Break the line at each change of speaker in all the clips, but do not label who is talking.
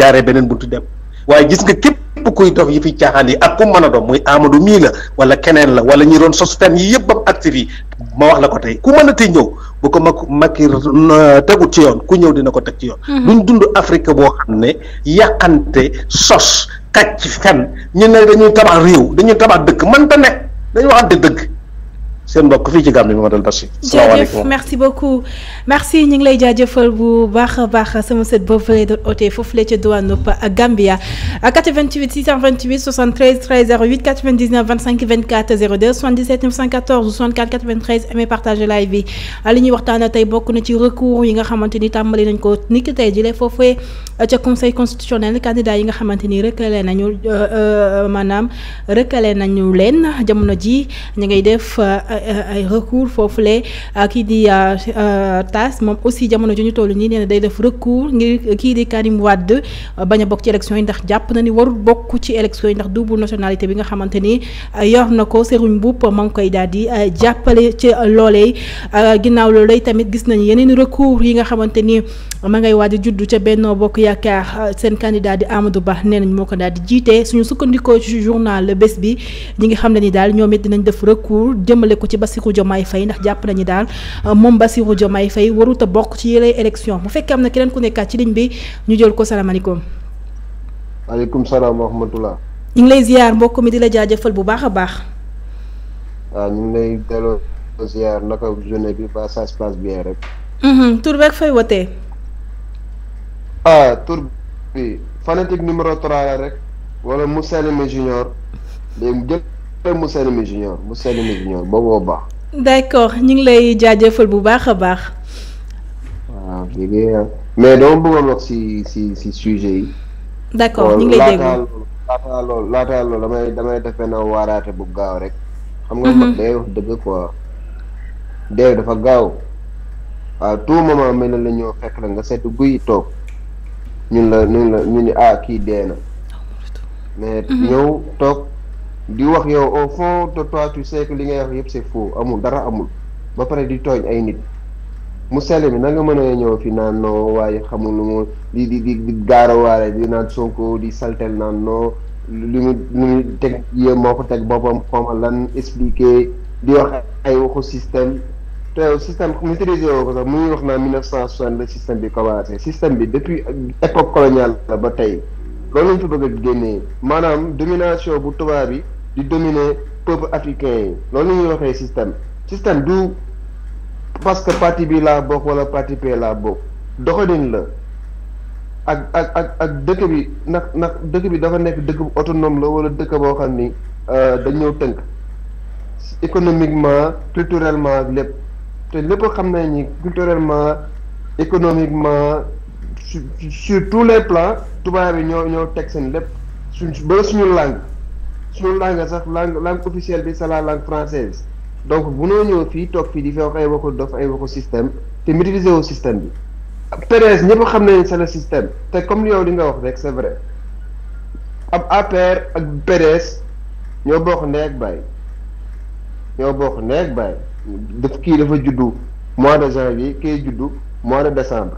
jaaree beneen buntu dem waaye gis nga képp kuy dox yi fi caaxaan yi ak ku mën a doon muy Amadou mii la wala keneen la wala ñi doon sos fen yii yëpp bam actif yi ma wax la ko tey ku mën a tey ñëw bu ko mag Macky tegut ci yoon ku ñëw dina ko teg ci yoon mm-hmm. duñ dund Afrique boo xam ne yàqante sos kàcc fen ñu ne dañuy tabax réew dañuy tabax dëkk mën ta nekk dañu waxante dëgg seen mbokk fii ci Gambie bi ma doon Bachir.
merci beaucoup merci ñu ngi lay jaajëfal bu baax a baax sama sët boobu fële doon ootee foofu la ca douane ak Gambia 88 628 73 13 08 99 25 24 02 77 914 64 93 amee partagé live bi ah, li ñuy waxtaan tey bokk na ci recours yi nga xamante ni tàmbali nañ ko ni ki tey jëlee foofee ah, ca conseil constitutionnel candidat yi nga xamante ni recalé nañu euh, euh, maanaam recalé nañu ñu ngay def. Ah, ay recours foofulee euh, kii di euh, euh, Tass moom aussi jamono ju ñu toll nii nee na day def recours ngir kii di Karim Wade bañ a bokk ci élection yi ndax jàpp na ni warul bokk ci élection yi ndax double nationalité bi nga xamante ni yor na ko Serigne Mboup maa ngi koy daal di jàppale ci loolee ginnaaw loolee tamit gis nañu yeneen recours yi nga xamante ma ngay waa a juddu ca Benno Bokk Yaakaar seen candidat di Amadou Ba nee nañ moo ko daal di jiite suñu sukkandikoo ci journal bés bi ñi ngi xam ne ni daal ñoom it dinañ def recours jëmale ko ci Bassirou Diomaye Faye ndax jàpp nañu daal euh, moom Bassirou Diomaye Faye warut a bokk ci yële élection bu fekkee am na keneen ku nekkaat ci ligne bi ñu jël ko salaamaaleykum.
maaleykum salaam wa rahmatulah.
ñu ngi lay ziar mbokk mi di la jaajëfal bu baax a baax.
waaw ñu ngi lay delloo
ah tur bi fanatique numéro 3 rek wala Moussalimi Junior léegi
jël Moussalimi Junior Moussalimi Junior booboo baax.
d'accord ñi ngi lay jaajëfal bu baax a baax.
waaw léegi euh, mais dama bëggoon wax si si si sujet
yi. d'accord ñu ngi lay déglu
loolu laataa loolu damay damay defe na waraate bu gaaw rek. xam nga mag mhm. day wax dëgg quoi. dafa gaaw à tout moment mel na la ñoo fekk la nga seet guy toog. ñun la ñun la ñu ni ah kii dee na mais mm-hmm. Mm-hmm. ñëw toog di wax yow au fond de toi tu sais li ngay wax yëpp c'est faux amul dara amul ba pare di tooñ ay nit mu sell mi na nga mën a ñëw fi naan noo waaye xamul lu mu di di di di gaarawaale
di naan Sonko di saltel naan non li mu li mu teg yéen moo ko teg boppam xawma lan expliqué di wax ay waxu système te système maîtrisé woo ko sax mu ngi wax naa mille neuf cent soixante la bi commencé système bi depuis époque coloniale la ba tey loolu lañ fa bëgg a génnee maanaam domination bu tubaab bi di dominer peuple africain yi loolu la ñuy waxee système système du parce que parti bi la bokk wala parti bi laa bokk doxalin la ak ak ak ak dëkk bi nag nag dëkk bi dafa nekk dëkk bu autonome la wala dëkk boo xam ni euh, dañoo tënk économiquement culturellement lépp te lépp xam nañ ni culturellement économiquement sur tous les plans tubaab yi ñoo ñoo teg seen lépp suñ ba suñu langue suñu langue sax langue langue officielle bi c'est la langue française donc bu noo ñëw fii toog fii di fi wax ay waxu dof ay waxu système te maîtriser wu système bi Pérez ñëpp xam nañ c'est le système te comme li yow li nga wax rek c'est vrai ab APR ak Pérez ñoo bokk ndey ak baay ñoo bokk ne ak baay daf kii dafa juddu mois de janvier kii juddu mois de décembre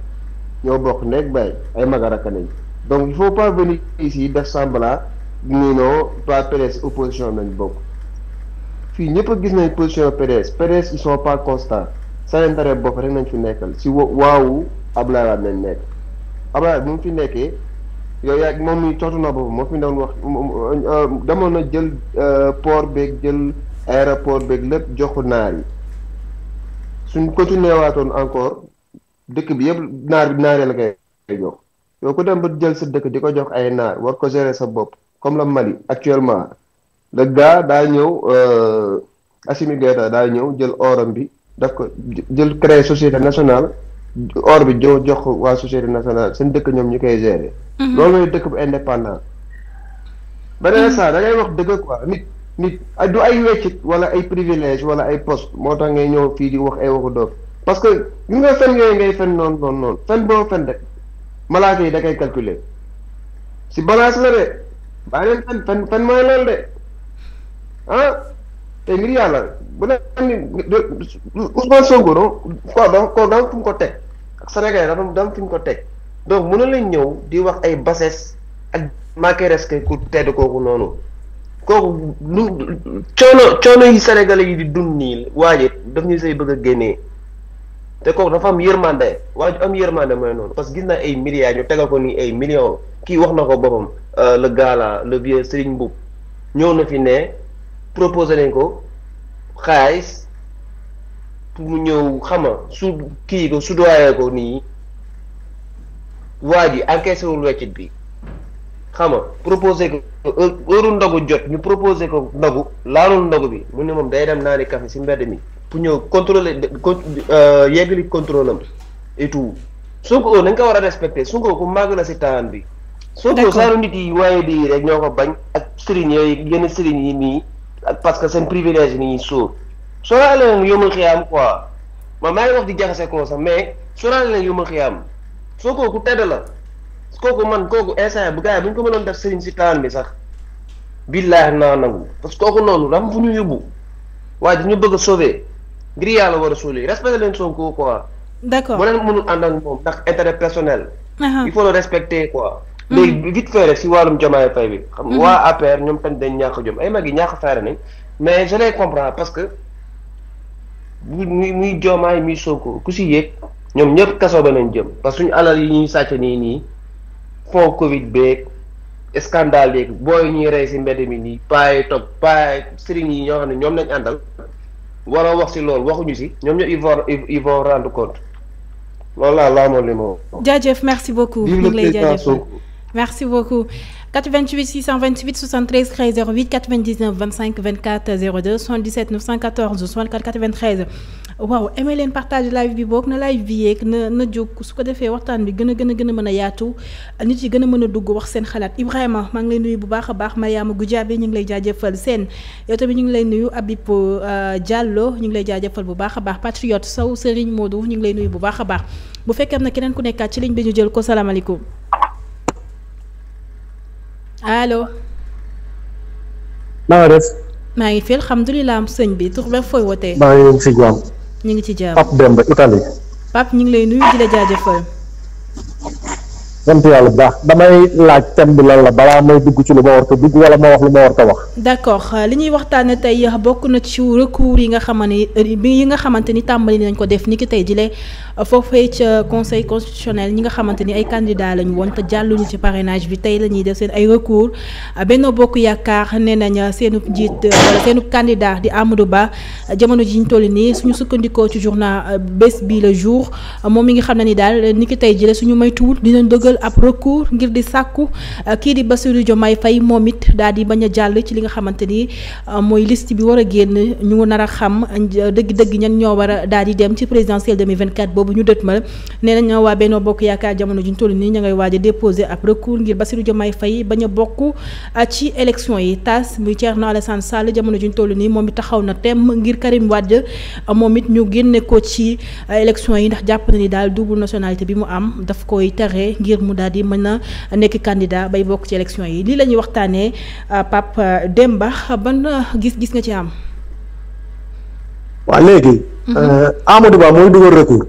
ñoo bokk nekk bàyyi ay magaraka nañ donc il faut pas venir ici def semblant ni non pas PDS opposition nañ bokk fii ñëpp a gis nañ position PDS PDS ils sont pas constants seen intérêt bopp rek nañ fi nekkal si waawu Abdoulaye Wade nañ nekk Abdoulaye Wade mu fi nekkee yow yaa moom mi tontu na boppam moo fi doon wax euh, demoon na jël euh, port beeg jël aéroport beeg lépp joxu naar yi suñ continuer waatoon encore dëkk bi yëpp naar bi naaree la koy jox yow ku dem ba jël sa dëkk di ko jox ay naar war ko gérer sa bopp comme la Mali actuellement le gars daa ñëw euh, Assimi Goïta daa ñëw jël oram bi daf ko jël créer société nationale or bi jox jox waa société nationale seen dëkk ñoom ñu koy gérer.
Mhm.
loolu
mooy dëkk bu indépendant. beneen mhm. saa da wax dëgg quoi nit. nit du ay weccit wala ay privilège wala ay poste moo tax ngay ñëw fii di wax ay waxu doof parce que gis nga fen yooyu ngay fen noonu noonu noonu fen boo fen rek malaaka yi da koy calculer si balance la de bàyyi leen fen fen fen mooy loolu de ah, te ngir yàlla bu leen Ousmane Sonko ko donc ko donc fu mu ko teg ak Sénégal dafa donc fu mu ko teg donc mën na leen ñëw di wax ay bassesse ak manqué respect ku tedd kooku noonu kooku lu coono coono yi sénégalais yi di dund nii waaye daf ñu say bëgg a génnee te kooku dafa am yërmande waaye am yërmande mooy noonu parce que gis na ay milliards ñu tegal ko nii ay millions kii wax na ko boppam euh, le gars là le vieux Serigne Mboup ñëw na fi ne proposé nañ ko xaalis pour mu ñëw xama su kii ko su doyee ko nii waa ji encaissé wul weccit bi xam nga proposé ko heure ndogu jot ñu proposé ko ndogu laalul ndogu bi mu ne moom day dem naani café si mbedd mi pour ñëw contrôler euh, yeggali contrôle am et tout Sonko dañ ko war a respecté Sonko ku màgg la si taan bi Sonko saaru nit yi waaye di rek ñoo ko bañ ak sëriñ yooyu yenn sëriñ yi nii ak parce que seen privilège ni ñuy sóor sóoraale leen yombal xiyaam man maa ngi wax di jaxase koo sax mais sóoraale leen yombal xiyaam Sonko ku tedd la kooku man kooku instant bu gars yi bu ñu ko manoon def sëriñ si taan bi sax billaahi naa nangu parce que kooku noonu ram fu ñu yóbbu waaye dañu bëgg a sauver ngir yàlla war a suuli respecté leen Sonko quoi. d'accord bu leen mënul ànd ak personnel. Uh-huh. il faut quoi. Mm. léegi vite fait rek si wàllum Diomaye Faye bi. xam mm-hmm. waa APR ñoom tamit dañ ñàkk a jom ay mag yi ñàkk a nañ mais je les comprends parce que bu muy muy Diomaye muy Sonko ku si yéeg ñoom ñëpp kaso ba nañ jëm parce que suñu alal yi ñuy sàcc nii nii. pont Covid beeg scandale yeeg booy ñuy rey si mbedd mi nii paa yi topp paa sëriñ yi ñoo xam ne ñoom lañ àndal war wax si loolu waxuñu si ñoom ñoo ils vont ils vont rendre compte loolu laa laa moom li ma
wax. merci beaucoup. ñu ngi lay jaajëf merci beaucoup. 88 628 73 13 08 99 25 24 02 77 914 64 93 waaw aimé partage live bi boog na live bi yeeg na na jóg su ko defee waxtaan bi gën a gën a gën a mën a yaatu nit yi gën a mën a dugg wax seen xalaat Ibrahima maa ngi lay nuyu bu baax a baax Mariama Goudiaby ñu ngi lay jaajëfal seen yow tamit ñu ngi lay nuyu Abib euh, Diallo ñu ngi lay jaajëfal bu baax a baax Patriote Sow Serigne Modou ñu ngi lay nuyu bu baax a baax bu fekkee am na keneen ku nekkaat ci ligne bi ñu jël ko salaamaaleykum. allo. na nga def. maa ngi fi alhamdulilah am sëñ bi tur beeg fooy wootee. maa
ngi ci jàmm.
ñu ngi ci jàmm Pape
Demba Italie.
Pape ñu ngi lay nuyu di la jaajëfal.
sant yàlla bu baax damay laaj thème bi lan la balaa may dugg ci lu ma war a dugg wala ma wax lu ma war a wax.
d'accord euh, li ñuy waxtaanee tey euh, bokk na ci recours euh, yi nga xamante ni tàmbali nañ ko def ni ki tey jile foofee ca conseil constitutionnel ñi nga xamante ni ay candidats lañ woon te jàlluñu ci parrainage bi tey la ñuy def seen ay recours Benno Bokk Yaakaar nee nañ seenu njiit wala seenu candidat di Amadou Ba jamono ji ñu toll nii suñu sukkandikoo ci journal bés bi le jour moom mi nga xam dugal ab recours ngir di sàkku euh, kii di Bassirou Diomaye Faye moom it daal di bañ a jàll ci li nga xamante ni euh, mooy list bi war a génn ñu nar a xam euh, dëgg-dëgg ñan ñoo war a daal di dem ci présidentielle 2024 boobu ñu dëtmal nee nañ waa Benno Bokk Yaakaar jamono juñ toll nii ña ngay waaj a déposer ab recours ngir Bassirou Diomaye Faye bañ a bokk ci élection yi tas muy Thierno Alassane Sall jamono juñ toll nii moom it taxaw na tem ngir Karim Wade mo it ñu génne ko ci élection yi ndax jàpp na bi mu am mu daal di mën a nekk candidat bay bokk ci élection yi lii la ñuy waxtaanee euh, Pape euh, ba ban euh, gis-gis nga ci am. waaw léegi. Mhm.
Amadou Ba mooy dugal recours.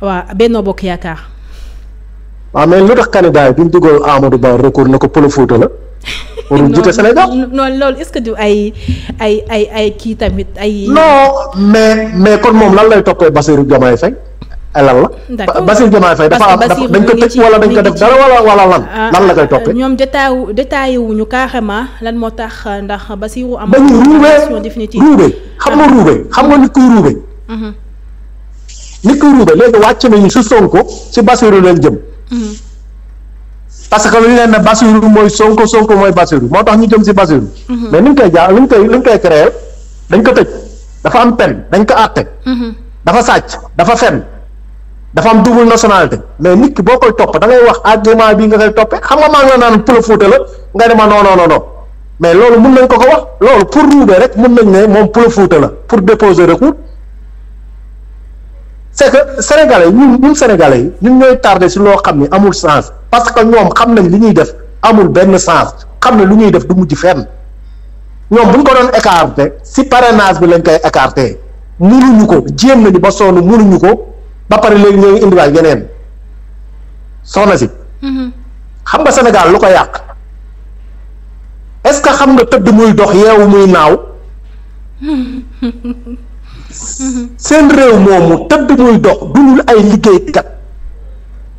waaw Benno Bokk Yaakaar.
waaw mais lu tax candidat yi duñ dugal Amadou recours na ko Pël Fuuta la. warul jiite Sénégal
non loolu est-ce que du ay ay ay kii tamit ay. non
mais mais kon moom lan lay toppee Bassirou Diomaye Faye
Eh, lan la Bassirou Diomaye Faye dafa am dañ ko tëj wala dañ ko def dara wala wala lan ah, lan la koy ah, toppee ñoom
détail détaillé wuñu carrément lan moo tax ndax Bassirou am dañu ruubee définitive ruubee
xam nga ruubee xam nga nit kuy ruubee mm-hmm. nit kuy ruubee léegi wàcc nañu si Sonko si Bassirou leen jëm mm-hmm. parce que lu ñu leen ne Bassirou mooy Sonko Sonko mooy Bassirou moo tax ñu jëm si Bassirou mm-hmm. mais ni ñu koy jaar li ñu dañ ko tëj dafa am peine dañ ko àtte dafa sàcc dafa fen dafa am double nationalité mais nit ki boo koy topp da ngay wax agrément bi nga koy toppee xam nga maa ngi naan Pël Fuuta nga ne ma non non non mais loolu mun nañ ko ko wax loolu pour ruubee rek mun nañ ne moom Pël Fuuta la pour déposer recours c'est que sénégalais ñun ñun sénégalais yi ñun ñooy tardé si loo xam ni amul sens parce que ñoom xam nañ li ñuy def amul benn sens xam ne lu ñuy def du mujj fen ñoom bu ñu ko doon écarté si parrainage bi lañ koy écarté mënuñu ko jéem nañu ba sonn mënuñu ko. ba pare léegi ñoo ngi indiwaat yeneen soxna si. Mm-hmm. xam nga senegal lu ko yàq est-ce que xam nga tëdd muy dox yeewu muy naaw.
Mm-hmm.
seen réew moomu tëdd muy dox dulul ay liggéey liggéeykat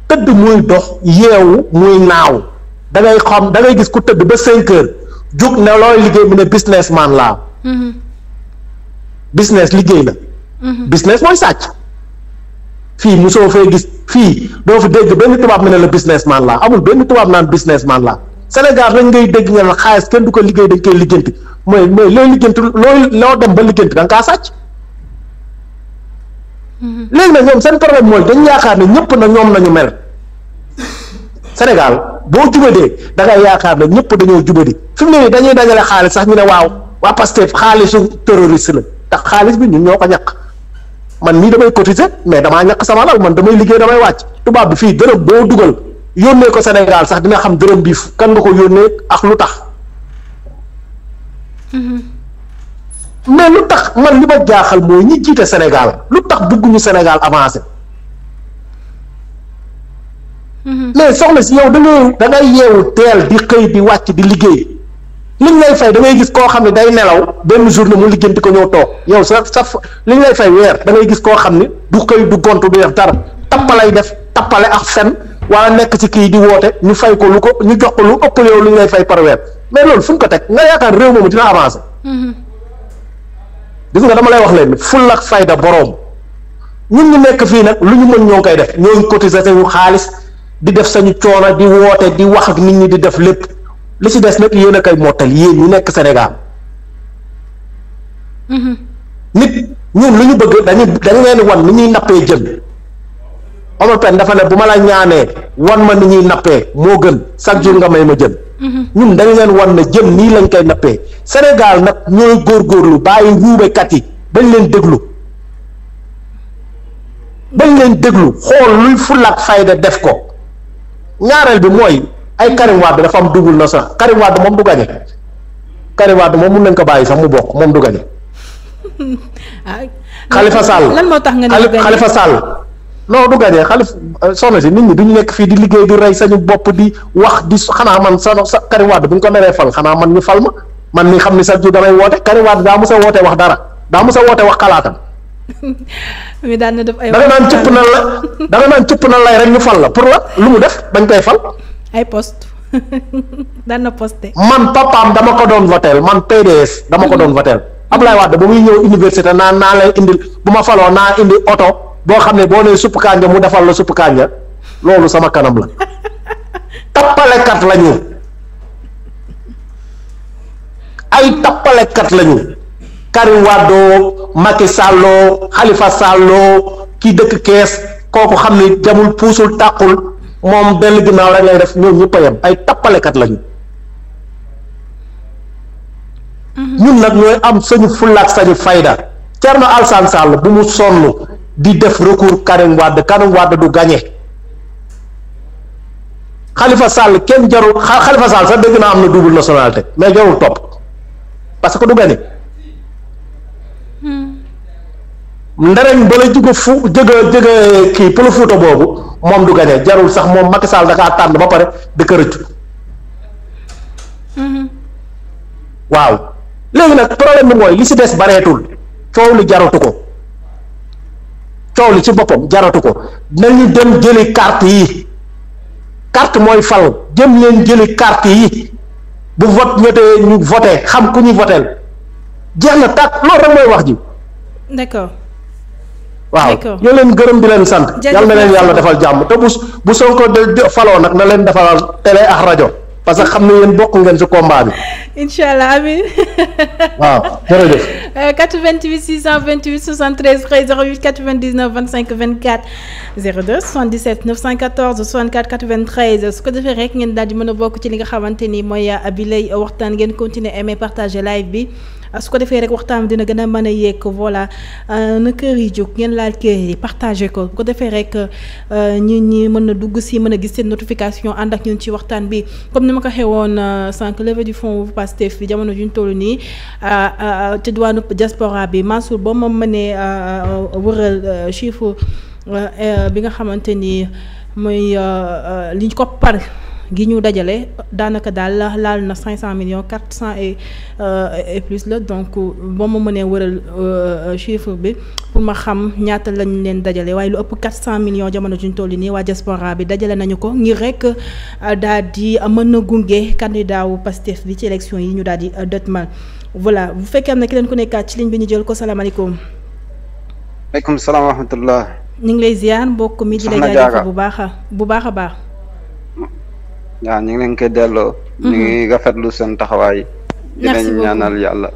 tëdd muy dox yeewu muy naaw dangay xam dangay gis ku tëdd ba cinq heures jóg ne looy liggéey bi ne businessman laa. Mm-hmm. business liggéey la. business mooy sàcc. fii mosoo fee gis fii doo fi dëgg benn tubaab mu ne la businessman laa amul benn tubaab naan businessman laa Sénégal rek ngay dégg ñu ne la xaalis kenn du ko liggéey dañ koy liggéenti mooy mooy looy liggéenti looy loo dem ba liggéenti da kaa sàcc. léegi nag ñoom seen problème mooy dañ yaakaar ne ñëpp na ñoom nañu mel Sénégal boo jubadee da ngay yaakaar ne ñëpp dañoo jubadi fi mu ne nii dañuy dajale xaalis sax ñu ne waaw waa Pastef xaalisu terroriste la ndax xaalis bi ñun ñoo ko ñàkk. man mii damay cotiser mais damaa ñàkk sama alal man damay liggéey damay wàcc tubaab bi fii dërëm boo dugal yónnee ko Sénégal sax dina xam dërëm bii fu kan nga ko yónnee ak lu tax. Mm-hmm. mais lu tax man li ma jaaxal mooy ñi jiite Sénégal lu tax bëgguñu Sénégal avancé. Mm-hmm. mais soxna si yow da da ngay yeewu teel di xëy di wàcc di liggéey. liñ lay fay da gis koo xam ne day nelaw benn journée mu liggéenti ko ñëw toog yow sa sa liñ ngay fay weer da ngay gis koo xam ne du xëy du gont du def dara tappalay def tappale ak fen wala nekk ci kii di woote ñu fay ko lu ko ñu jox ko lu ëpp yow liñ lay fay par weer mais loolu fu ko teg nga yaakaar réew moomu dina avancé. Mm-hmm. gis nga dama lay wax leen fulla ak fayda boroom ñu ñu nekk fii nag lu ñu mën ñoo koy def ñoo ngi cotiser sañu xaalis di def sañu coono di woote di wax ak nit di def lépp. li ci des nag yéen a koy mottal yéen ñu nekk senegaal mhm. nit ñun lu ñu bëgg dañu dañu leen wan lu ñuy nappee jën Omar Pène dafa ne bu ma la ñaanee wan ma ni ñuy nappee moo gën chaque jour nga may ma jën mhm. ñun dañu leen wan na jën nii lañ koy nappee Sénégal nag ñooy góorgóorlu bàyyi ruubekat yi bañ leen déglu bañ leen déglu xool luy fullaak fayda def ko ñaareel bi mooy ay Karim Wade dafa am double na sax Karim moom du gañe Karim moom mun nañ ko bàyyi sax mu bokk moom du gañe
Khalifa Sall lan moo tax nga ne Khalifa Sall
non du gañe Khalifa euh, soxna si nit ñi duñu nekk fii di liggéey di rey sañu bopp di wax di xanaa man sa Karim Wade bu ñu ko naree fal xanaa man ñu fal ma man ni xam ni sax ju damay woote Karim Wade daa mos a wootee wax dara daa mos a wax xalaatam
mi daan na ay da naan cëpp na la
da nga naan cëpp na lay rek ñu fal la pour la lu mu def bañ koy fal
ay poste daan na posté. man papaam dama ko doon
votel man PDS dama ko doon votel Ablaye Wade ba muy ñëw université naan naa leen indil bu ma faloo naa indi oto boo xam ne boo nee supp kànja mu defal la supp kànja loolu sama kanam la tappalekat la ay tappalekat lañu ñu Karim Wade Macky Sall Khalifa Sall kii dëkk kees kooku xam ne jamul puusul tàqul moom dell ginnaaw rek lay def ñoom ñëpp a ay tappalekat lañu mhm. ñun nag ñooy am sañu fullaak sañu fayda Thierno Alassane Sall bu mu sonn di def recours Karim Wade Karim Wade du gagné Khalifa Sall kenn jarul Khalifa Sall sax dégg naa am na double nationalité mais jarul topp parce que du gagné ndereñ bala jóge fu jóge jóge kii pël Fuuta boobu moom du gañe jarul sax moom Macky Sall da kaa tànn ba pare di ko rëccu mhm. waaw léegi nag problème bi mooy li si des bareetul coow li jaratu ko coow li ci boppam jaratu ko nañu dem jëli carte yi kart mooy fal jëm leen jëli carte yi bu vote ñotee ñu voté xam ku ñuy voteel jeex na tàkk loolu rek mooy wax ji d'accord waaw ñoo leen gërëm di leen sant yàlla na leen yàlla defal jàmm te bu bu Sonko de faloo nag na leen defal télé ak rajo parce que xam ne yéen bokk ngeen ci combat bi.
incha allah amiin.
waaw jërëjëf.
88 628 73 08 99 25 24 02 77 914 64 93 su ko defee rek ngeen daal di mën a bokk ci li nga xamante ni mooy abilay euh, waxtaan ngeen continuer aimer partager live bi. Ah, su ko defee rek waxtaan dina gën a mën a yegg voilà ah, na kër yi jóg ngeen laal kër yi partagé ko bu ko defee rek ah, ñi ñi mën na dugg si mën a gis seen notification ànd ak ñun ci waxtaan bi comme ni ma ko xewoon sànq levée du fonds bu Pastef bi jamono juñ toll nii te diwaanu diaspora bi Mansour boo ma mënee wëral chiffre eh, bi nga xamante ni mooy liñ ko par gi ñu dajale daanaka daal laal na cinq cent millions quatre cent et euh, plus la donc boo ma mënee wëral euh, chiffre bi pour ma xam ñaata lañ leen dajale waaye lu ëpp quatre cent millions jamono juñ toll nii waa diaspora bi dajale nañu ko ngir rek euh, daal di mën na gunge candidat wu Pastef bi ci élection yi ñu daal di dëtmal voilà bu fekkee am na leen ku nekkaat ci ligne bi ñu jël ko salaamaaleykum.
maaleykum salaam wa rahmatullah.
ñu ngi lay ziar mbokk mi bu baax a bu baax a baax.
waaw ñu ngi leen koy delloo. Mm-hmm. ñu ngi rafetlu seen taxawaay.
merci
beaucoup dinañ ñaanal yàlla.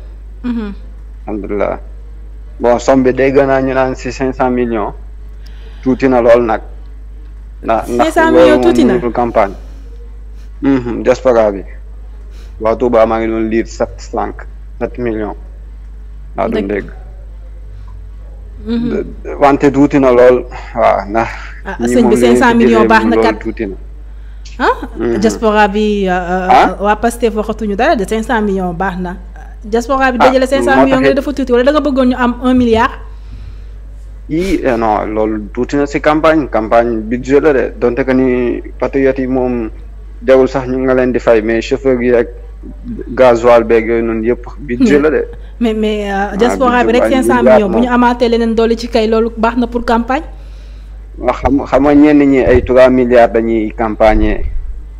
Mm-hmm.
alhamdulilah bon somme bi day ñu naan si cinq cent millions. tuuti na lool nag. ndax ndax loolu moom mënutul campagne. Mm-hmm, diaspora bi. waa Touba maa ngi doon liir sept cinq million millions. laa doon wante tuuti na lool waaw ndax.
Ah, ñi moom la ñuy tuuti na ah. Mhm. diaspora bi. Euh, euh, ah waa Pastef waxatuñu dara de 500 million baax na. diaspora bi ah, dajale 500 millions nga dafa tuuti wala da bëggoon ñu am 1 milliard.
yii eh, non loolu tuuti na si campagne campagne budget la de donte que ni patriote yi moom dewul sax ñu nga leen di fay mais chauffeur yi ak gasoil beeg yooyu noonu yëpp. budget la de.
Hmm. mais mais euh, ah, diaspora bi rek 500 millions bu ñu amaatee leneen dolli ci kay loolu baax na pour campagne.
nga xam xam nga ñenn ñi ay trois milliards dañuy campagne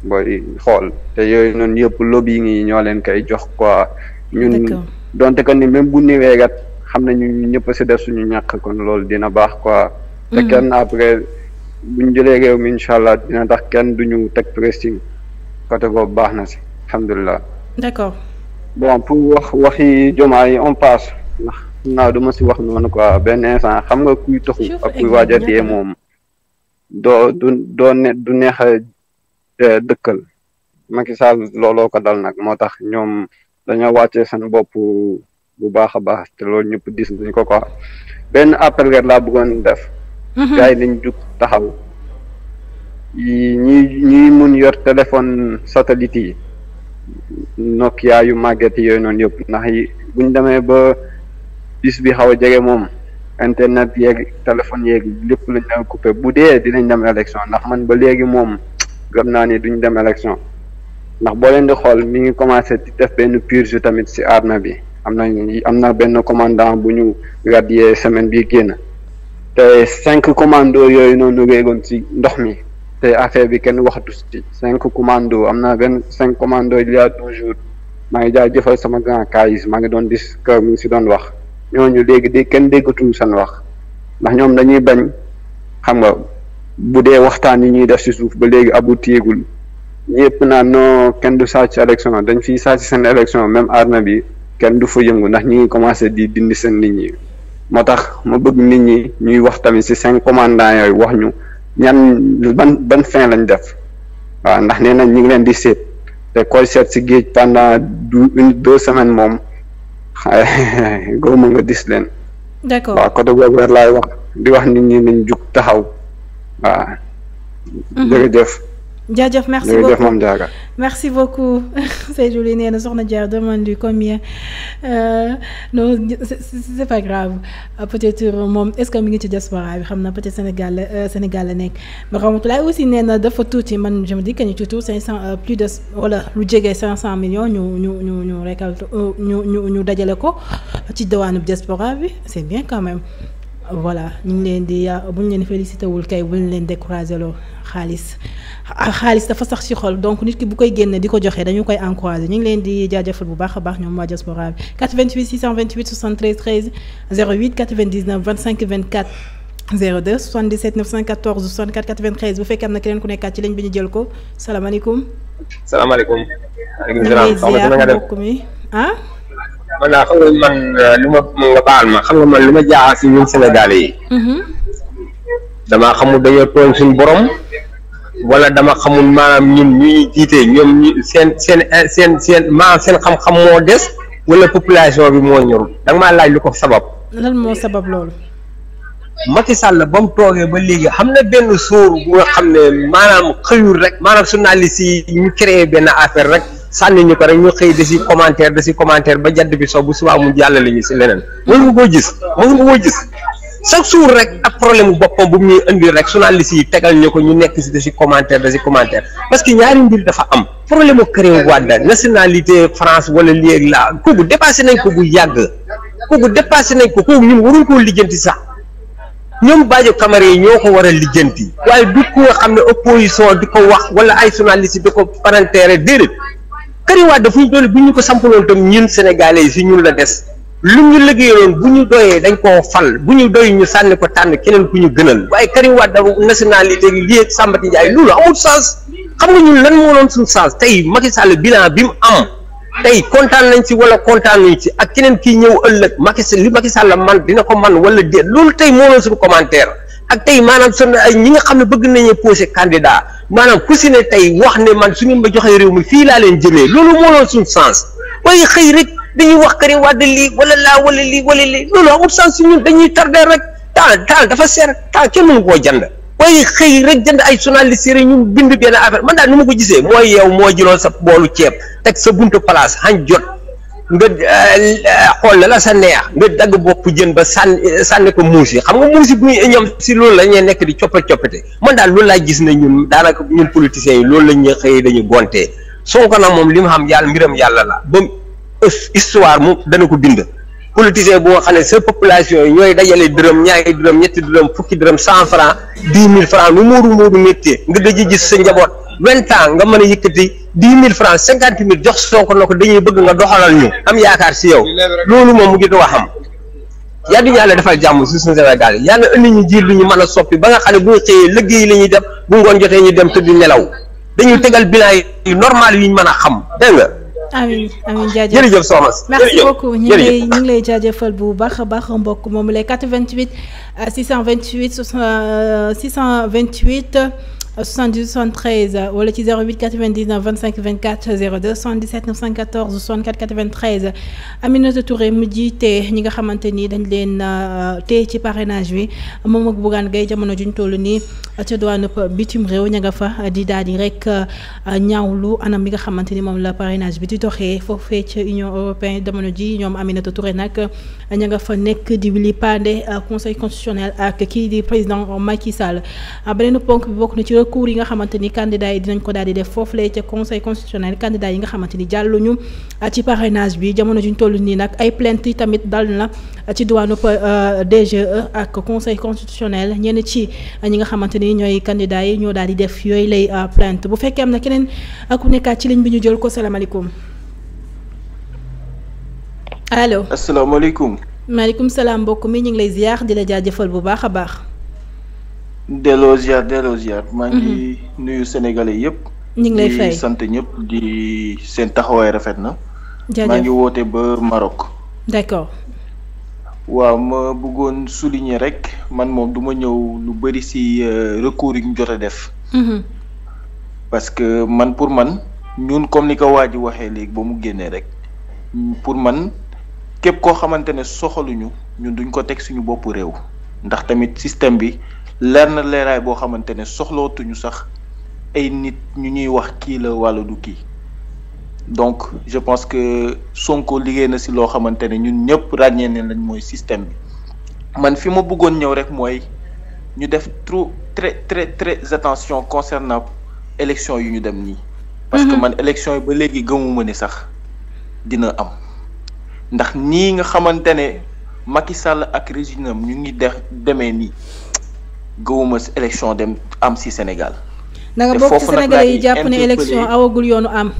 booy xool te yooyu noonu yëpp lobby yi ñoo leen koy jox quoi. ñun donte que ni même bu néewee kat xam na ñu ñëpp si def suñu ñàkk kon lool dina baax quoi. te mm. kenn après buñ jëlee réew mi allah dina tax kenn duñu teg pressing côté boobu baax na si alhamdulilah. d'accord. bon pour wax waxi jomaa yi on passe ndax naa duma si wax noonu quoi benn instant xam nga kuy toxu ak kuy waaj a moom. doo du doo ne du neex a eh, dëkkal Macky Sall looloo ko dal nag moo tax ñoom dañoo wàccee seen bopp bu baax a baax te loolu ñëpp dis nañ ko quoi benn appel rek laa bëggoon def. Mhm. gars yi nañ taxaw. yi ñuy mun yor téléphone satellite yi Nokia yu màgget yooyu noonu yëpp ndax yi buñ demee ba bis bi xaw a jege moom. internet yeeg téléphone yeeg lépp lañ leen coupé bu dee dinañ dem élection ndax man ba léegi moom gëm naa ni duñ dem élection ndax boo leen di xool mi ngi commencé di def benn purge tamit si armée bi am na am na benn commandant bu ñu radié semaine bi génn te cinq commando yooyu noonu réegoon ci ndox mi te affaire bi kenn waxatu si cinq commando am na benn cinq commando il y a maa ngi jaajëfal sama grand Kayis maa ngi doon dis mu ngi si doon wax. ñooñu léegi di kenn déggatuñu seen wax ndax ñoom dañuy bañ xam nga bu dee waxtaan yi ñuy def si suuf ba léegi aboutirgul yëpp naan non kenn du sàcc élection dañ fiy sàcc seen élection même arme bi kenn du fa yëngu ndax ñu ngi commencé di dindi seen nit ñi moo tax ma bëgg nit ñi ñuy wax tamit ci cinq commandants yooyu wax ñu ñan ban ban fin lañ def waaw ndax nee nañ ñu ngi leen di séet te koy seet ci géej pendant du une deux semaines moom góob nga dis leen. d'accord waaw côté boobu rek laay wax di wax nit ñi nañ jug taxaw
waaw. Mhm. jëf
jaajëf merci beaucoup jërëjëf merci beaucoup Seydou li nee na soxna Diaga demande combien euh, non c'est pas grave euh, peut-être euh, moom est-ce que mi ngi ci diaspora bi xam na peut-être Sénégal la Sénégal la nekk ma rahmatulah aussi nee na dafa tuuti man je me dis que ñu cinq cent plus de wala lu jege cinq cent millions ñu ñu ñu ñu récolte ñu ñu ñu dajale ko ci diwaanu diaspora bi c'est bien quand voilà ñu ngi leen di buñ leen félicité wul kay buñ leen découragé loo xaalis ah, xaalis dafa sax ci xol donc nit ki bu koy génne di ko joxe dañu koy encouragé ñu ngi leen di jaajëfal bu baax a baax ñoom waa diaspora bi 88 628 73 13 08 99 25 24 02 77 914 64 93 bu fekkee am na keneen ku nekkaat ci ligne bi ñu jël ko salaamaaleykum. salaamaaleykum. maaleykum salaam mbokk mi ah.
maanaam xam nga man euh, lu ma mu nga baal ma xam nga man li ma jaaxal si ñun Sénégalais yi. Mm-hmm. damaa xamul dañoo tooñ suñu borom. wala dama xamul maanaam ñun ñu ñuy jiite ñoom ñu seen seen seen seen maanaam seen xam-xam moo des wala population bi moo ñorul danga maa laaj lu ko sabab.
lan moo sabab loolu.
Macky Sall ba toogee ba léegi xam na benn suur bu nga xam ne maanaam xëyul rek maanaam journaliste yi ñu créé benn affaire rek. sànni ñu ko rek ñu xëy da si commentaire da si commentaire ba jadd bi so bu subaa mu jàllale ñu si leneen mën nga koo gis mën nga koo gis chaque jour rek ak problème bu boppam bu mu ñuy indi rek journaliste yi tegal ñu ko ñu nekk si da si commentaire da si commentaire parce que ñaari mbir dafa am problème mu Karim Wade nationalité France wala lii ak laa kooku dépassé nañ ko bu yàgg kooku dépassé nañ ko kooku ñun waruñ koo ligganti sax ñoom Badio Camara yi ñoo ko war a lijjanti waaye du ko xam ne opposition di ko wax wala ay journaliste ko paranteere déedéet Karim Wade fu ñu doon bu ñu ko sampaloon tam ñun sénégalais yi ñun la des lu ñu liggéeyaloon bu ñu doyee dañ koo fal bu ñu doy ñu sànni ko tànn keneen ku ñu gënal waaye Karim Wade nationalité lii ak Samba Ndiaye loolu amul sens xam nga ñun lan moo doon suñu sens tey Macky Sall bilan bi mu am tey kontaan nañ ci wala kontaan nañ ci ak keneen kii ñëw ëllëg Macky li Macky Sall man dina ko man wala déet loolu tey moo doon suñu commentaire. ak tey maanaam seen ay ñi nga xam ne bëgg ne poser candidat maanaam ku si ne tey wax ne man su ñu ma joxee réew mi fii laa leen jëmee loolu moo doon suñu sens waaye xëy rek dañuy wax Karim Wade lii wala laa wala lii wala lii loolu amul sens si ñun dañuy tardé rek temps temps dafa seer taa kenn mënu koo jënd. waaye xëy rek jënd ay journaliste rek ñu bind benn affaire man daal ni ma ko gisee mooy yow moo jiloo sa boolu ceeb teg sa buntu place xañ jot. nga eh, xool la la sa neex nga dagg bopp jën ba sànni eh, sànni ko muus yi xam nga muus yi bu ñoom si loolu la ñuy nekk di coppat coppate man daal loolu laa gis na ñun daanaka ñun politiciens yi loolu la ñuy xëyee dañu gontee Sonko nag moom li mu xam yàlla mbiram yàlla la ba histoire mu dana ko bind politicien bu nga xam ne sa population yi ñooy dajalee dërëm ñaari dërëm ñetti dërëm fukki dërëm cent franc dix mille franc lu muuru muuru métier nga dëj gis sa njaboot vingt ans nga mën a yëkkati dix mille francs cinquante mille jox Sonko na ko dañuy bëgg nga doxalal ñu am yaakaar si yow loolu moom mu ngi doog a xam yaa du ñu yàlla defal jàmm si Sénégal yi yàlla indi ñu jiir lu ñu mën a soppi ba nga xam ne bu ñu xëyee liggéey la ñuy def bu ngoon jotee ñu dem tëdd nelaw dañu tegal bilan yi normal yu ñu mën a xam
dégg nga.
amin amin jaajëf jërëjëf soxna si merci beaucoup ñu ngi lay ñu ngi lay jaajëfal bu baax a baax mbokk moom lay 88 628 628. 78 73 wala ci 08 99 25 24 02 77 914 64 93 Aminata Touré mu jiite ñi nga xamante ni dañ leen euh, te ci parrainage bi moom ak Bougane Gueye jamono juñ toll ni ca douane bitim réew ña nga fa di daal di rek euh, ñaawlu anam bi nga xamante ni moom la parrainage bi di doxee foofee ca Union européenne jamono ji ñoom Aminata Touré nag ña nga fa nekk di wili pande euh, conseil constitutionnel ak kii di président Macky Sall ponk bi bokk na ci. recours yi nga xamante ni candidat yi dinañ ko daal di foofu foofulee ca conseil constitutionnel candidat yi nga xamante ni jàlluñu ah, ci parrainage bi jamono juñ toll nii nag ay plainte yi tamit dal na ci diwaanu euh, DGE ak conseil constitutionnel ñenn ci ñi nga xamante ni ñooy candidat yi ñoo daal di def yooyu lay euh, plainte bu fekkee am na keneen aku nekkaat ci ligne bi ñu jël ko salaamaaleykum allo
asalaamaaleykum
maaleykum salaam mbokk mi ñu ngi lay ziar di la jaajëfal bu baax a baax.
delloo ziar delloo maa ngi mhm. nuyu sénégalais yëpp. ñu ngi lay fay di sant ñëpp di seen taxawaay rafet na. jaajëf maa ngi woote ba Maroc. d'accord. waaw ma bëggoon souligner rek man moom du ma ñëw lu bëri ci euh, recours yi ñu jot a def. Mhm. parce que man pour man ñun comme ni ko waa ji waxee léegi ba mu génnee rek pour man képp koo xamante ne soxaluñu ñun duñ ko teg suñu bopp réew ndax tamit système bi leer na leeraay boo xamante ne soxlootuñu sax ay nit ñu ñuy wax kii la walla du kii donc je pense que Sonko liggéey na si loo xamante ne ñun ñëpp ràññee ne lañ mooy système bi man fi ma bëggoon ñëw rek mooy ñu def trop très très très attention concernant élection yu ñu dem nii. parce que mhm. man élection yi ba léegi gëmuma ni sax dina am ndax nii nga xamante ne Macky Sall ak régime am ñu ngi def demee nii. gëwuma élection dem am si Sénégal. da nga bokk ci Sénégalais yi jàpp ne élection
awagul yoonu am.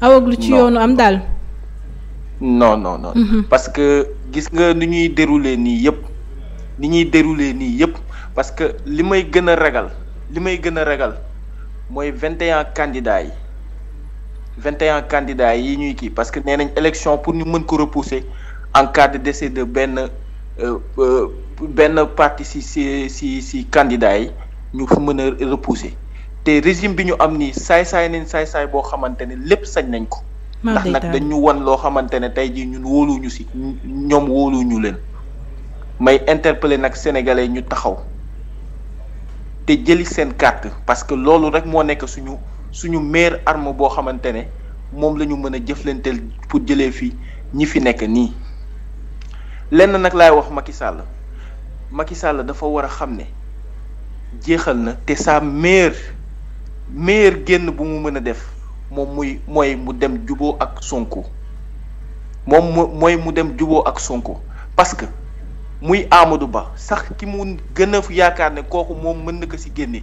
awagul ci yoonu am daal.
non non non. Mhm. parce que gis nga ni ñuy dérouler nii yëpp ni ñuy dérouler nii yëpp parce que li may gën a ragal li may gën a ragal mooy vingt et un candidats yi vingt et un candidats yi ñuy kii parce que nee nañ élection pour ñu mën ko repousser en cas de benn. Euh, euh, benn parti ci si si si candidat yi ñu mën a repousser te régime bi ñu am nii saay-saay nañ saay-saay boo xamante ne lépp sañ nañ ko ndax nag dañu won loo xamante ne tey jii ñun wóoluñu si ñoom wóoluñu leen may interpeller nag sénégalais ñu taxaw te jëli seen carte parce que loolu rek moo nekk suñu suñu meilleure arme boo xamante ne moom la ñu mën a jëflanteel pour jëlee fi ñi fi nekk nii lenn nag lay wax Macky Sall Macky Sall dafa war a xam ne jeexal na te sa meer meer génn bu mu mën a def moom muy mooy mu dem jubo ak Sonko moom mooy mu dem juboo ak Sonko parce que muy Amadou Ba sax ki mu gën a yaakaar ne kooku moom mën na ko si génne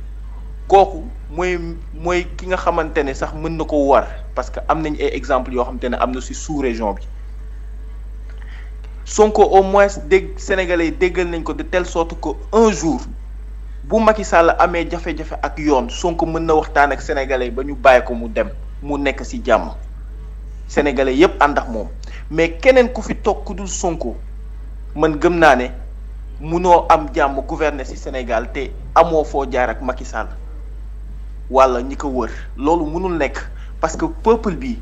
kooku mooy mooy ki nga xamante ne sax mën na ko war parce que am nañ ay exemples yoo xamante ne am na si sous-région bi. Sonko au moins dégg sénégalais yi déggal nañ ko de telle sorte ko un jour bu Macky Sall amee jafe-jafe ak yoon Sonko mën na waxtaan ak sénégalais yi ba ñu bàyyi ko mu dem mu nekk ci jàmm sénégalais yépp ànd ak moom mais keneen ku fi toog ku dul Sonko man gëm naa ne munoo am jàmm gouverner ci Sénégal te amoo foo jaar ak Macky Sall walla ñi ko wër loolu mënul nekk parce que peuple bi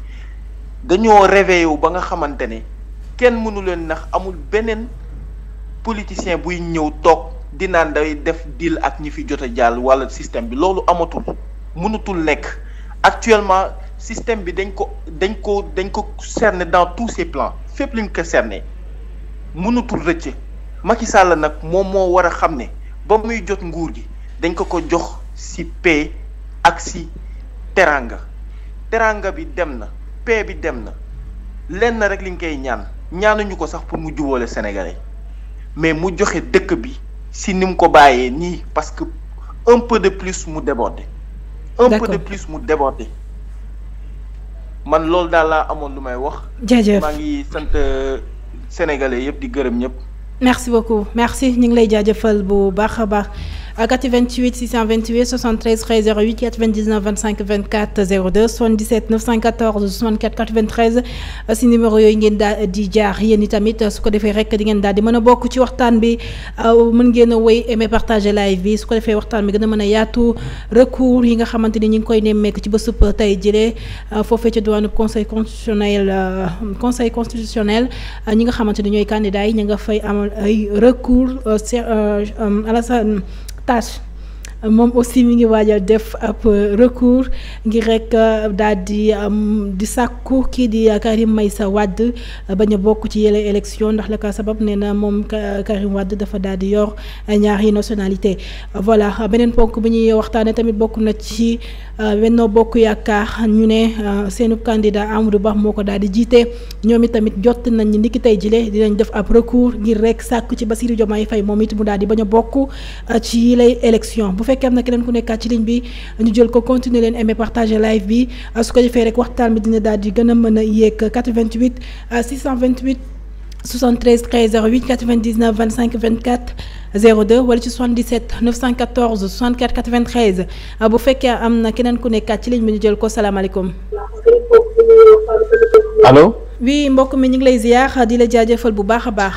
dañoo réveillé wu ba nga xamante ne. kenn mënu leen nax amul beneen politicien buy ñëw toog di naan day def deal ak ñi fi jot a jàll walla système bi loolu amatul mënatul nekk actuellement système bi dañ ko dañ ko dañ ko cerner dans tous ses plans li lañ ko cerner mënatul rëcc Macky Sall nag moom moo war a xam ne ba muy jot nguur gi dañ ko ko jox ci p ak ci teranga teranga bi dem na p bi dem na lenn rek liñ koy ñaan. ñu ko sax pour mu jubóole Sénégalais mais mu joxe dëkk bi si ni mu ko bàyyee nii parce que un peu de plus mu déborde un peu de plus mu déborde man loolu daal laa amoon lu may wax. jaajëf maa ngi sant euh, sénégalais yëpp di gërëm ñëpp.
merci beaucoup merci ñu ngi lay jaajëfal bu baax a baax. 88 628 73 08 99 25 24 02 77 914 64 93 si numéro yooyu ngeen daal di jaar yéen i tamit su ko defee rek di ngeen daal di mën a bokk ci waxtaan bi mën ngeen a wéy aimer partager live bi su ko defee waxtaan bi gën a mën a yaatu recours yi nga xamante ni ñu ngi koy nemmeeku ci bésub tey jëlee foofee ca diwaanu conseil constitutionnel euh, conseil constitutionnel euh, ñi nga xamante ni ñooy candidats yi ñu nga fay amal ay recours euh, Alassane tâche moom aussi mu ngi waajal def ab recours ngir rek euh, dal di di sàkku kii di Karim Meïssa Wade euh, bañ a bokk ci yële élection ndax la ko sabab nee na moom Karim wadd dafa daal di yor ñaari nationalité voilà beneen ponk bi ñuy waxtaanee tamit bokk na ci. Euh, Benno Bokk Yaakaar ñu ne euh, seenu candidat du baax moo ko daal di jiite ñoom itamit jot nañ ni ki tey jile dinañ def ab recours ngir rek sàkk ci Bassirou Diomaye Faye moom it mu daal di bañ bokk euh, ci lay élection bu fekkee am na keneen ku nekkaat ci ligne bi ñu jël ko continuer leen aimer partager live bi su ko defee rek waxtaan bi dina daal di gën a mën a yéeg 88 628. 73 13 08 99 25 24 02 wala ci 77 914 64 93 bu fekkee am na keneen ku nekkaat ci ligne jël ko salaamaaleykum. allo. oui mbokk mi ñu ngi lay ziar di la jaajëfal bu baax a baax.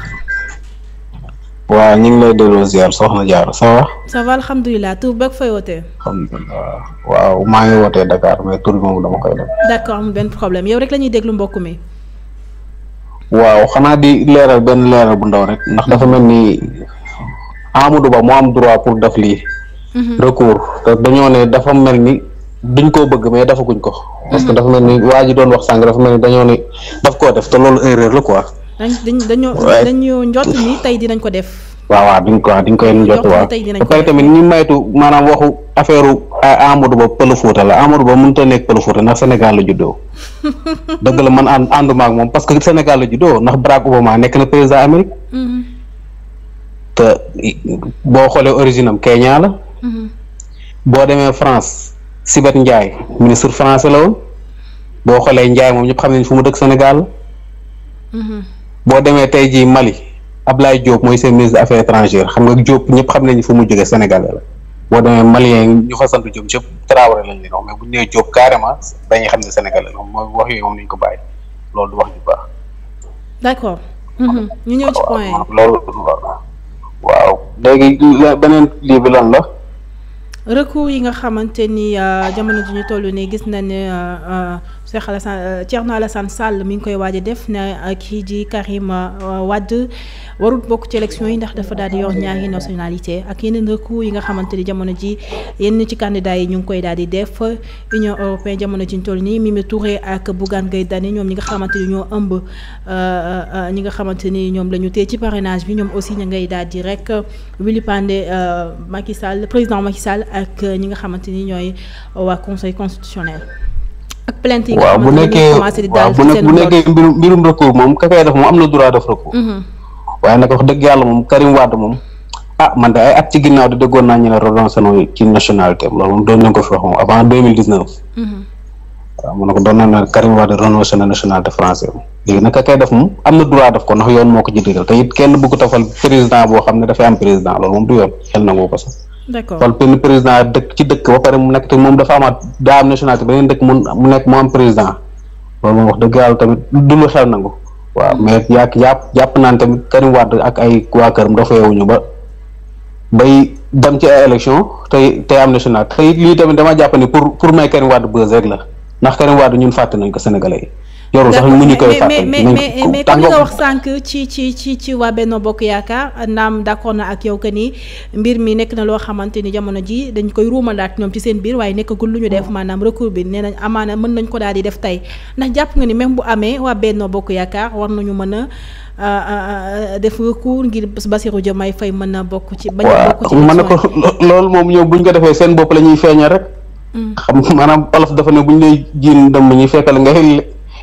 waaw ñu ngi lay delloo ziar soxna Diarra ça va.
soo va alhamdulilah tur beeg fay wootee.
alhamdulilah waaw maa ngi wootee Dakar mais tur bi dama koy
def. d' benn problème yow rek la ñuy déglu mbokk mi.
waaw xanaa di leeral benn leeral bu ndaw rek ndax dafa mel ni Amadou Ba moo am droit pour def lii. Mhm. recours dañoo ne dafa mel ni duñ koo bëgg mais defaguñ ko. parce que mhm. dafa mel ni waa ji doon wax sànq dafa mel ni dañoo ne daf koo def te loolu erreur la quoi.
dañ dañoo dañoo njott ni tey dinañ ko def.
waaw waaw duñ ko duñ koy jot waaw ba pare tamit ñu maytu maanaam waxu affaire Amadou Ba pël Fuuta la Amadou Ba mënut a nekk pël Fuuta ndax Sénégal la juddoo dëgg la man ànd ànduma moom parce que Sénégal la juddoo ndax Barack ma nekk na président Amérique. Mm-hmm. te xoolee origine am Kenya la. Mm-hmm. boo demee France Sibeth Ndiaye ministre français la woon xoolee Ndiaye moom ñëpp xam nañ fu mu dëkk Sénégal. Mm-hmm. boo demee tey jii Mali. Ablaye Diop mooy seen ministre des affaires étrangères xam nga Diop ñëpp xam nañu fu mu jógee la boo demee Malien
ñu fa sant Diop ñëpp Traoré lañ leen wax mais bu ñu nee Diop carrément dañuy xam ne Sénégal la mooy
wax yooyu moom nañu ko bàyyi loolu du wax ju baax.
d'accord mhm. ñu ñëw ci point yi
loolu waaw léegi beneen lii bi lan la.
recours yi nga xamante ni euh, jamono ji ñu toll nii gis na ne. Euh, euh, Cheikh Alassane euh, Thierno Alassane Sall mi ngi koy waaj a def na kii di Karim euh, Wade warul bokk ci élection yi ndax dafa daal di yor ñaari nationalité ak yeneen recours yi nga xamante ni jamono ji yenn ci candidats yi ñu ngi koy daal di def Union européenne jamono ji ñu nii mii Mimi Touré ak Bougane Gueye dani ñoom ñi nga xamante ni ñoo ëmb euh, ñi nga xamante ni ñoom la ñu téye ci parrainage bi ñoom aussi ñu ngay daal di rek Willy Pandé Macky Sall président Macky Sall ak ñi nga xamante ni ñooy waa conseil ak plainte yi waaw bu nekkee
bu nekkee mbirum mbirum moom ka def moom am na droit def recours mm-hmm. waaye nag wax dëgg moom Karim Wade moom ah man de ay at ci ginnaaw di déggoon naa ñu ne renonce na ci nationalité am loolu moom doon nañ ko fi wax moom avant deux mille dix neuf mm-hmm. waaw mu ne ko doon na Karim Wade renonce nationalité français léegi nag ka def moom am na droit def ko ndax yoon moo ko ci digal kenn bëgg président boo xam ne dafay am président d'accord kon benn président dëkk ci dëkk ba pare mu nekk te moom dafa amaat daa am ba beneen dëkk mu mu nekk mu am président loolu moom wax dëgg yàlla tamit du lu xel nangu. waaw hmm. mais yàq yàpp jàpp naan tamit Karim Wade ak ay waa mu dafa yeewuñu ba bay dem ci ay élection tey tey am nationalité te lii tamit dama jàpp ne pour pour may Karim Wade buzz rek la ndax Karim Wade ñun fàtte nañ ko
Sénégalais yi. yorul sax mu ñu ko fàttali mais mais mais nga wax
sànq ci ci ci ci waa Benno Bokk Yaakaar naam d'accord na ak yow que nii mbir mi nekk na loo xamante ni jamono ji dañ koy ruumalaat ñoom ci seen waaye nekkagul lu ñu def mm. maanaam recours bi nee nañ amaana mën nañ ko daal di def tey ndax jàpp nga ni même bu amee waa Benno Bokk Yaakaar war nañu mën a def recours ngir Bassirou Diomaye fay mën na bokk ci. bañ a bokk na
ko loolu moom ñoom buñ ko defee seen bopp la ñuy feeñal rek.
Mm. xam
maanaam olof dafa ne buñ lay jiin dem ñuy fekkal ngay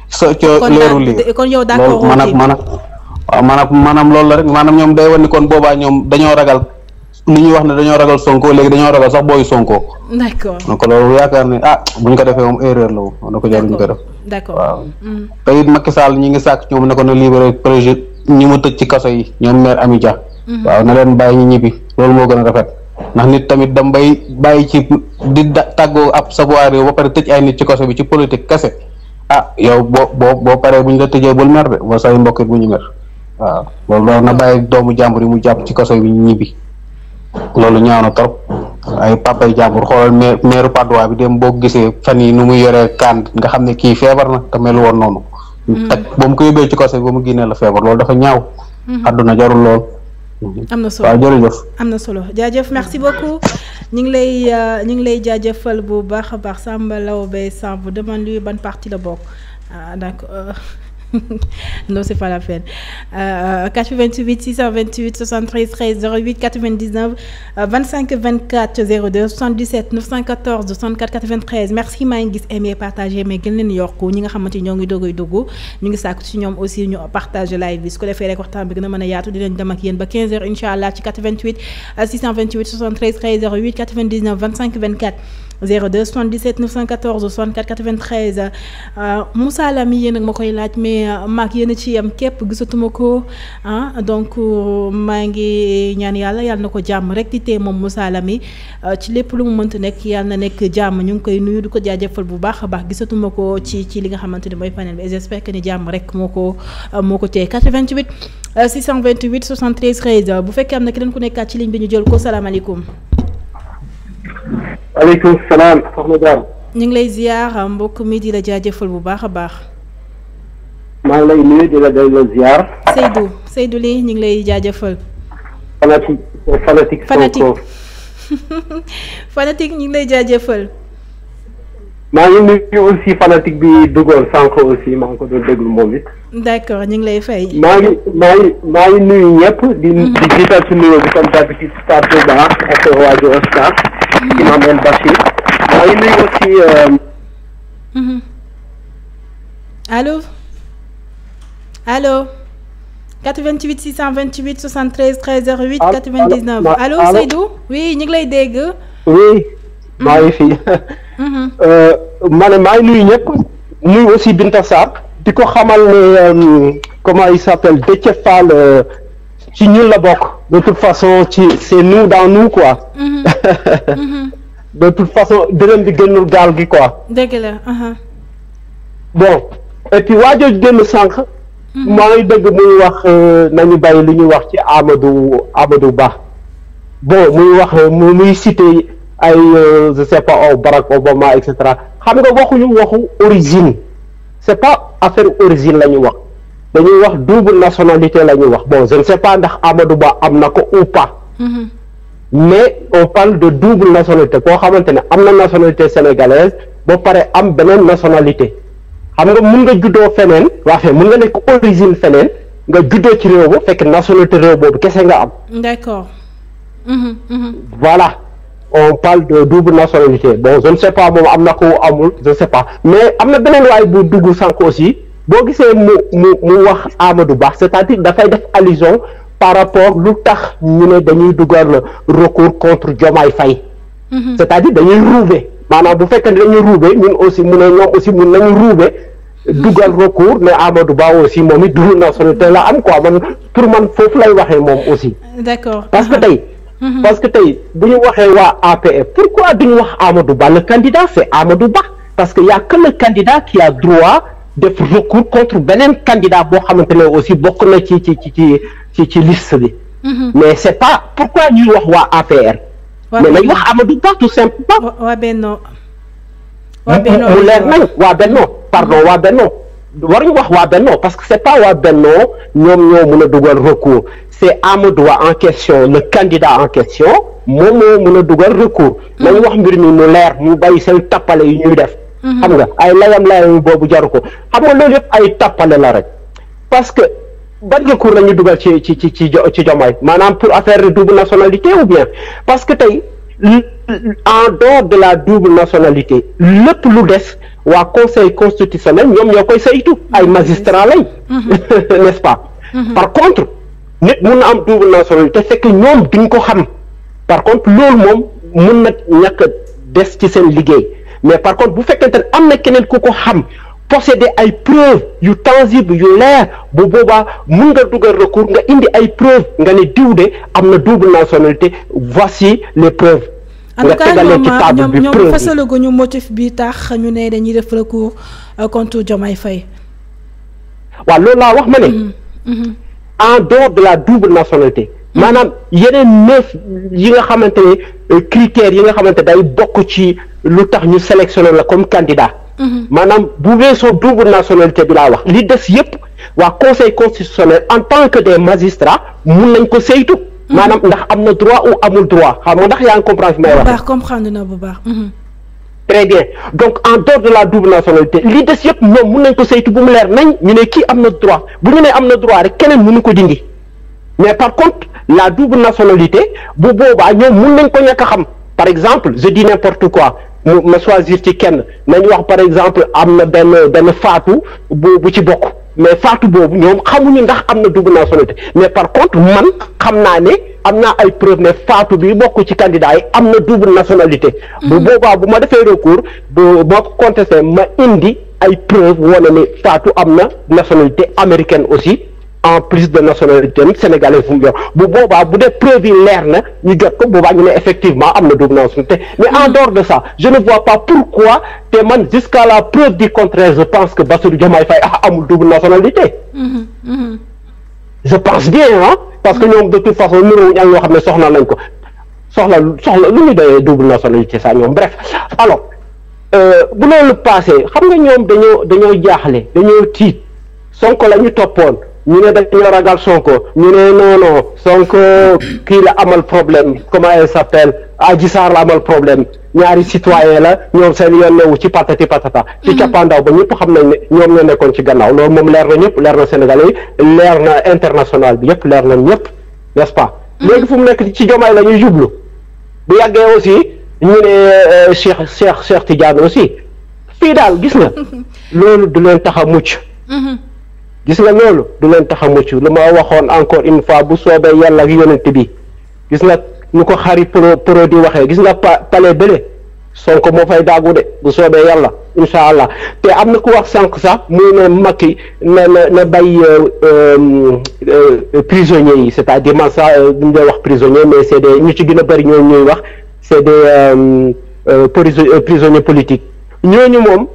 so ca leeru lii
kon yow d'accord maanaam maanaam
waaw maanaam maanaam loolu la rek maanaam ñoom day wan kon boobaa ñoom dañoo ragal ni ñuy wax ne dañoo ragal sonko léegi dañoo ragal sax booyu sonko. d'accord donc loolu yaakaar ne ah bu ñu ko defee moom erreur la moom na ñu ko def.
d'accord waaw. Mm.
te ngi sàkk ñoom ne ko na libéré projet ñi mu tëj yi ñoom maire Amy Dia.
Mm-hmm. waaw na leen
bàyyi moo gën a rafet ndax nit tamit dam bay bàyyi ci di tàggoo ab savoir yow ba pare tëj ay nit ci kaso bi ci politique kese. ah yow boo boo boo paree bu ñu la tëjee bul meer de wala say mbokk bu ñu mer waaw loolu loolu na bàyyi doomu jàmbur yi mu jàpp ci kaso bi ñibbi loolu ñaaw na trop ay papay jàmbur xoolal meeru Padois bi dem boo gisee fan yi nu muy yoree kaan nga xam ne kii feebar na te mel woon noonu. Mm-hmm. teg ba mu ko ci kaso bi ba mu génnee la feebar loolu dafa ñaaw.
Mm-hmm. àdduna jarul lool.
Mhm. am na solo waaw jërëjëf.
am na solo jaajëf merci beaucoup ñu ngi lay euh, ñu ngi lay jaajëfal bu baax a baax Samba bay Samb demande lui ban partie la bokk ah d'accord. non c'est pas la peine euh, 88 628 73 13 08 99 25 24 02 77 914 64 93 merci maa ngi gis aimé partagé mais gën leen yokk ñi nga xamante ñoo ngi dogoy dugg ñu ngi sàkku ci ñoom aussi ñu partagé live bi su ko defee rek waxtaan bi gën a mën a yaatu dinañ dem ak yéen ba 15 heures incha allah ci 88 02 77 914 64 93 ah, Moussa Lamy yéen ak ma koy laaj mais ah, maag yéen a ci yam képp gisatuma ko ah donc maa ngi ñaan yàlla yàlla na ko jàmm rek di tee moom Moussa Lamy ah, ci lépp lu mu mënta nekk yàlla na nekk jàmm ñu ngi koy nuyu di ko jaajafal bu baax a baax gisatuma ko ci ci li nga xamante ni mooy panel bi et que ni jàmm rek moo ko moo ko tee 88 628 73 13 bu fekkee am na keneen ku nekkaat ci ligne bi ñu jël ko salaamaaleykum.
waaleykum salaam soxna
ñu ngi lay ziar mbokk mi di la jaajëfal bu baax a baax.
maa ngi lay nuyu di la delloo ziar.
Seydou Seydou lii ñu ngi lay jaajëfal.
fanatique fanatique Sonko
fanatique ñu ngi lay jaajëfal.
maa ngi nuyu aussi fanatique bi dugoon sànq aussi maa ngi ko doon déglu moom it.
ñu ngi lay fay. maa
ngi maa ngi maa ngi nuyu ñëpp. di di mhm. jiital ci nuyoo bi comme d'habitude Fatou Ba ak waa Jokalante. imam El Bachir maa ngi nuyu
aussi.
allo allo. 88 628 73 13 08 99 allo Seydou oui ñu ngi lay dégg.
oui.
maa ngi fi. Mhm. Mhm. Euh, ma ne maa ngi nuyu ñëpp. nuyu aussi Binta Sarr di ko xamal ne euh, comment il s'appelle ci ñun la bokk de toute façon ci c'est nous dans nous quoi
mm-hmm.
Mm-hmm. de toute façon dërëm bi gënul gaal gi quoi
dëgg la uh-huh.
bon et puis waa jooju génn sànq
mm-hmm. maa
dëgg muy wax euh, nañu bàyyi li ñuy wax ci Amadou Amadou Ba bon muy wax muy cité ay euh, je sais pas oh Barack Obama et cetera xam nga waxuñu waxu origine c'est pas affaire origine la ñu wax dañuy wax double nationalité la ñuy wax bon je ne sais pas ndax Amadou Ba am na ko ou pas. Mm-hmm. mais on parle de double nationalité koo xamante ne am na nationalité sénégalaise ba pare am beneen nationalité xam nga mun nga juddoo feneen waafe mun nga nekk origine feneen nga juddoo ci réew ba fekk nationalité réew boobu kese nga am.
d'accord. Mmh, mmh.
voilà on parle de double nationalité bon je ne pas moom am na ko amul je ne pas mais am na beneen waay bu dugg sànq aussi. boo gisee mu mu mu wax Amadou Ba c'est-à-dire dafay def allusion par rapport lu tax ñu ne dañuy dugal recours contre Diomaye fay mm-hmm. c'est-à-dire dañuy ruube maanaam bu fekkee ne dañuy ruube ñun aussi mun ne ñoom aussi mun nañu ruube mm-hmm. dugal recours mais Amadou Ba aussi moom it double nationalité la am quoi man pour man foofu lay waxee moom aussi d'accord parce que uh-huh. tey mm-hmm. parce que tey bu ñu waxee waa APR pourquoi duñu wax Amadou Ba le candidat c'est Amadou Ba parce que y a que le def recours contre beneen candidat boo xamante ne aussi bokk na ci ci ci ci ci ci liste
bi. Mhm. mais c' est pas pourquoi ñuy wax waa APR. mais nañ wax Amadou Ba tout simplement. waa Benno waa mu euh, leer nañ waa Benno pardon waa
war ñu wax waa Benno parce que c' est pas waa Benno ñoom ñoo mun a dugal recours c' est Amadou Ba en question le candidat en question moom moo mun a dugal recours. Mhm. nañ wax mbir mi mu leer mu bàyyi seen tappale yi ñuy def. Mm-hmm. xam nga ay layam layam boobu jaru ko xam nga loolu yëpp ay tappale la rek parce que ban recours la ñu dugal ci ci ci ci ci Diomaye maanaam pour affaire de double nationalité ou bien parce que tey en dehors de la double nationalité lépp lu des waa conseil constitutionnel ñoom ñoo koy saytu ay mm-hmm. magistrat lañ mm-hmm. n'est-ce pas par contre nit mun na am double nationalité fekk ñoom duñ ko xam par contre loolu moom mun na ñàkk des ci seen liggéey mais par contre bu fekkente ne am na keneen ku ko xam posséder ay preuve yu tangible yu leer bu boobaa mun nga dugal recours nga indi ay preuve nga ne diw de am na double nationalité voici les preuves.
en tout cas ñoom ñoom ñoom fasalaguñu motif bi tax ñu ne dañuy def recours euh, contre ay fay
waaw loolu laa wax ma ne. Mm-hmm, mm-hmm. en dehors de la double nationalité. Mm-hmm. maanaam yeneen neuf yi nga xamante ne euh, critères yi nga xamante day bokk ci lu tax ñu sélectionné la comme candidat mhm. maanaam bu weesoo double nationalité bi laa wax li des yépp waa conseil constitutionnel en tant que des magistrats mun nañ ko seytu mhm. maanaam ndax am na droit ou amul droit xam nga ndax yaa ngi comprendre fi may wax bu baax
comprendre na bu
baax mhm.
très bien donc en dehors de la double nationalité li des yëpp ñoom mun nañ ko seytu bu mu leer nañ ñu ne kii am na droit bu ñu ne am na droit rek keneen mënu ko dindi mais par contre la double nationalité bu boobaa ñoom mun nañ ko ñàkk xam par exemple je dis n'importe quoi ma choisir ci kenn nañ wax par exemple am na benn benn faatu bu ci bokk mais faatu boobu ñoom xamuñu ndax am na double nationalité mais par contre man xam naa ne am na ay preuve ne faatu bi bokk ci candidat yi am na double nationalité bu mm-hmm. boobaa bu ma defee recours bu boo ko ma indi ay preuve wane ne faatu am na nationalité américaine aussi en plus de nationalité am sénégalais fu mu yor bu boobaa bu dee preuve leer na ñu jot ko boobaa ñu ne effectivement am na double nationalité mais en mm. dehors de ça je ne vois pas pourquoi te man jusqu'à la preuve du contraire je pense que Bassirou Diomaye Faye a amul double nationalité.
Mm-hmm, mm-hmm.
je pense bien parce que ñoom de toute façon niróo ñaar ñoo xam ne soxla nañ ko soxla soxla lu ñu doyee double nationalité sax ñoom bref alors euh, bu loolu passé xam nga ñoom dañoo dañoo jaaxle dañoo tiit Sonko la ñu toppoon. ñu ne dañoo ragal Sonko ñu ne non non Sonko kii la amal problème comment elle s'appelle Adji Sarr la amal problème ñaari citoyen la ñoom seen yoon newu ci patati patata. ci mm-hmm. cappaandaw ba ñëpp xam nañ ne ñoom ñoo nekkoon ci gannaaw loolu moom leer na ñëpp leer na Sénégalais yi leer na international bi yëpp leer na ñëpp n'est-ce pas. Mm-hmm. léegi fu mu nekk ci jomaay la ñuy jublu bu yàggee aussi ñu ne euh, Cheikh Cheikh Cheikh Tidiane aussi fii daal gis na loolu du leen taxa a mucc. Mm-hmm. gis nga loolu du leen tax a mucc lu ma waxoon encore une fois bu soobee yàlla ak yonent bi gis nga ñu ko xari pro pro di waxee gis nga pa pale bële Sonko moo fay daagu de bu soobee yàlla incha allah te am na ku wax sànq sax muy ne Macky na na na bàyyi euh, euh, euh, prisonniers yi c'est-à-dire man sax duñ doon wax prisonnier mais c'est des ñu ci gën a bëri ñoo ñuy wax c'est des prisonniers politiques ñooñu moom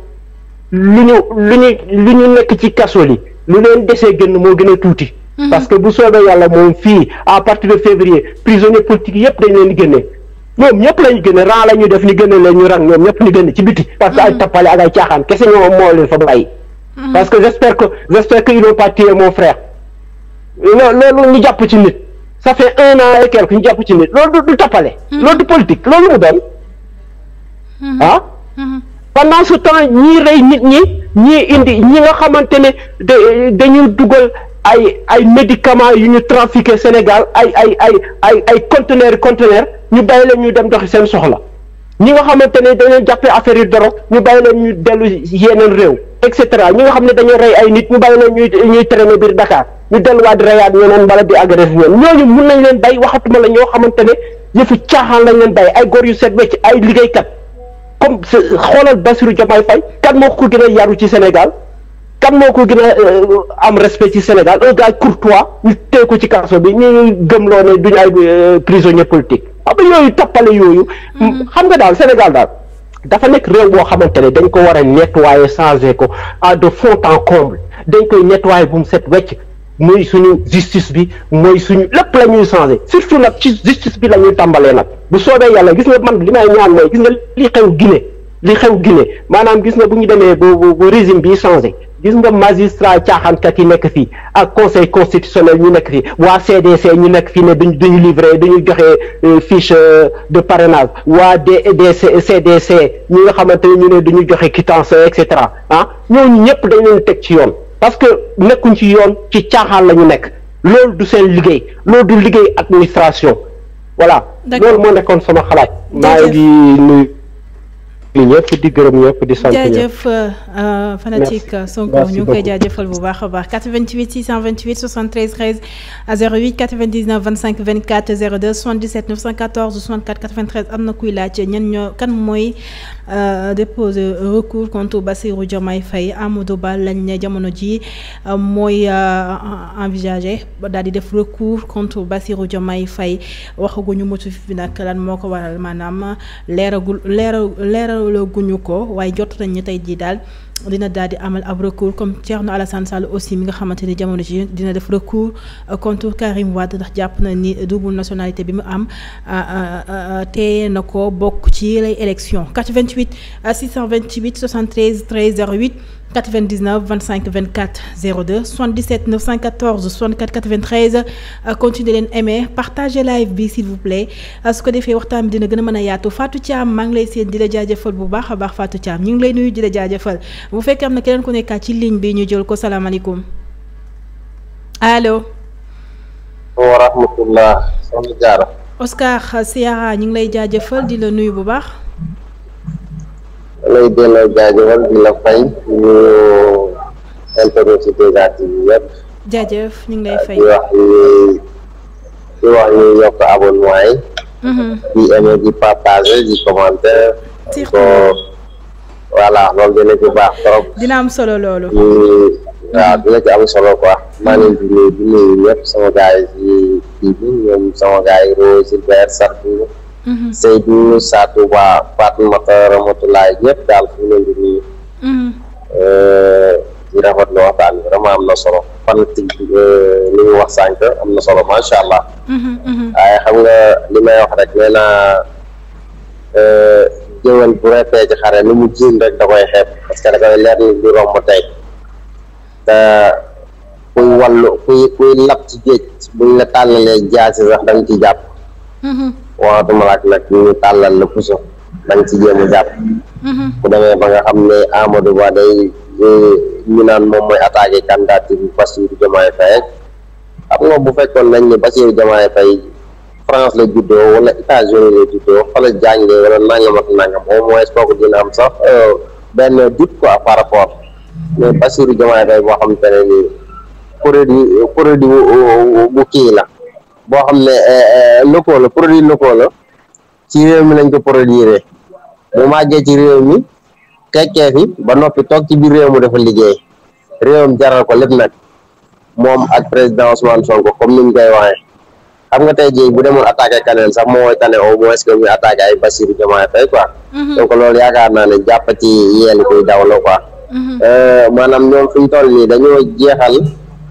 lu ñu lu ñu lu
ñu nekk ci kaso lu leen desee génn moo gën a tuuti. Mhm. parce que bu soobee yàlla moom fii à partir de février prisonniers politiques yëpp dañ leen di génne ñoom ñëpp lañu génne rang la ñuy def ni génne leen ñu rang ñoom ñëpp ñu génn ci biti. parce que ay mhm. tappale ak ay caaxaan kese ñoom moo leen fa bàyyi. Mhm. parce que j'espère que j'espère que ils n'ont pas mon frère. loolu ñu jàpp ci nit ça fait un an et quelque ñu jàpp ci nit loolu du tappale. loolu du politique loolu mu doon ah. pendant ce temps ñii rey nit ñi ñii indi ñi nga xamante ne de dañuy dugal ay ay médicaments yu ñu trafiqué Sénégal ay ay ay ay ay conteneurs conteneurs ñu bàyyi leen ñu dem doxi seen soxla ñi nga xamante ne dañoo jàppee affaire yu dorog ñu bàyyi leen ñu dellu yeneen réew et cetera ñi nga xam ne dañoo rey ay nit ñu bàyyi leen ñuy ñuy traîner biir Dakar ñu delluwaat di reyaat ñeneen mbala di agressé ñoom ñooñu mun nañ leen bay waxatuma la ñoo xamante ne fi caaxaan lañ leen bay ay góor yu set wecc ay liggéeykat. comme xoolal Bassirou Diomaye Faye kan moo ko gën a yaru ci Sénégal kan moo ko gën a euh, am respect ci Sénégal un gars courtois ñu tee ko ci kaso bi ñu gëmloo ne duñu ay euh, prisonnier politique xam ah, nga yooyu tappale yooyu mm-hmm. xam nga daal Sénégal daal dafa nekk réew boo xamante ne dañ ko war a nettoyer changer ko de fond en comble dañ koy nettoyer bu mu set wecc mooy suñu justice bi mooy suñu lépp la ñuy changé surtout nag ci justice bi la ñuy tàmbalee nag bu soobee yàlla gis nga man li may ñaan mooy gis nga li xew Guinée li xew Guinée maanaam gis nga bu ñu demee ba ba régime bi changé gis nga magistrat caaxaankat yi nekk fii ak conseil constitutionnel ñu nekk fii waa CDC ñu nekk fii ne duñ duñu livré duñu joxe euh, fiche euh, de parrainage waa DDC CDC ñi nga xamante ne ñu ne duñu joxe quittance et cetera ah ñooñu ñëpp dañ leen teg ci yoon. parce que nekkuñ ci yoon ci caaxaan la ñu nekk loolu du seen liggéey loolu du liggéey administration voilà. loolu moo nekkoon sama xalaat. maa ngi nuyu ñëpp di gërëm ñëpp di sant ñëpp. jaajëf
euh, euh, fanatique Sonko ñu ngi koy jaajëfal bu baax a baax 88 628 73 13 08 99 25 24 02 77 914 64 93 am na kuy laaj ñan ñoo kan mooy. Euh, déposé recours contre Bassirou Diomaye Faye Amadou Ba lañ ne jamono ji euh, mooy euh, envisagé daal di def recours contre Bassirou Diomaye Faye waxaguñu motif bi nag lan moo ko waral maanaam leeragul leera leeralaguñu ko waaye jot nañ ñu tey jii daal dina daal di amal ab recours comme Thierno Alassane Sall aussi mi nga xamante ni jamono ji dina def recours euh, contre Karim Wade ndax jàpp na ni double nationalité bi mu am euh, euh, téye na ko bokk ci lay élection 88 628 73 13 08. 99 25 24 02 77 914 64 93 continuez leen aimer partagez live bi s'il vous plaît euh, su ko defee waxtaan bi dina gën a mën a yaatu Fatou Thiam maa ngi lay seen di la jaajëfal bu baax a baax Fatou Thiam ñu ngi lay nuyu di la jaajëfal bu fekkee am na keneen ku nekkaat ci ligne bi ñu jël ko salaamaaleykum allo.
wa rahmatullah
Oscar Siara ñu ngi lay jaajëfal di la nuyu bu baax.
lay delloo jaajëfal di la fay ñu internet ci a TV yëpp.
jaajëf ñu ngi lay fay
di wax ni yokk abonnement yi. Mm-hmm. di aimer di di commenter. surtout voilà lool dina ci baax trop.
dina am solo loolu. waaw
mm-hmm. dina ci am solo quoi. maa ngi mm-hmm. di nuyu sama gars yi ci kii sama gars yi Rose Sylvain Sarr Mm-hmm. Seydou Satou Ba Fatoumata Ramatoulaye ñëpp daal fu leen di nuyu di rafetlu waxtaan bi vraiment am na solo fan tig euh, li ñu wax sànq am na solo macha allah
mm-hmm, mm-hmm. waaye xam nga
li may wax rek nee naa euh, bu reppee ci xare lu mu jiin rek da koy xeeb parce que da koy leer ni du romb tey te kuy wàllu kuy kuy lab ci géej buñ la tàllalee jaasi sax da ci jàpp waxatuma laak nag ñu tàllal la puso dañ ci jéem a jàpp mhm. bu demee ba nga xam ne Amadou Ba day eh, ñu naan moom mooy attaqué candidature bi Bassirou Diomaye Faye ak xam nga bu fekkoon nañ ne Bassirou Diomaye Faye France la juddoo wala États-Unis la juddoo fa la jàngee wala nangam ak nangam au moins kooku dina am sax euh, benn doute quoi par rapport mais Bassirou Diomaye Faye boo xam te ne nii kuréel yi euh, bu kii la boo xam ne euh, euh, locaux la produit locaux la ci réew mi lañ ko produire mu màggee ci réew mi tekkee ba noppi toog ci bi réew mu dafa liggéey réewam jaral ko lépp nag moom ak président Ousmane Sonko comme ni ñu koy waxee xam nga tey jii bu demoon attaqué kaneen sax moo woy tane au moins que muy attaqué ay Bassirou Diomaye Faye quoi mm-hmm. donc loolu naa ne jàpp ci yeelu kuy daw la quoi mm-hmm. euh, maanaam ñoom fi mu toll nii dañoo jeexal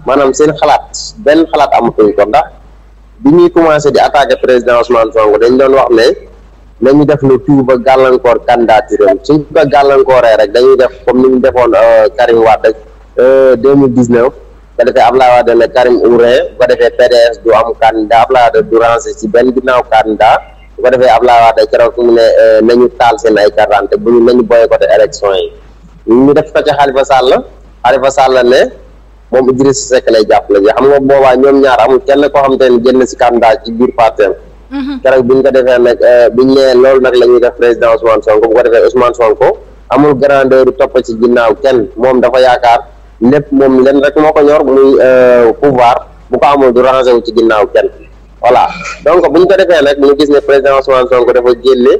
maanaam seen xalaat benn xalaat amatuñ ko ndax bi ñuy commencé di attaquer président Ousmane Sonko dañ doon wax ne nañu def le tout ba gàllankoor candidature am suñ ko gàllankooree rek dañuy def comme ni ñu defoon euh, Karim Wade euh, deux mille dix neuf bu ko defee Abdoulaye Wade ne Karim Ourin bu ko defee PDS du am candidat Abdoulaye Wade du rancé si benn ginnaaw candidat bu ko defee Abdoulaye Wade keroog fu mu ne euh, nañu taal seen ay carte bu ñu nañu boycotté élection yi ñu def ko ci Khalifa Sall Khalifa Sall ne moom Idriss Seck lay jàppale ji xam nga boobaa ñoom ñaar amul kenn ko xam te ne génn si candidat ci biir parteem mhm. keroog bu ñu ko defee nag euh, bi ñu nee loolu nag la ñuy def président Ousmane Sonko ko defee Ousmane Sonko amul topp ci ginnaaw kenn moom dafa yaakaar lépp moom leen rek moo ko ñor muy euh, pouvoir bu ko amul du rangé wu ci ginnaaw kenn voilà donc bu ñu ko defee nag ñu gis ne président Ousmane Sonko dafa génne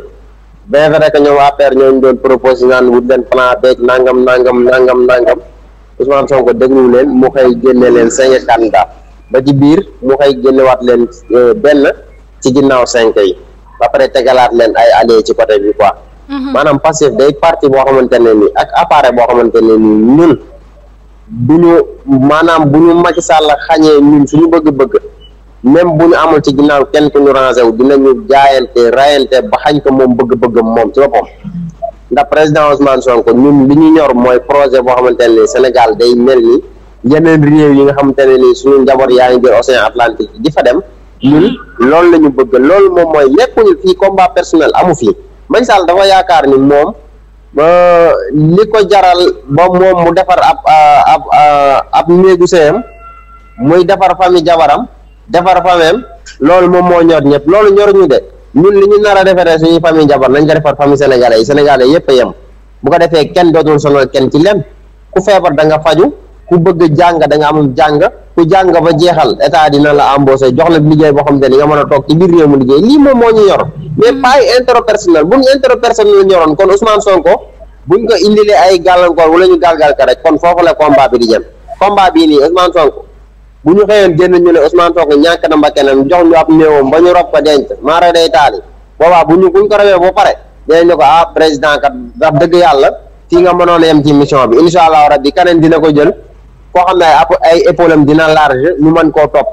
bien vrai que ñoom APR ñooñu doon proposé naan wut leen plan beeg nangam nangam nangam nangam Ousmane Sonko déglu leen mu xëy génne leen cinq candidat ba ci biir mu xëy génnewaat leen euh, benn ci ginnaaw cinq yi ba pare tegalaat leen ay alliés ci côté bi quoi mhm. maanaam Pastef day parti boo xamante ne nii ak appareil boo xamante ne nii ñun bu ñu maanaam bu ñu Macky Sall xañee ñun suñu bëgg-bëgg même bu ñu amul ci ginnaaw kenn ku ñu rangé wu dinañu jaayante rayante ba xañ ko moom bëgg-bëggam moom ci boppam ndax président Ousmane Sonko ñun li ñu ñor mooy projet boo xamante ne Sénégal day mel ni yeneen réew yi nga xamante ne nii suñu njaboot yaa ngi jël océan Atlantique di fa dem ñun loolu la ñu bëgg loolu moom mooy nekkuñu fii combat personnel amu fii Macky Sall dafa yaakaar ni moom li ko jaral ba moom mu defar ab ab ab néegu seyam muy defar famille jabaram defar famem loolu moom moo ñor ñëpp loolu ñor ñu de ñun li ñu nar a defaree suñuy famille njaboot nañ ko defar famille sénégalais yi sénégalais yëpp a yem bu ko defee kenn dootul sonal kenn ci lenn ku feebar da nga faju ku bëgg jàng da amum jàng ku jàng ba jeexal état dina la embauché jox la liggéey boo xam te ni nga mën a toog ci biir réew mu liggéey lii moom moo ñu yor mais mm-hmm. pas interpersonnel bu ñu interpersonnel ñoroon kon Ousmane Sonko buñ ko indilee ay gàllankoor wala ñu gàlgal ka rek kon bu ñu xëyoon génn ñu ne Ousmane Sonko ñàkk ba mbakkenam jox ñu ab néewam ba ñu rob ko denc maara day taali boobaa bu ñu buñ ko rawee ba pare dinañ ne ko ah président kat dëgg yàlla fii nga mënoon a yem ci mission bi incha allah rabbi keneen dina ko jël koo xam ne ay ay am dina large ñu mën koo topp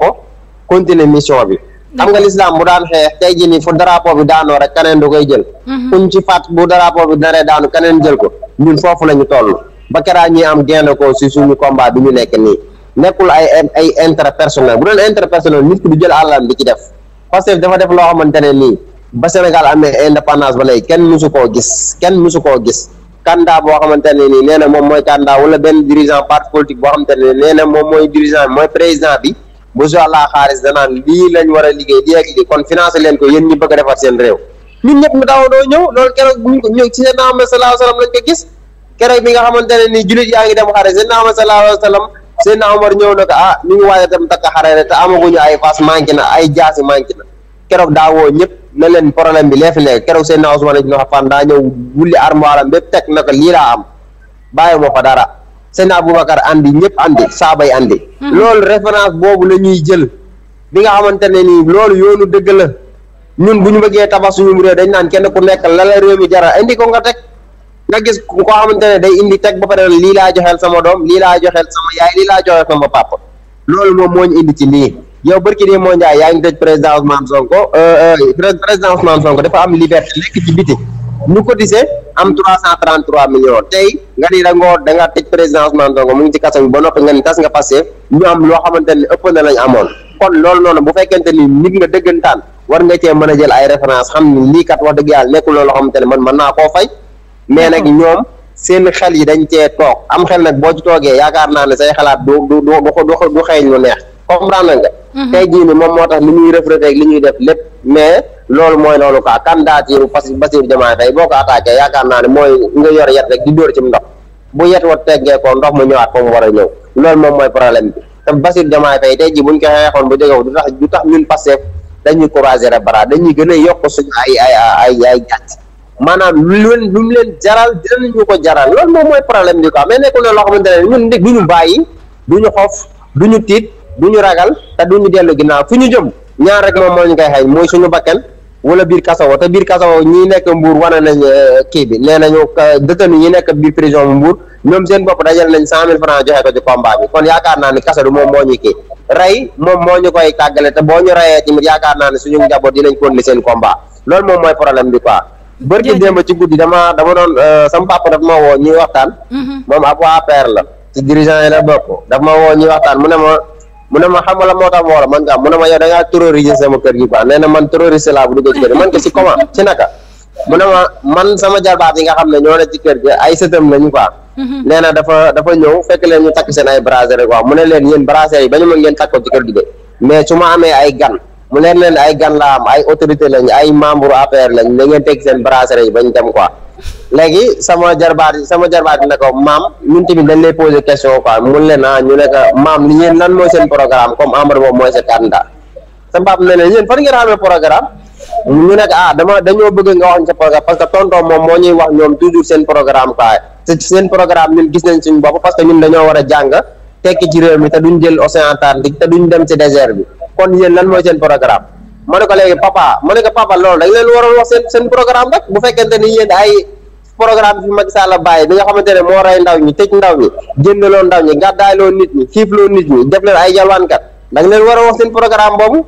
continuer mission bi xam nga lislaam bu daan xeex tey jii nii fu drapeau bi daanoo rek keneen du koy jël mhm. kuñ ci faat bu drapeau bi naree daanu keneen jël ko ñun foofu la ñu toll ba keraa ñuy am gain de cause si suñu combat bi ñu nekk nii nekkul ay ay intérêt personnel bu doon intérêt personnel nit ki du jël àllam bi ci def Pastef dafa def loo xamante ne nii ba Sénégal amee indépendance ba léegi kenn musu koo gis kenn musu koo gis candidat boo xamante ne nii nee na moom mooy candidat wala benn dirigeant parti politique boo xamante ne nee na moom mooy dirigeant bi mooy président bi bu su àllaa xaalis danaan lii lañ war a liggéey lii ak lii kon financé leen ko yéen ñi bëgg a defar seen réew ñun ñëpp ñu daw doo ñëw loolu keroog ñëw ci Seydina Muhammad sallallahu alayhi wa sallam lañ ko gis keroog bi nga xamante ne nii jullit yaa ngi dem xare Seydina Muhammad sallallahu alayhi wa Seydina Omar ñëw na ko ah ñu ngi te tam takk xare te amaguñu ay fas manqué na ay jaasi manqué na keroog daa woo ñëpp na leen problème bi lee fi nekk keroog Seydina Ousmane ibn Affan daa ñëw wulli armoire am bépp teg na ko lii laa am bàyyi ma fa dara Seydina Aboubacar andi ñëpp andi saabay andi mhm. loolu boobu la ñuy jël bi nga xamante ne nii loolu yoonu dëgg la ñun bu ñu bëggee tabax suñu réew dañ naan kenn ku nekk la la réew mi jaral indi ko nga teg nga gis koo xamante ne day indi teg ba pare lii laa joxeel sama doom lii laa joxeel sama yaay laa joxeel sama papa loolu moom moo ñu indi ci lii yow barki di moo njaay yaa ngi tëj président Ousmane Sonko euh, euh, président Ousmane Sonko dafa am liberté lekk ci biti ñu cotisé am trois cent trente trois millions tey nga ni da ngoo tëj président Ousmane Sonko mu ngi ci kaso bi ba noppi nga ni tas nga passé ñu am loo xamante ne ëpp na lañ amoon kon loolu noonu bu fekkente ni nit nga dëggantaan war nga cee mën a jël ay référence xam ni lii kat wax yàlla nekkul loolu xamante ne man mën naa koo mais nag ñoom seen xel yi dañ cee toog am xel nag boo ci toogee yaakaar naa ne say xalaat du du du du xeeñ lu neex comprendre nga.
Mhm. tey jii ni moom moo
tax li ñuy reflété ak li ñuy def lépp mais loolu mooy loolu quoi candidature Bassirou Bassirou Diomaye Faye boo ko attaqué yaakaar naa ne mooy nga yor yet rek di dóor ci ndox bu yet wa teggee ndox mu ñëwaat ko mu war a ñëw loolu moom mooy problème bi te Bassirou Diomaye Faye tey jii buñ ko xeexoon bu jógew du tax du tax ñun Pastef dañuy croiser les bras dañuy gën a yokk suñu ay ay ay ay maanaam lu leen lu leen jaral ñu ko jaral loolu moom mooy problème bi quoi mais nekkul ne loo xamante ne ñun nit du ñu bàyyi du ñu xof du ñu tiit du ñu ragal te du ñu dellu ginnaaw fu ñu jëm ñaar rek moom moo ñu koy xëy mooy suñu bakkan wala biir kasawo te biir kasawo ñi nekk mbuur wane nañ euh, kii bi nee nañu euh, détenu ñi nekk biir prison bu mbuur ñoom seen bopp dajal nañ cent mille francs joxe ko yaakaar naa ni kasa du moo ñu kii rey moom moo ñu koy tàggale te boo ñu yaakaar naa ne suñu njaboot dinañ continuer seen combat loolu moom mooy problème bi quoi bërki démb ci guddi dama dama doon euh, sama papa daf ma woo ñuy waxtaan mhm. moom ab waa APR la ci dirigeant yi la bokk daf ma woo ñuy waxtaan mu ne ma mu xam nga la moo tax woola man nga mu ne ma yow da ngaa terroriser sama kër gi quoi nee na man terroriste laa bu duggee ko si sama jarbaat yi nga xam ne ñoo ne ci kër gi ay sëtam lañu quoi mhm. nee na dafa dafa ñëw fekk leen ñu takk seen ay brassere quoi mu ne leen yéen brassere yi ba ñu mën ngeen takk ko ci kër gi mais su ma amee ay gan mu leer leen ay gan la am ay autorité lañ ay membre APR lañ na ngeen teg seen brasserie yi bañ dem quoi léegi sama jarbaat sama jarbaat ne ko maam ñun tamit dañ lay poser question quoi mun leen ah ñu ne ko maam li ngeen lan mooy seen programme comme Amadou Ba mooy sa candidat sa mbaab ne leen yéen fan ngeen xamee programme ñu nekk ah dama dañoo bëgg nga wax ñu sa programme parce que tonton moom moo ñuy wax ñoom toujours seen programme quoi seen programme ñun gis nañ suñu bopp parce que ñun dañoo war a jàng tekki ci réew mi te duñ jël océan Atlantique te duñ dem ci désert bi kon yéen lan mooy seen programme ma ne ko léegi papa ma ne ko papa loolu dañ leen waroon wax seen seen programme rek bu fekkente ni yéen ay programme fi Macky la bàyyi bi nga xamante ne moo rey ndaw ñi tëj ndaw ñi génnaloo ndaw ñi gàddaayloo nit ñi xiifloo nit ñi def leen ay jalwaankat dañ leen war a wax seen programme boobu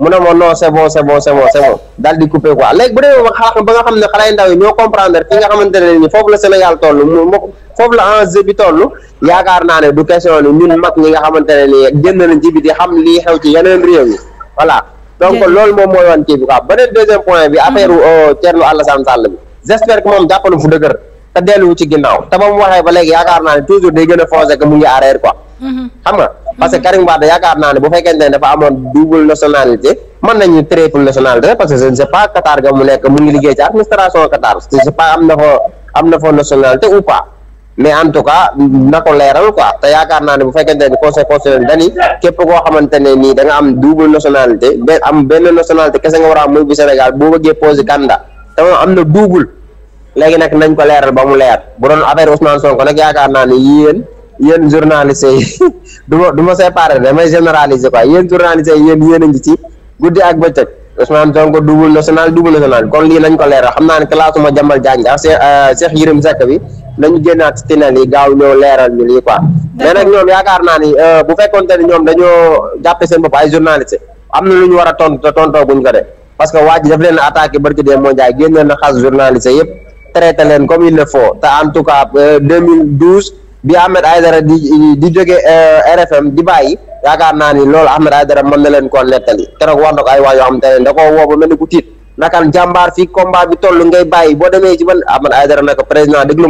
mun a ma non c'est bon c'est bon c'est bon c'est bon di coupé quoi léegi bu demee ba ba nga xam ne xale yu ndaw yi ñoo comprendre ki nga xamante ne ni foofu la Sénégal toll mu foofu la enjeu bi toll yaakaar naa ne du question ni ñun mag ñi nga xamante ne ni génn nañ ci biti xam lii xew ci yeneen réew yi voilà donc loolu moom mooy woon kii bi quoi beneen deuxième point bi affaire mm-hmm. Thierno Alassane Sall bi j'espère que moom jàppalu fu dëgër te delluwu ci ginnaaw te ba mu waxee yaakaar naa ne toujours day gën a foncé que mu ngi parce que Karim Wade yaakaar naa ne bu fekkente ne dafa amoon double nationalité mën nañu triple nationalité parce que je ne pas Qatar ga mu nekk mu ngi liggéey ci administration Qatar je ne pas am na fa nationalité ou pas mais en tout cas na ko leeral quoi te yaakaar naa ne bu fekkente ne conseil constitutionnel dani képp koo xamante ne nii danga am double nationalité be am benn nationalité kese nga war a am muy bu Sénégal boo bëggee posé candidat te moom am na double léegi nag nañ ko leeral ba mu leer bu doon affaire Ousmane Sonko nag yaakaar naa ne yéen. yéen journaliste yi du ma du ma séparer damay généraliser quoi yéen journaliste yi yéen yéen a ngi ci guddi ak bëccëg Ousmane Sonko double national double national kon lii nañ ko leeral xam naa ne classe ma jàmbal jàng ak euh, Cheikh Yérim Seck bi nañu génnaat ci tinal yi gaaw ñoo leeral ñu lii quoi mais nag ñoom yaakaar naa ni euh, bu te ni ñoom dañoo jàppe seen bopp ay journaliste am na lu ñu war a tontu te tontoo buñ ko de parce que waa ji daf leen attaqué barki dee moo jaay génne na xas journaliste yëpp traité te en tout cas euh, bi Ahmed Aidara di di jóge eh, RFM di bàyyi yaakaar naa ni loolu Ahmed Aidara mën na leen koo nettali keroog wax na ko ay waa yoo te ne da koo woo ba mel ni ku tiit nakaan toll ngay bàyyi boo demee ci man Ahmed Aidara nag président déglu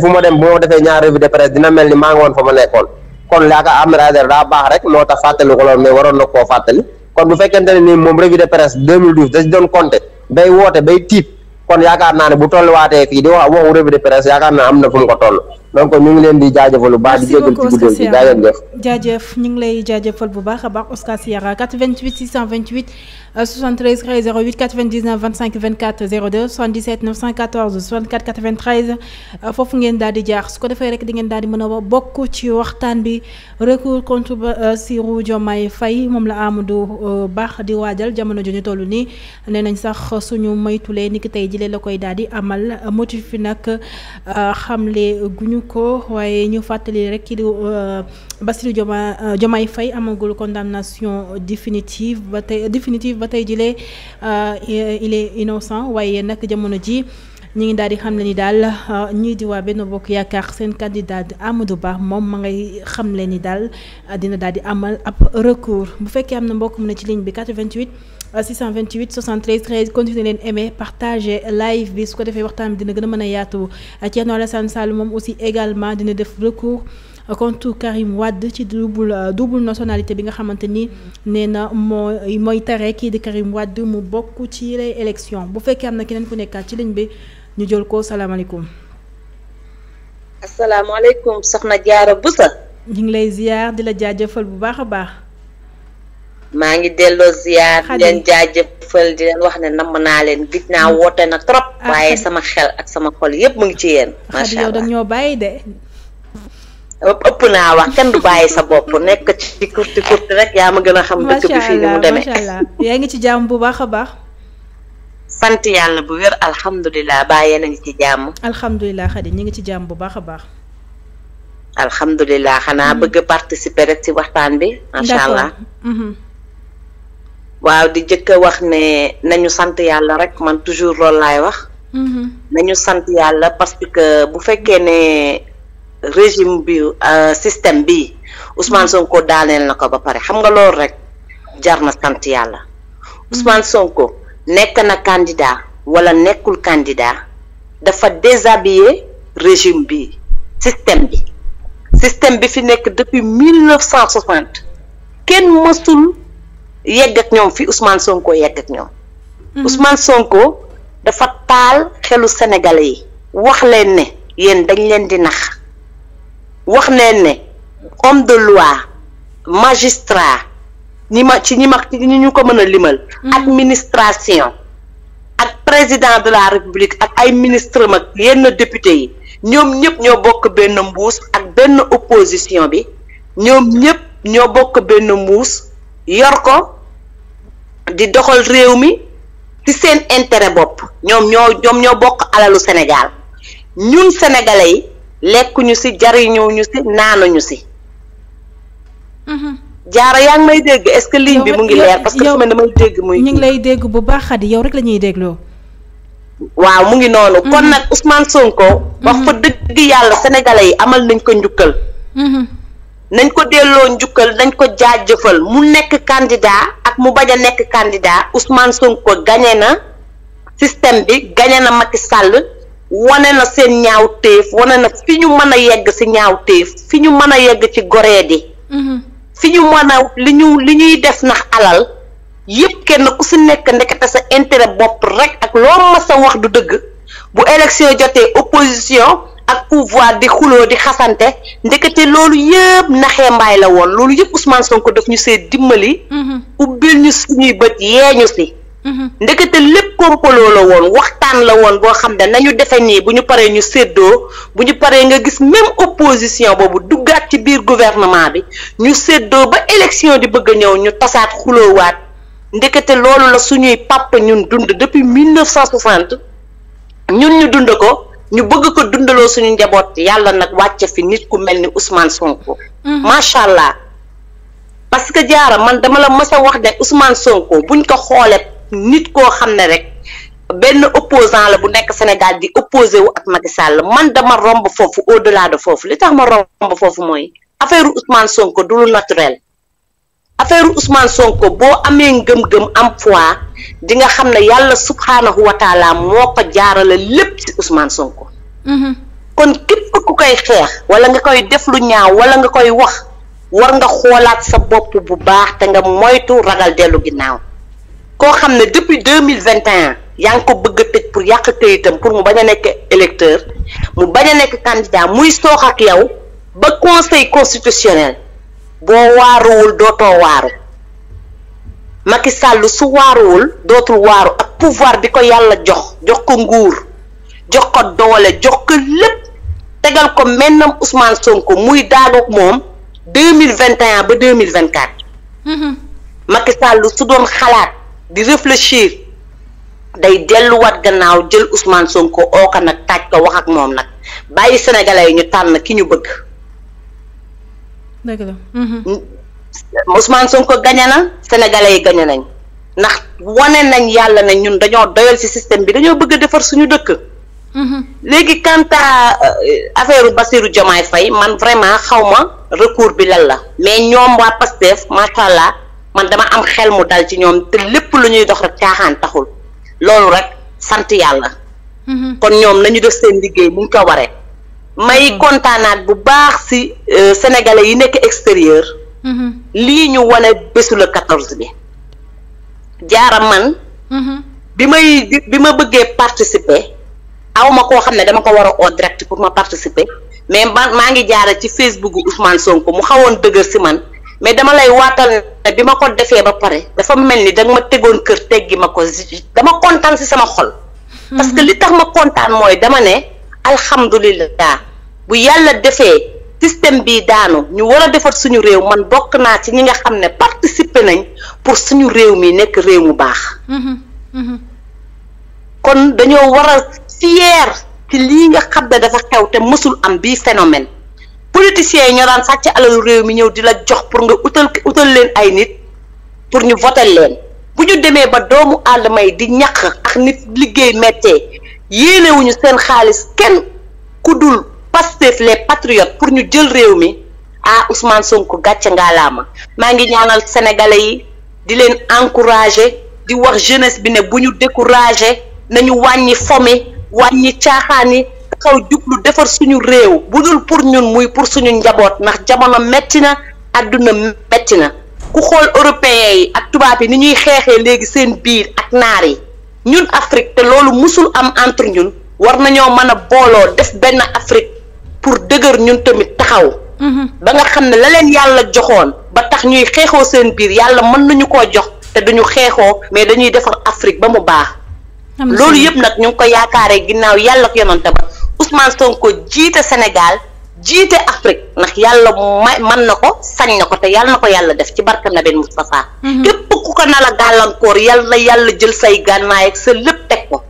fu ma dem bu ma defee ñaar revue de presse dina mel ni maa ngi woon fa ma nekkoon kon yaakaar Ahmed Aidara daa baax rek moo tax fàttali ko loolu mais waroon na koo fàttali kon bu fekkente ne ni moom revue de presse 2012 da si doon compter bay woote bay tiit kon yaakaar naa ne bu tolluwaatee fii di wax waxu revue de presse am na ko toll. donc ñu ngi leen di jaajëfal bu baax di jégal ci guddal bi daa leen def
jaajëf ñu ngi lay jaajëfal bu baax a baax Oscar Sierra 88 628 73 08 99 25 24 02 77 914 64 93 foofu ngeen daal di su ko defee rek di ngeen daal di mën a bokk ci waxtaan bi recours contre Bassirou euh, Diomaye Faye moom la Amadou euh, Ba di waajal jamono ju ñu nii nee sax suñu maytulee ni tey jii la koy daal amal motif bi euh, xamle guñu ko waaye ñu fàttali rek kii di euh, Bassirou Diomaye euh, Diomaye Faye amagul condamnation définitive ba tey définitive ba tey jilee euh, il est innocent waaye nag jamono ji ñu ngi daal di xam xamle ni daal ñii di waa benn bokk yaakaar seen candidat Amadou baax moom ma ngay xamle ni daal dina daal di amal ab recours bu fekkee am na mbokk mu ne ci ligne bi 88. 628 73 13 continué leen aimer partager live bi su ko defee waxtaan bi dina gën a mën a yaatu Thierno Alassane Sall moom aussi également dina def recours contre Karim Wade ci double euh, double nationalité bi nga xamante ni nee na mooy mooy tare kii di Karim Wade mu bokk ci les élections bu fekkee am na keneen ku nekkaat ci ligne bi ñu jël ko salaamaaleykum. asalaamaaleykum soxna Diarra Boussa. ñu ngi lay ziar di la jaajëfal bu baax a baax. maa ngi delloo ziar
di leen jaajëfal di leen wax ne namm naa leen gis naa mm. woote na trop. Ah, waaye sama xel ak sama xol yëpp mu ngi ci yéen. macha allah yow
dañ ñoo bàyyi de.
ëpp naa wax kenn du bàyyi sa bopp nekk ci kurti kurti rek yaa ma gën a xam. dëkk bi fii ni mu demee
yaa ngi ci jàmm bu baax a baax.
sant yàlla bu wér alhamdulilah bàyyi na ngi ci
jàmm. alhamdulilah Khady ñu ngi ci jàmm bu baax a baax.
alhamdulilah xanaa mm. bëgg a participer rek ci waxtaan bi. macha waaw di jëkk a wax ne nañu sant yàlla rek man toujours loolu laay wax mhm. nañu sant yàlla parce que bu fekkee ne régime bi euh, système bi Ousmane mhm. ko daaneel na ko ba pare xam nga loolu rek jar na sant yàlla mhm. Ousmane Sonko nekk na candidat walla nekkul candidat dafa déshabiller régime bi système bi système bi fi nekk depuis mille neuf cent kenn mësul yegg ak ñoom fi Ousmane Sonko yegg ak ñoom. Mhm. Ousmane Sonko dafa taal xelu Sénégalais yi. wax leen ne yéen dañ leen di nax wax leen ne homme de loi magistrat ñi ma ci ñi ma ci ñi ñu ko mën a limal. Mhm. administration. ak président de la république ak ay ministre ma yenn député yi ñoom ñëpp ñoo bokk benn mbuus ak benn opposition bi ñoom ñëpp ñoo bokk benn mbuus. yor ko di doxal réew mi ci seen intérêt bopp ñoom ñoo ñoom ñoo bokk alalu Sénégal ñun sénégalais yi lekkuñu ci jariñuñu ci naanuñu ci.
Mhm.
jaara yaa ngi may dégg est-ce que ligne bi mu ngi leer parce que su ma damay dégg muy. ñu ngi lay dégg bu baax xadi yow rek la ñuy dégloo.
waaw mu ngi noonu. kon
mhm. nag
Ousmane Sonko. wax fa mhm. dëgg yàlla sénégalais yi amal nañ ko njukkal. nañ ko delloo njukkal nañ ko jëfal mu nekk candidat ak mu bañ a nekk candidat Ousmane Sonko gañe na système bi gañe na Macky wane na seen ñaaw téef wane na fi ñu mën a yegg si ñaaw téef fi ñu mën a yegg ci goree di mm-hmm. fi ñu mën li ñu li ñuy def ndax alal yépp kenn ku si nekk ndekete sa intérêt bopp rek ak loo mas a wax du dëgg bu élection jotee opposition ak pouvoir di xuloo di xasante ndekete loolu yëpp naxee la woon loolu yëpp Ousmane Sonko daf ñu see dimbali. Mhm. ubbil ñu suñuy bët yee ñu si. Mhm. ndekete lépp kompaloo la woon waxtaan la woon boo xam ne nañu defee nii bu ñu paree ñu séddoo bu ñu paree nga gis même opposition boobu duggaat ci biir gouvernement bi ñu séddoo ba élection di bëgg a ñëw ñu tasaat xuloowaat ndekete loolu la suñuy papa ñun dund depuis 1960 ñun ñu dund ko. ñu bëgg ko dundaloo suñu njaboot yàlla nag wàcce fi nit ku mel ni Ousmane Sonko. Mhm. macha allah parce que jaara man dama la mës a wax ne Ousmane Sonko buñ ko xoolee nit koo xam ne rek benn opposant la bu nekk Sénégal di opposé wu ak Macky Sall man dama romb foofu au delà de foofu li tax ma romb foofu mooy affaire Ousmane Sonko du lu naturel. affaire Ousmane ko boo amee ngëm-ngëm am foi di nga xam ne yàlla subhaanahu wa taala moo ko jaarale lépp ci Ousmane ko
mhm. kon
képp ku koy xeex wala nga koy def lu ñaaw wala nga koy wax war nga xoolaat sa bopp bu baax te nga moytu ragal dellu ginnaaw koo xam ne depuis deux mille vingt et yaa ngi ko bëgg a tëj pour yàq këyitam pour mu bañ a nekk électeur mu bañ a nekk candidat muy soox ak yow ba conseil constitutionnel. boo waaruwul dootoo waaru Macky Sall su waaruwul dootul waaru ak pouvoir bi ko yàlla jox jox ko nguur jox ko doole jox ko lépp tegal ko mennam Ousmane sonk muy daagoog moom deux mille vingt et ba deux mille vingt quatre. Mm-hmm. Macky Sall su doon xalaat di réfléchir day delluwaat gannaaw jël Ousmane Sonko ooka nag taaj ko wax ak moom nag bàyyi sénégalais yi ñu tànn ki ñu bëgg.
dëgg la. ko mhm.
mm. Sonko gañe na sénégalais yi gañe nañ ndax wane nañ yàlla nañ ñun dañoo doyal ci système bi dañoo bëgg a defar suñu dëkk. Mhm. léegi quant à euh, affaire Bassirou Diomaye Faye man vraiment xaw ma recours bi lan la mais ñoom waa Pastef macha allah man dama am xel mu dal ci ñoom te lépp lu ñuy dox rek caaxaan taxul loolu rek sant yàlla.
Mhm. kon ñoom nañu
def seen liggéey bu ñu ko waree. may mm-hmm. kontaanaat bu baax si euh, sénégalais yi nekk extérieur. Mm-hmm. lii ñu wane bésu le quatorze bi jaara man. Mm-hmm. bi may bi ma bëggee participer aw ma koo xam ne dama ko war a au direct pour ma participer mais man maa ngi jaara ci Facebook Ousmane Sonko mu xawoon dëgër si man mais dama lay waatal ne bi ma ko defee ba pare dafa mel ni danga ma tegoon kër teggi ma ko dama kontaan si sama xol. parce que li tax ma kontaan mooy dama ne. alhamdulilah bu yàlla defee système bi daanu ñu war a defar suñu réew man bokk naa ci ñi nga xam ne participer nañ pour suñu réew mi nekk réew mu baax
mm-hmm, mm-hmm.
kon dañoo war a fier ci li nga xam ne dafa xew te mësul am bii phénomène politiciens yi ñoo daan sàcc alalu réew mi ñëw di la jox pour nga utal utal leen ay nit pour ñu voter leen bu ñu demee ba doomu aadama yi di ñaq ak nit liggéey méttee yéenewuñu seen xaalis kenn ku dul Pastef les patriotes pour ñu jël réew mi ah Ousmane Sonko gàcce ngaalaama maa ngi ñaanal sénégalais yi di leen encourager di wax jeunesse bi ne bu ñu décourager nañu wàññi fomi wàññi caaxaan yi xaw jublu defar suñu réew bu dul pour ñun muy pour suñu njaboot ndax jamono metti na àdduna metti na ku xool européen yi ak tubaab yi ni ñuy xeexee léegi seen biir ak naar yi ñun Afrique te loolu mosul am entre ñun war nañoo mën a booloo def benn Afrique pour dëgër ñun tamit taxaw.
Mhm. ba nga
xam ne la yàlla joxoon ba tax ñuy xeexoo seen biir yàlla mën nañu ko jox te duñu xeexoo mais dañuy defar Afrique ba mu baax. loolu yëpp nag ñu ngi ko yaakaaree ginnaaw yàlla ak yonante ba Ousmane Sonko jiite Sénégal. jiite Afrique ndax yàlla may man na ko sañ na ko te yàlla na ko yàlla def ci barka na benn Moustapha mhm. képp ku ko nala gàllankoor yàlla na yàlla jël say gànnaay ak sa lépp teg ko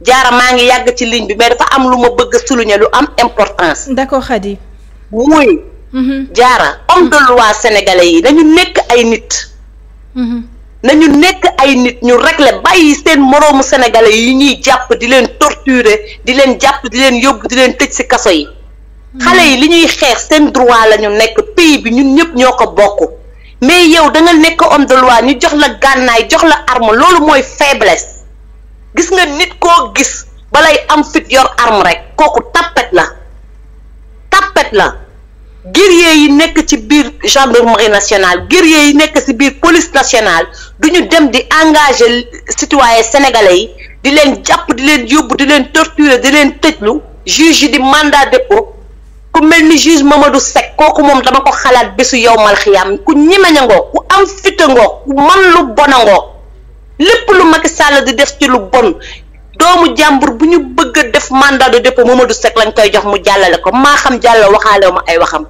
jaara maa ngi yàgg ci ligne bi mais dafa am lu ma bëgg a souligner lu am importance. d'accord Khady. muy. Mhm. jaara homme de loi sénégalais yi nañu nekk ay nit. Mhm. nañu nekk ay nit ñu régler bàyyi seen moroomu sénégalais yi ñuy jàpp di leen torturer di leen jàpp di leen yóbbu di leen tëj ci kaso yi. xale yi li ñuy xeex seen droit lañu nekk pays bi ñun ñëpp ñoo ko bokk mais yow da nekk homme de loi ñu jox la gànnaay jox la arme loolu mooy faiblesse gis nga nit koo gis balay am fit yor arme rek kooku tapet la tapet la guerrier yi nekk ci biir gendarmerie nationale guerrier yi nekk ci biir police nationale du ñu dem di engager citoyen sénégalais yi di leen jàpp di leen yóbbu di leen torturer di leen tëjlu juge di mandat dépôt ku mel ni juge Mamadou Seck kooku moom dama ko xalaat bésu yow mal xiyaam ku ñimeñ ngoo ku am fit ku man lu bon lépp lu Macky Sall di def ci lu bon doomu jàmbur bu ñu bëgg def mandat de dépôt Mamadou Seck lañ koy jox mu jàllale ko maa xam jàll waxaale ma ay waxam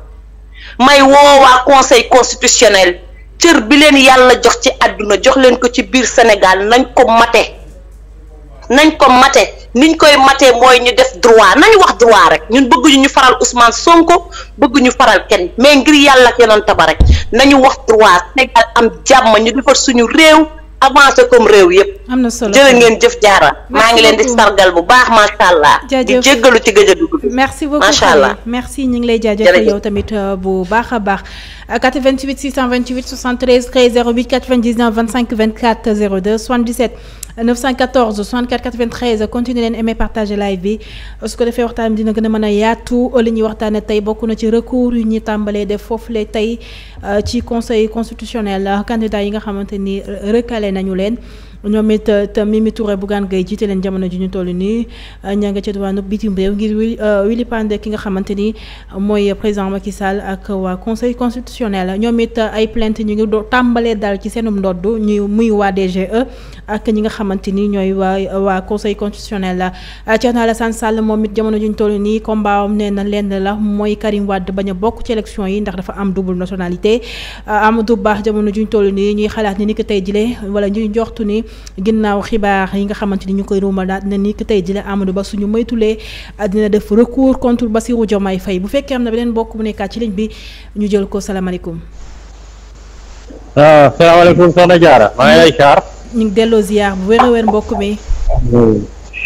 may woowaa conseil constitutionnel cër bi leen yàlla jox ci àdduna jox leen ko ci biir Sénégal nañ ko mate nañ ko mate niñ koy matee mooy ñu def droit nañu wax droit rek ñun bëgguñu ñu faral Ousmane Sonko bëgguñu faral kenn mais ngir yàlla ak yonent ba rek nañu wax droit Sénégal am jàmm ñu defar suñu réew avancé comme réew yëpp. am na solo jërë ngeen jëf jaara. maa ngi leen di sargal bu baax macha allah. di jéggalu ci gëj
a dugg. merci beaucoup macha allah merci ñu ngi lay jaajëfal yow tamit euh, bu baax a baax. 88 628 73 13 08 99 25 24 02 77. 914 64 93 continuer leen aimer partager live bi su ko defee waxtaan dina gën a mën a yaatu li ñuy waxtaane tey bokk na ci recours yu ñu tàmbalee def foofu le tey euh, ci conseil constitutionnel candidat yi nga xamante ni recalé nañu leen ñoom it eh, tam Mimi Touré Bougane Gueye jiite leen jamono ji ñu toll nii eh, ña nga ca diwaanu bitim réew ngir wi eh, wili ki nga xamante ni mooy président Macky Sall ak waa conseil constitutionnel ñoom it ay plainte ñu ngi tàmbalee daal ci seenum ndodd ñu muy waa DGE ak ñi nga xamante ni ñooy waa waa conseil constitutionnel la Thierno Alassane Sall moom it jamono ji ñu toll nii combat am nee na lenn la mooy Karim Wade bañ a bokk ci yi ndax dafa am double nationalité Amadou Ba jamono ji ñu toll nii ñuy xalaat ni ni ko tey jile wala ñuy joxtu ni ginnaaw xibaar yi nga xamante ni ñu koy ruumal daal dina ni ki tey jii la Ba suñu moytulee dina def recours contre Bassirou may Faye bu fekkee am na beneen bokk bu nekkaat ci ligne bi ñu jël ko salaamaaleykum.
waaw ah, salaamaaleykum soxna Diarra. maa ngi lay ziar.
ñu ngi delloo ziar bu wér a wér mbokk mi.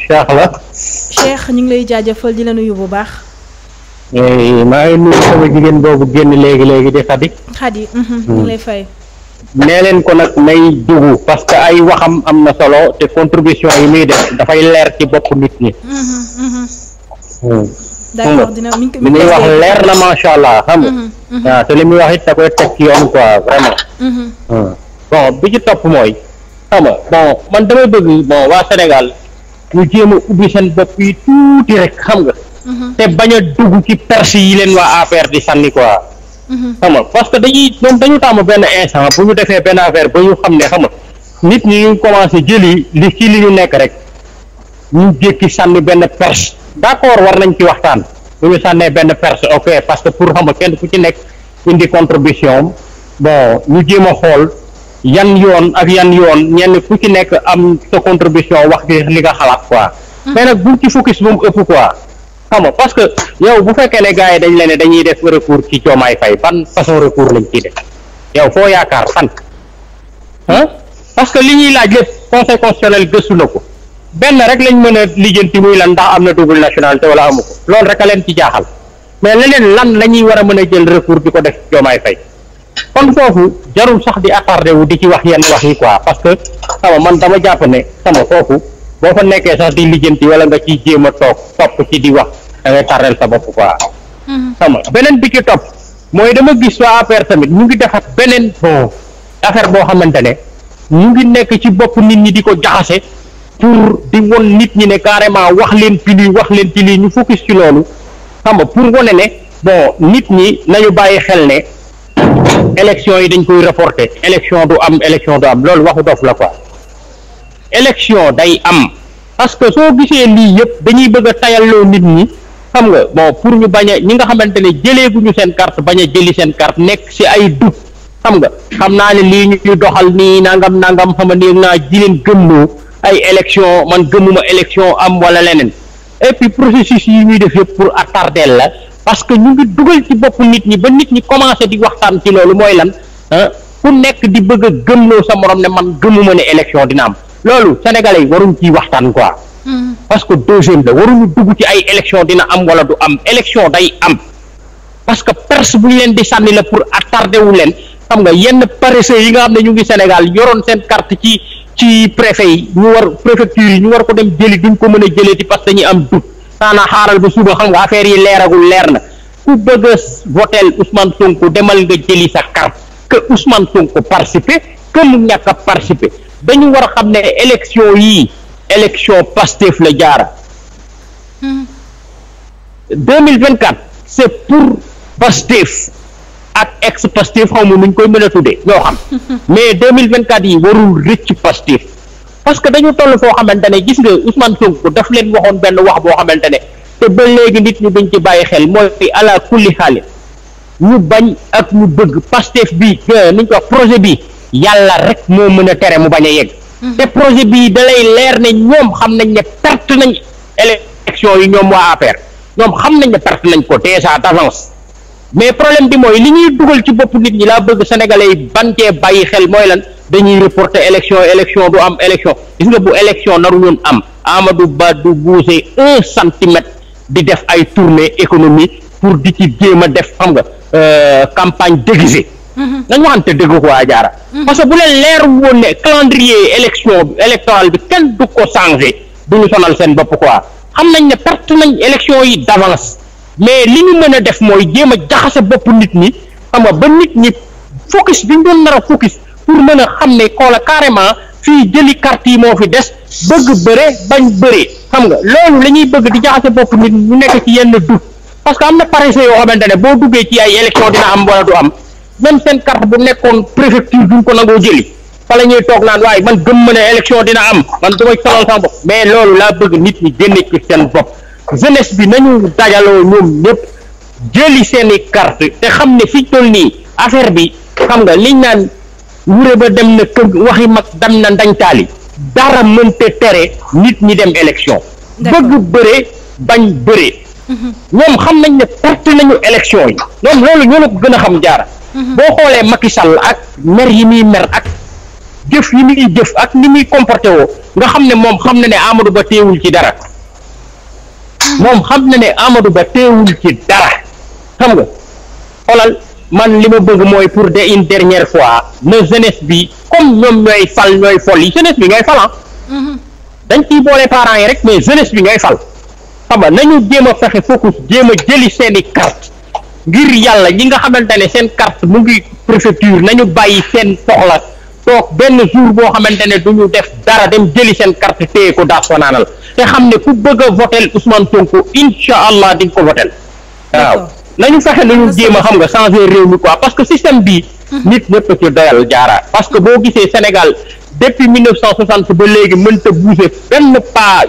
Cheikh la. Cheikh ñu ngi lay jaajëfal di la nuyu bu baax.
Eh, maa ngi lu sama jigéen boobu génn léegi léegi di Khady.
Khady mhm, ñu lay fay.
nee leen ko nag nay dugg parce que ay waxam am na solo te contribution yi muy def dafay leer ci bopp nit ñi. Hmm.
d'accord dina mi muy wax leer na macha allah xam nga. waaw hmm, hmm,
ah, te li muy wax da koy teg yoon quoi bi ci topp mooy xam nga bon man damay bëgg bon waa Sénégal ñu jéem a ubbi seen bopp yi tuuti rek xam nga. te bañ a dugg ci persi yi leen waa APR di sànni quoi. xam nga parce que dañuy ñoom dañu tàmm benn instant bu ñu defee benn affaire ba ñu xam ne xam nga nit ñi ñu commencé jëli li ci li ñu nekk rek ñu jékki sànni benn perche d'accord war nañ ci waxtaan bu ñu sànnee benn perche ok parce que pour xam nga kenn ku ci nekk indi contribution bon ñu jéem a xool yan yoon ak yan yoon ñenn ku ci nekk am sa contribution wax ci li nga xalaat quoi hmm. mais nag buñ ci focus bu mu ëpp quoi xam nga parce que yow bu fekkee ne gars yi dañ ne dañuy def recours ci Diomaye Faye ban façon recours lañ ciy def yow foo yaakaar fan parce que li ñuy laaj lépp conseil constitutionnel gëstu na ko benn rek lañ mën a lijjanti muy lan ndax am na double nationalité wala amu ko loolu rek a leen ci jaaxal mais leen lan la ñuy war a mën a jël recours di ko def Diomaye fay kon foofu jarul sax di attardé wu di ci wax yenn wax yi quoi parce que sama man dama jàpp ne sama foofu boo ko nekkee sax di yi wala nga ciy jéem a toog topp ci di wax da ngay sa bopp quoi. Mm-hmm. xam nga beneen bi ci topp mooy dama gis waa APR tamit mu ngi defar beneen bon affaire boo xamante ne mu ngi nekk ci bopp nit ñi di ko jaxase pour di won nit ñi ne carrément wax leen ci lii wax leen ci lii ñu focus ci loolu xam nga pour wane ne bon nit ñi nañu bàyyi xel ne élection yi dañ koy reporter élection du am élection du am loolu waxu dof la quoi. élection day am parce que soo gisee lii yëpp dañuy bëgg a tayalloo nit ñi xam nga bon pour ñu bañ a ñi nga xamante ne jëleeguñu seen carte bañ a jëli seen carte nekk ci ay dut xam nga xam naa ne lii ñuy doxal nii nangam nangam xama ne naa jileen gëmloo ay élection man gëmuma élection am wala leneen et puis processus yi ñuy def yëpp pour attarder la parce que ñu ngi dugal ci bopp nit ñi ba nit ñi commencé di waxtaan ci loolu mooy lan ah ku nekk di bëgg a gëmloo sa ne man gëmuma ne élection dina am loolu sénégale yi waruñ ciy waxtaan quoi. Hmm. parce que deuxième la waruñu dugg ci ay élection dina am wala du am élection day am parce que perse bu ñu leen di sànni la pour attardé wu leen xam nga yenn paresseux yi nga xam ne ñu ngi Sénégal yoroon seen carte ci ci préfet yi ñu war préfecture yi ñu war ko dem jëli duñ ko mën a jëleeti parce que dañuy am dut saana xaaral ba suba xam nga affaire yi leeragul leer na ku bëgg a votel Ousmane Sonko demal nga jëli sa carte que Ousmane Sonko participer que mu ñàkk a dañu war a xam ne élection yii élection Pastef la jaar hmm. deux mille vingt quatre c' pour Pastef ak ex Pastef xaw nuñ koy mën a tuddee ñoo xam mais deux mille vingt quatre yi warul rëcc Pastef parce que dañu toll foo xamante ne gis nga Ousmane Sonko daf leen waxoon benn wax boo xamante ne te ba léegi nit ñu duñ ci bàyyi xel mooy ala kulli xaalis ñu bañ ak ñu bëgg Pastef bi eh, niñ ko wax projet bi yàlla rek moo mën a tere mu bañ a yegg mm-hmm. te projet bii da leer ne ñoom xam nañ ne perte nañ élection yi ñoom waa APR ñoom xam nañ ne perte nañ ko déjà d'avance mais problème bi mooy li ñuy dugal ci bopp nit ñi laa bëgg sénégalais yi bantee bàyyi xel mooy lan dañuy reporter élection élection du am élection gis nga bu élection naru woon am Amadou Ba du guusee un centimètre di def ay tournée économie pour di ci jéem a def xam nga euh, campagne déguisée dañ waxante te quoi jaara mm-hmm. parce que bu leen leer woon ne calendrier élection électorale bi kenn du ko changé du ñu sonal seen bopp quoi xam nañ ne perte nañ élection yi d'avance mais li ñu mën a def mooy jéem a jaxase bopp nit ñi xam nga ba nit ñi focus bi ñu doon nar a focus pour mën a xam ne xoola carrément fii jëli carte yi moo fi des bëgg bëre bañ bëre xam nga loolu la ñuy bëgg di jaxase bopp nit ñu nekk ci yenn doute parce que am na paresseux yoo xamante ne boo duggee ci ay élection dina am wala du am même seen carte bu nekkoon préfecture duñ ko nangoo jëli fa la ñuy toog naan waaye man gëm ma ne élection dina am man damay sonal sama mais loolu laa bëgg nit ñi génne ci seen bopp jeunesse bi nañu dajaloo ñoom ñëpp jëli seen i carte te xam ne fi toll nii affaire bi xam nga liñ naan wure ba dem na kër waxi mag dem na ndañtaali dara mënta tere nit ñi dem élection bëgg bëre bañ bëre mhm. ñoom xam nañ ne perte nañu élection yi ñoom loolu ñoo la gën a xam jaara
Mhm. boo xoolee
Macky ak mer yi muy mer ak jëf yi muy jëf ak ni muy comporté nga xam ne moom xam na ne Amadou Ba teewul ci dara moom xam na ne Amadou Ba teewul ci dara xam nga xoolal man li ma bëgg mooy pour de une dernière fois na jeunesse bi comme ñoom ñooy fal ñooy fol yi jeunesse bi ngay falan ah. mhm. dañ ciy boole parents yi rek mais jeunesse bi ngay fal xam nga nañu jéem a fexe focus jéem a jëli seeni carte ngir yàlla ñi nga xamante ne seen carte mu ngi préfecture nañu bàyyi seen soxla toog benn jour boo xamante ne du ñu def dara dem jëli seen carte téye ko daas ko naanal te xam ne ku bëgg a votel Ousmane Sonko incha allah di nga ko votel waaw nañu fexe nañu jéem a xam nga changé réew mi quoi parce que système bi mhm. nit ñëpp ci doyal jaara parce que boo gisee Sénégal depuis mille neuf cent soixante ba léegi mënta bouger benn pas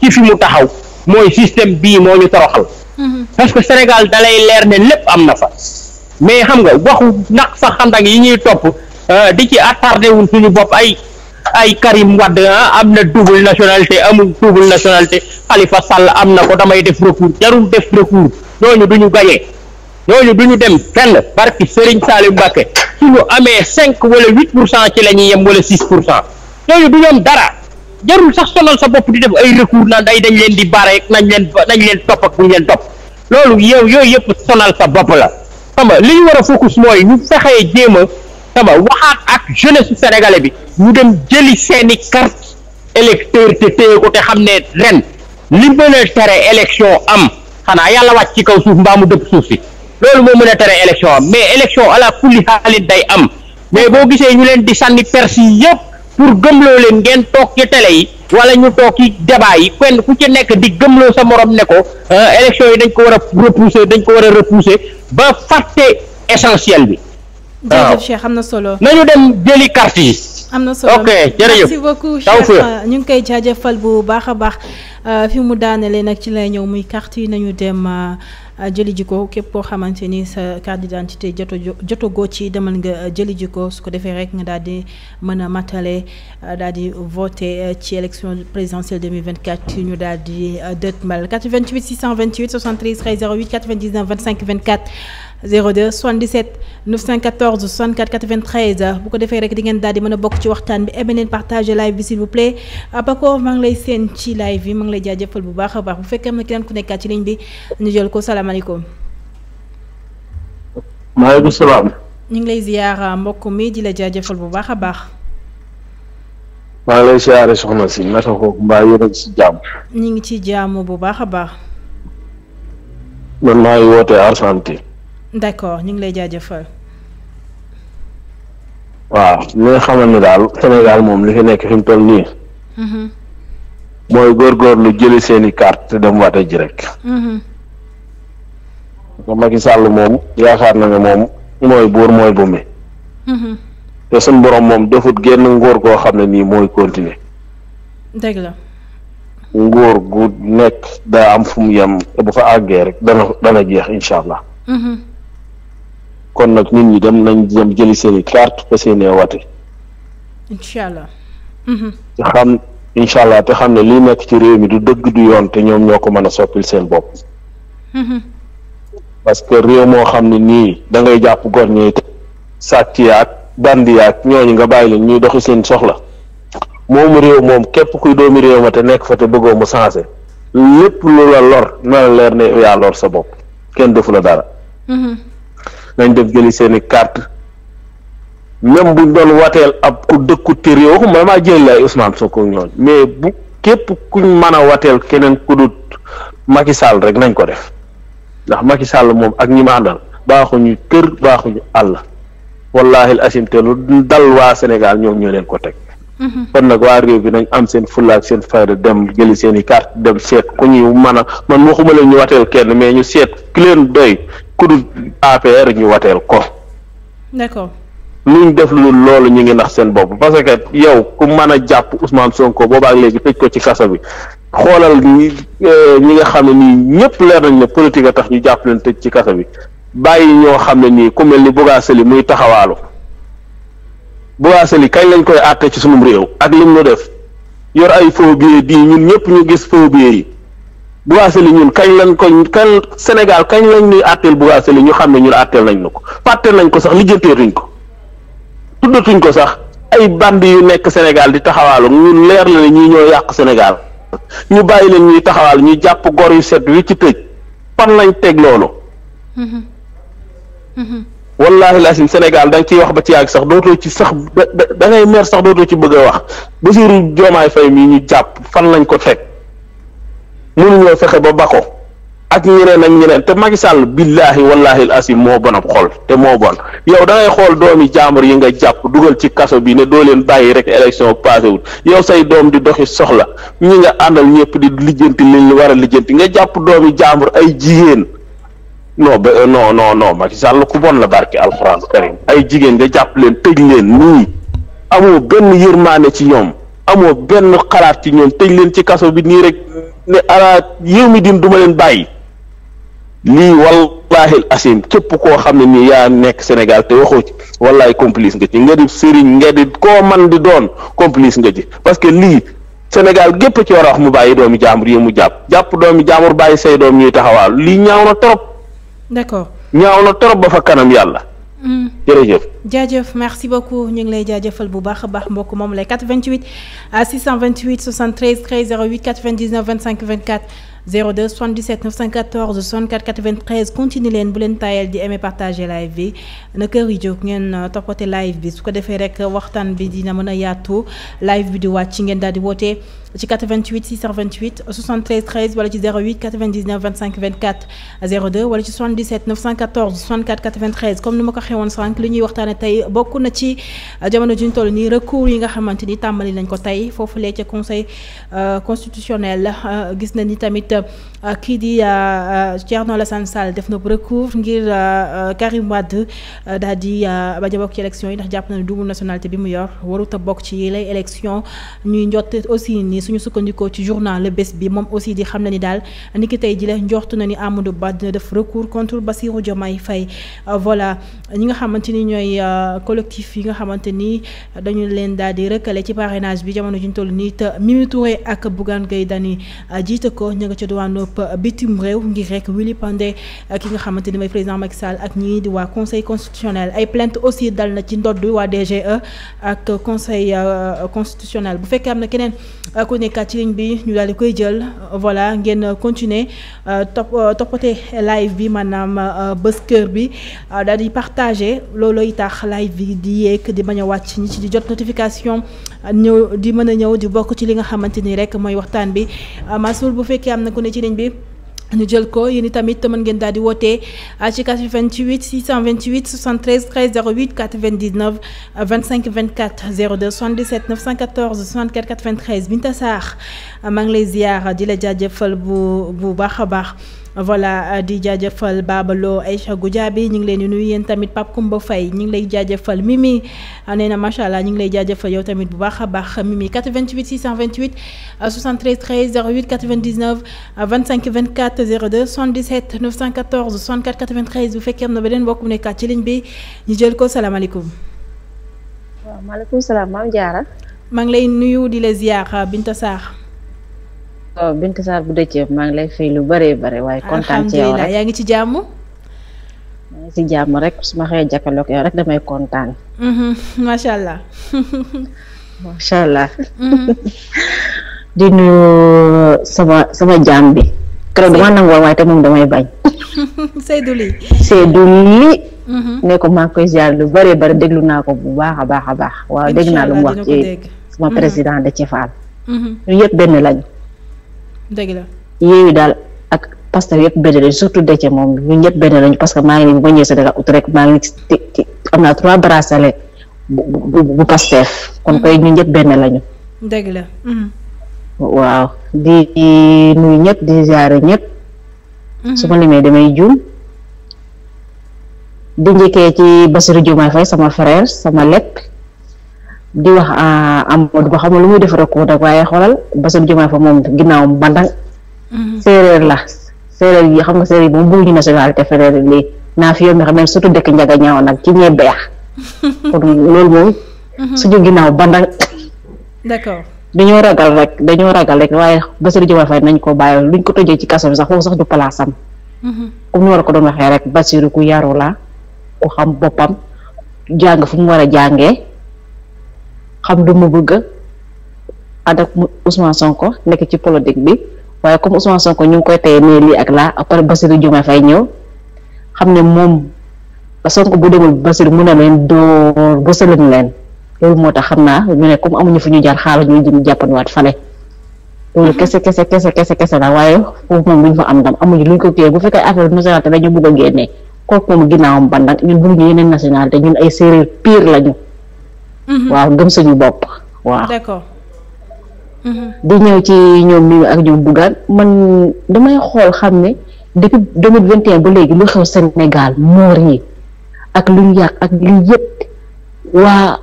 ci fi mu taxaw mooy système bii moo ñu toroxal Mm-hmm. parce que Sénégal dalay leer ne lépp am na fa mais xam nga waxu nax sa xandak yi ñuy topp euh, di ci attardé wul suñu bopp ay ay Karim Wade ah, am na double nationalité amul double nationalité Khalifa Sall am na ko damay def recours jarul def recours ñooñu ñu gañee ñooñu duñu dem fenn barki Serigne Salim Mbacké suñu amee cinq wala huit pour cent ci la ñuy yem wala six pour cent ñooñu du ñoom dara jarul sax sonal sa bopp di def ay recours naan day dañ leen di bare nañ leen nañ leen topp ak bu ñu leen topp loolu yow yooyu yëpp sonal sa bopp la xam nga li ñu war focus mooy ñu fexee jéem a xam waxaat ak jeunesse su sénégalais bi ñu dem jëli seeni carte électeur te téye ko te xam ne ren li mën a tere élection am xanaa yàlla wàcc ci kaw suuf mbaa mu dëpp suuf si loolu moo mën a tere élection am mais élection ala kulli xaalit day am mais boo gisee ñu leen di sànni persi yëpp pour gëmloo leen ngeen toog ci télé yi wala ñu toog ci débat yi kenn ku ci nekk di gëmloo sa morom ne ko euh, élection yi dañ ko war a repousser dañ ko war a repousser ba fàtte essentiel bi. waaw
am na solo. nañu dem
jëli carte yi.
am na solo ok jërëjëf merci beaucoup Cheikh ñu ngi koy jaajëfal bu baax a baax euh, fi mu daanelee nag ci lay ñëw muy carte yi nañu dem. Euh, Euh, jëli ji ko képp koo xamante ni sa di d'identité joto jotogoo ci demal nga euh, jëli ji ko su ko defee rek nga daal di mën a matale euh, daal di voté ci élection présidentielle 2024 ñu daal di dëtmal 88 628 73 08 99 25 24 02 77 914 64 93 bu ko defee rek di ngeen daal di mën a bokk ci waxtaan bi beneen partagé live bi s'il vous plaît Paco maa ngi lay seen ci live bi maa ngi lay jaajëfal bu baax a baax bu fekkee am na keneen ku nekkaat ci ligne bi ñu jël ko salaamaaleykum.
maaleykum salaam.
ñu ngi lay ziyaar mbokk mi di la jaajëfal bu baax a baax.
maa ngi lay siyaare soxna si naka ko mbaa yéen a ngi ci jàmm.
ñu ngi ci jàmm bu baax a baax.
man maa ngi wootee Argentine.
d'accord ñu ngi lay jaajëfal.
waaw li nga xamal ni daal Sénégal moom li fi nekk fi mu toll mhm. mooy góorgóorlu jëlee seen i carte te dem wate ji rek. Mhm. moom yaakaar na mooy buur mooy bu mhm. borom moom defut génn nguur goo xam ne nii mooy continuer dëgg la. nguur gu nekk daa am fu mu yem te bu fa àggee rek dana dana jeex incha kon nag nit ñi dem nañ dem jëli seeni i carte fa seen i wate. allah. te xam incha allah te xam ne lii nekk ci réew mi du dëgg du yoon te ñoom ñoo ko mën a soppil seen bopp. parce que réew moo xam ne nii dangay jàpp gor ñi sàcc yaak bandi yaak ñooñu nga bàyyi leen ñuy doxi seen soxla moomu réew moom képp kuy doomi réew ma te nekk fa te bëggoo mu changé lépp lu la lor na la leer ne yaa lor sa bopp kenn defu la dara. nañ dem jëli seeni i carte bu buñ doon wateel ab ku dëkku téré waxuma maa jëli lay soo ko ñooñ mais bu képp kuñ mën a wateel keneen ku dut Macky rek nañ ko def ndax Macky Sall moom ak ñi ma àndal baaxuñu kër baaxuñu àll wallahi asim te lu dal waa Sénégal ñoom ñoo leen ko teg mhm. kon nag waa réew bi nañ am seen fulla ak seen fayda dem jëli seeni i carte dem seet ku ñuy mën a man waxuma leen ñu wateel kenn mais ñu seet ki leen doy ku dul APR ñu wateel ko. d'accord luñ def lu loolu ñu ngi ndax seen bopp parce que yow ku mën a jàpp Ousmane Sonko ak léegi tëj ko ci kaso bi xoolal ñi euh, ñi nga xam ne nii ñëpp leer nañ ne politique a tax ñu jàpp leen tëj ci kaso bi bàyyi ñoo xam ne nii ku mel ni Bouga Sali muy taxawaalu Bouga Sali kañ lañ koy àtte ci sunum réew ak lim lu def yor ay faux billets di ñun ñëpp ñu gis faux yi. Boubacar ñun kañ lañ ko kañ senegal kañ lañ ñuy àtteel Boubacar ñu xam ne ñun àtteel nañ ñu ko fàtte nañ ko sax lijjanteetuñ ko tuddatuñ ko sax ay bandi yu nekk senegal di taxawaalu ñun leer la ne ñii ñoo yàq senegal ñu bàyyi leen ñuy taxawaal ñu jàpp gor yu set wi ci tëj fan lañ teg loolu. wallaahi laasim Sénégal da nga ciy wax ba ci yàgg sax dootoo ci sax da da ngay mer sax dootoo ci bëgg a wax ba Bassirou Diomaye Faye mii ñu jàpp fan lañ ko teg. mënuñoo fexe ba bako ak ñeneen ak ñeneen te Macky Sall billaahi wallaahi asim moo bon ab xol te moo bon yow da ngay xool doomi jaambur yi nga jàpp dugal ci kaso bi ne doo leen bàyyi rek élection passé yow say doom di doxi soxla ñi nga àndal ñëpp di lijjanti liñ li war a lijjanti nga jàpp doomi jaambur ay jigéen non ba euh, non non non ku bon la barki alxuraan karim ay jigéen nga jàpp leen tëj leen nii amoo benn yërmaane ci ñoom amoo benn xalaat ci ñoom tëj leen ci kaso bi nii rek. ne ara yëw mi din du leen bàyyi lii wallahi al asim képp koo xam ne nii yaa nekk Sénégal te waxoo ci wallahi complice nga ci nga di sëriñ nga di koo man di doon complice nga ci parce que lii Sénégal gépp ci war a wax mu bàyyi doom doomi jaambur yi mu jàpp jàpp doomi jaambur bàyyi say doom ñuy taxawaal lii ñaaw na trop. d'accord ñaaw na trop ba fa kanam yàlla.
Mm. jërëjëf. jaajëf merci beaucoup ñu ngi lay jaajëfal bu baax a baax mbokk moom lay 88 à 628 73 13 08 99 25 24 02 77 914 64 93 continue leen bu leen tayal di aimer partager live bi na kër yi jóg ngeen euh, toppate live bi su ko defee rek waxtaan bi dina mën a yaatu live bi di wàcc ngeen daal di wootee. ci 88 628 73 13 wala ci 08 99 25 24 02 wala ci 77 914 64 93 comme ni ma ko xewoon sànq li ñuy waxtaane tey bokk na ci euh, jamono juñ toll nii recours yi nga xamante ni tàmbali nañ ko tey foofu lee ca conseil euh, constitutionnel euh, gis na ni tamit kii di jeex Thierno Alassane Sall def na recours ngir Karim Wade daal di bañ a bokk ci élection yi ndax jàpp na ne double nationalité bi mu yor warut a bokk ci yi lay élection suñu sukkandikoo ci journal Le Bés bi moom aussi di xam na ni daal ni ki tey jile njortu na ni Amadou Ba dina def recours contre Bassirou Diomaye Faye euh, voilà ñi nga xamante ni ñooy euh, collectif yi nga xamante ni dañu leen daal di rëkkale ci parrainage bi jamono juñ toll nii te Mimi Touré ak Bougane Gueye Dany euh, jiite ko ñu nga ca diwaanu bitim réew ngir rekk Willy Pandé ki nga xamante ni mooy président Macky Sall ak ñii di waa conseil constitutionnel ay plainte aussi dal na ci ndodd waa DGE ak conseil constitutionnel bu fekkee am na keneen ku nekkaat ci ligne bi ñu daal di koy jël voilà ngeen continuer euh, topp euh, toppate live bi maanaam euh, bës kër bi daal di partager loolooy tax live bi di yéeg di bañ a wàcc ñi ci di jot notification ñëw di mën a ñëw di bokk ci li nga xamante ni rek mooy waxtaan bi Masoul bu fekkee am na ko ne ci ligne bi. ñu jël ko yéen i tamit mën ngeen daal di woote ah, ci 88 628 73 13 08 99 25 24 02 77 914 64 93 Binta Sarr ah, maa ngi lay ziar di la jaajëfal bu bu baax a baax. voilà euh, di jaajëfal Babaloo Aïcha Goudiaby ñu ngi leen di nuyu yéen tamit Pape Koumba Faye ñu ngi lay jaajëfal Mimi ah, nee na macha allah ñu ngi lay jaajëfal yow tamit bu baax a baax Mimi 88 628 73 13 08 99 25 24 02 77 914 64 93 bu fekkee am na beneen mbokk mu nekkaat ci bi ñu jël ko salaamaaleykum. waaw maaleykum salaam maam Diarra. maa ngi lay nuyu di la ziar Binta Sarr.
waaw Binta Sarr bu ceeb maa ngi lay fay lu bëree bëri waaye kontaan ci yow rek yaa ngi jàmm. maa jàmm rek su ma xëyee jàkkaarloog yow rek damay kontaan.
Mhm, macha allah.
macha allah. Mhm. di uh, sama sama bi. keroog damaa nangu woon waaye te moom damay bañ.
Seydou Ly.
Seydou Ly. Mhm. ne ko maa ngi koy ziar lu bëree bëri déglu naa ko bu baax a baax a baax. waaw dégg naa lu mu wax ci sama président de Cefal. yëpp benn lañ. dëgg la yooyu daal ak Pastef yëpp benn lañ surtout Déthié moom ñun ñëpp benn lañu parce que maa ngi nii bu ma ñëwee a ut rek maa ngi nii am naa trois bracelets bu bu bu kon mm-hmm. koy ñun ñëpp benn lañu.
dëgg la.
Mm-hmm.
waaw di nuyu ñëpp di ziare ñëpp. Mm-hmm. su ma limee damay juum. di njëkkee ci Bassirou Diomaye Faye sama frère sama lekk. di wax ah, Amadou Ba xam lu muy def ko nag waaye xoolal Bassirou Diomaye fa moom ginnaawam bandang
mm-hmm. séeréer
la séeréer yi xam nga séeréer yi moom bëgguñu nationalité fédérée lii naa fi yow mi xam ne surtout dëkk njaga ñaaw nag ci ñebe ya kon loolu moom mm-hmm. suñu ginnaaw bandang d'accord a ragal rek dañoo ragal rek waaye Bassirou Diomaye Faye nañ ko bàyyi luñ ko tojee ci kaso bi sax foofu sax du place am mm-hmm. comme ni ko doon waxee rek Bassirou ku yaru la ku xam boppam jàng fu mu war a jàngee xam du mu bëgg ànd ak Ousmane Sonko nekk ci politique bi waaye comme Ousmane Sonko ñu ngi koy teye ne lii ak la après Bassirou Diomaye Faye ñëw xam ne moom Sonko bu demul Bassirou mu ne leen door bësalan leen loolu moo tax xam naa ñu ne comme amuñu fu ñu jaar xaaral ñu jëm jàppanwaat fale loolu kese kese kese kese kese la waaye foofu moom luñ fa am ndam amuñu luñ ko kiiyee bu fekkee affaire nationalité la ñu bëgg a génnee kooku moom ginnaawam bandang ñun bëgg ñu yeneen nationalité ñun ay séeréer pire lañu Mm-hmm. waaw gëm suñu bopp waaw.
d'accord.
Mm-hmm.
di ñëw ci ñoom mi ak ñoom Bougane man damay xool xam ne depuis deux mille vingt un ba léegi lu xew Sénégal moor yi ak lu ñu yàq ak li yëpp waa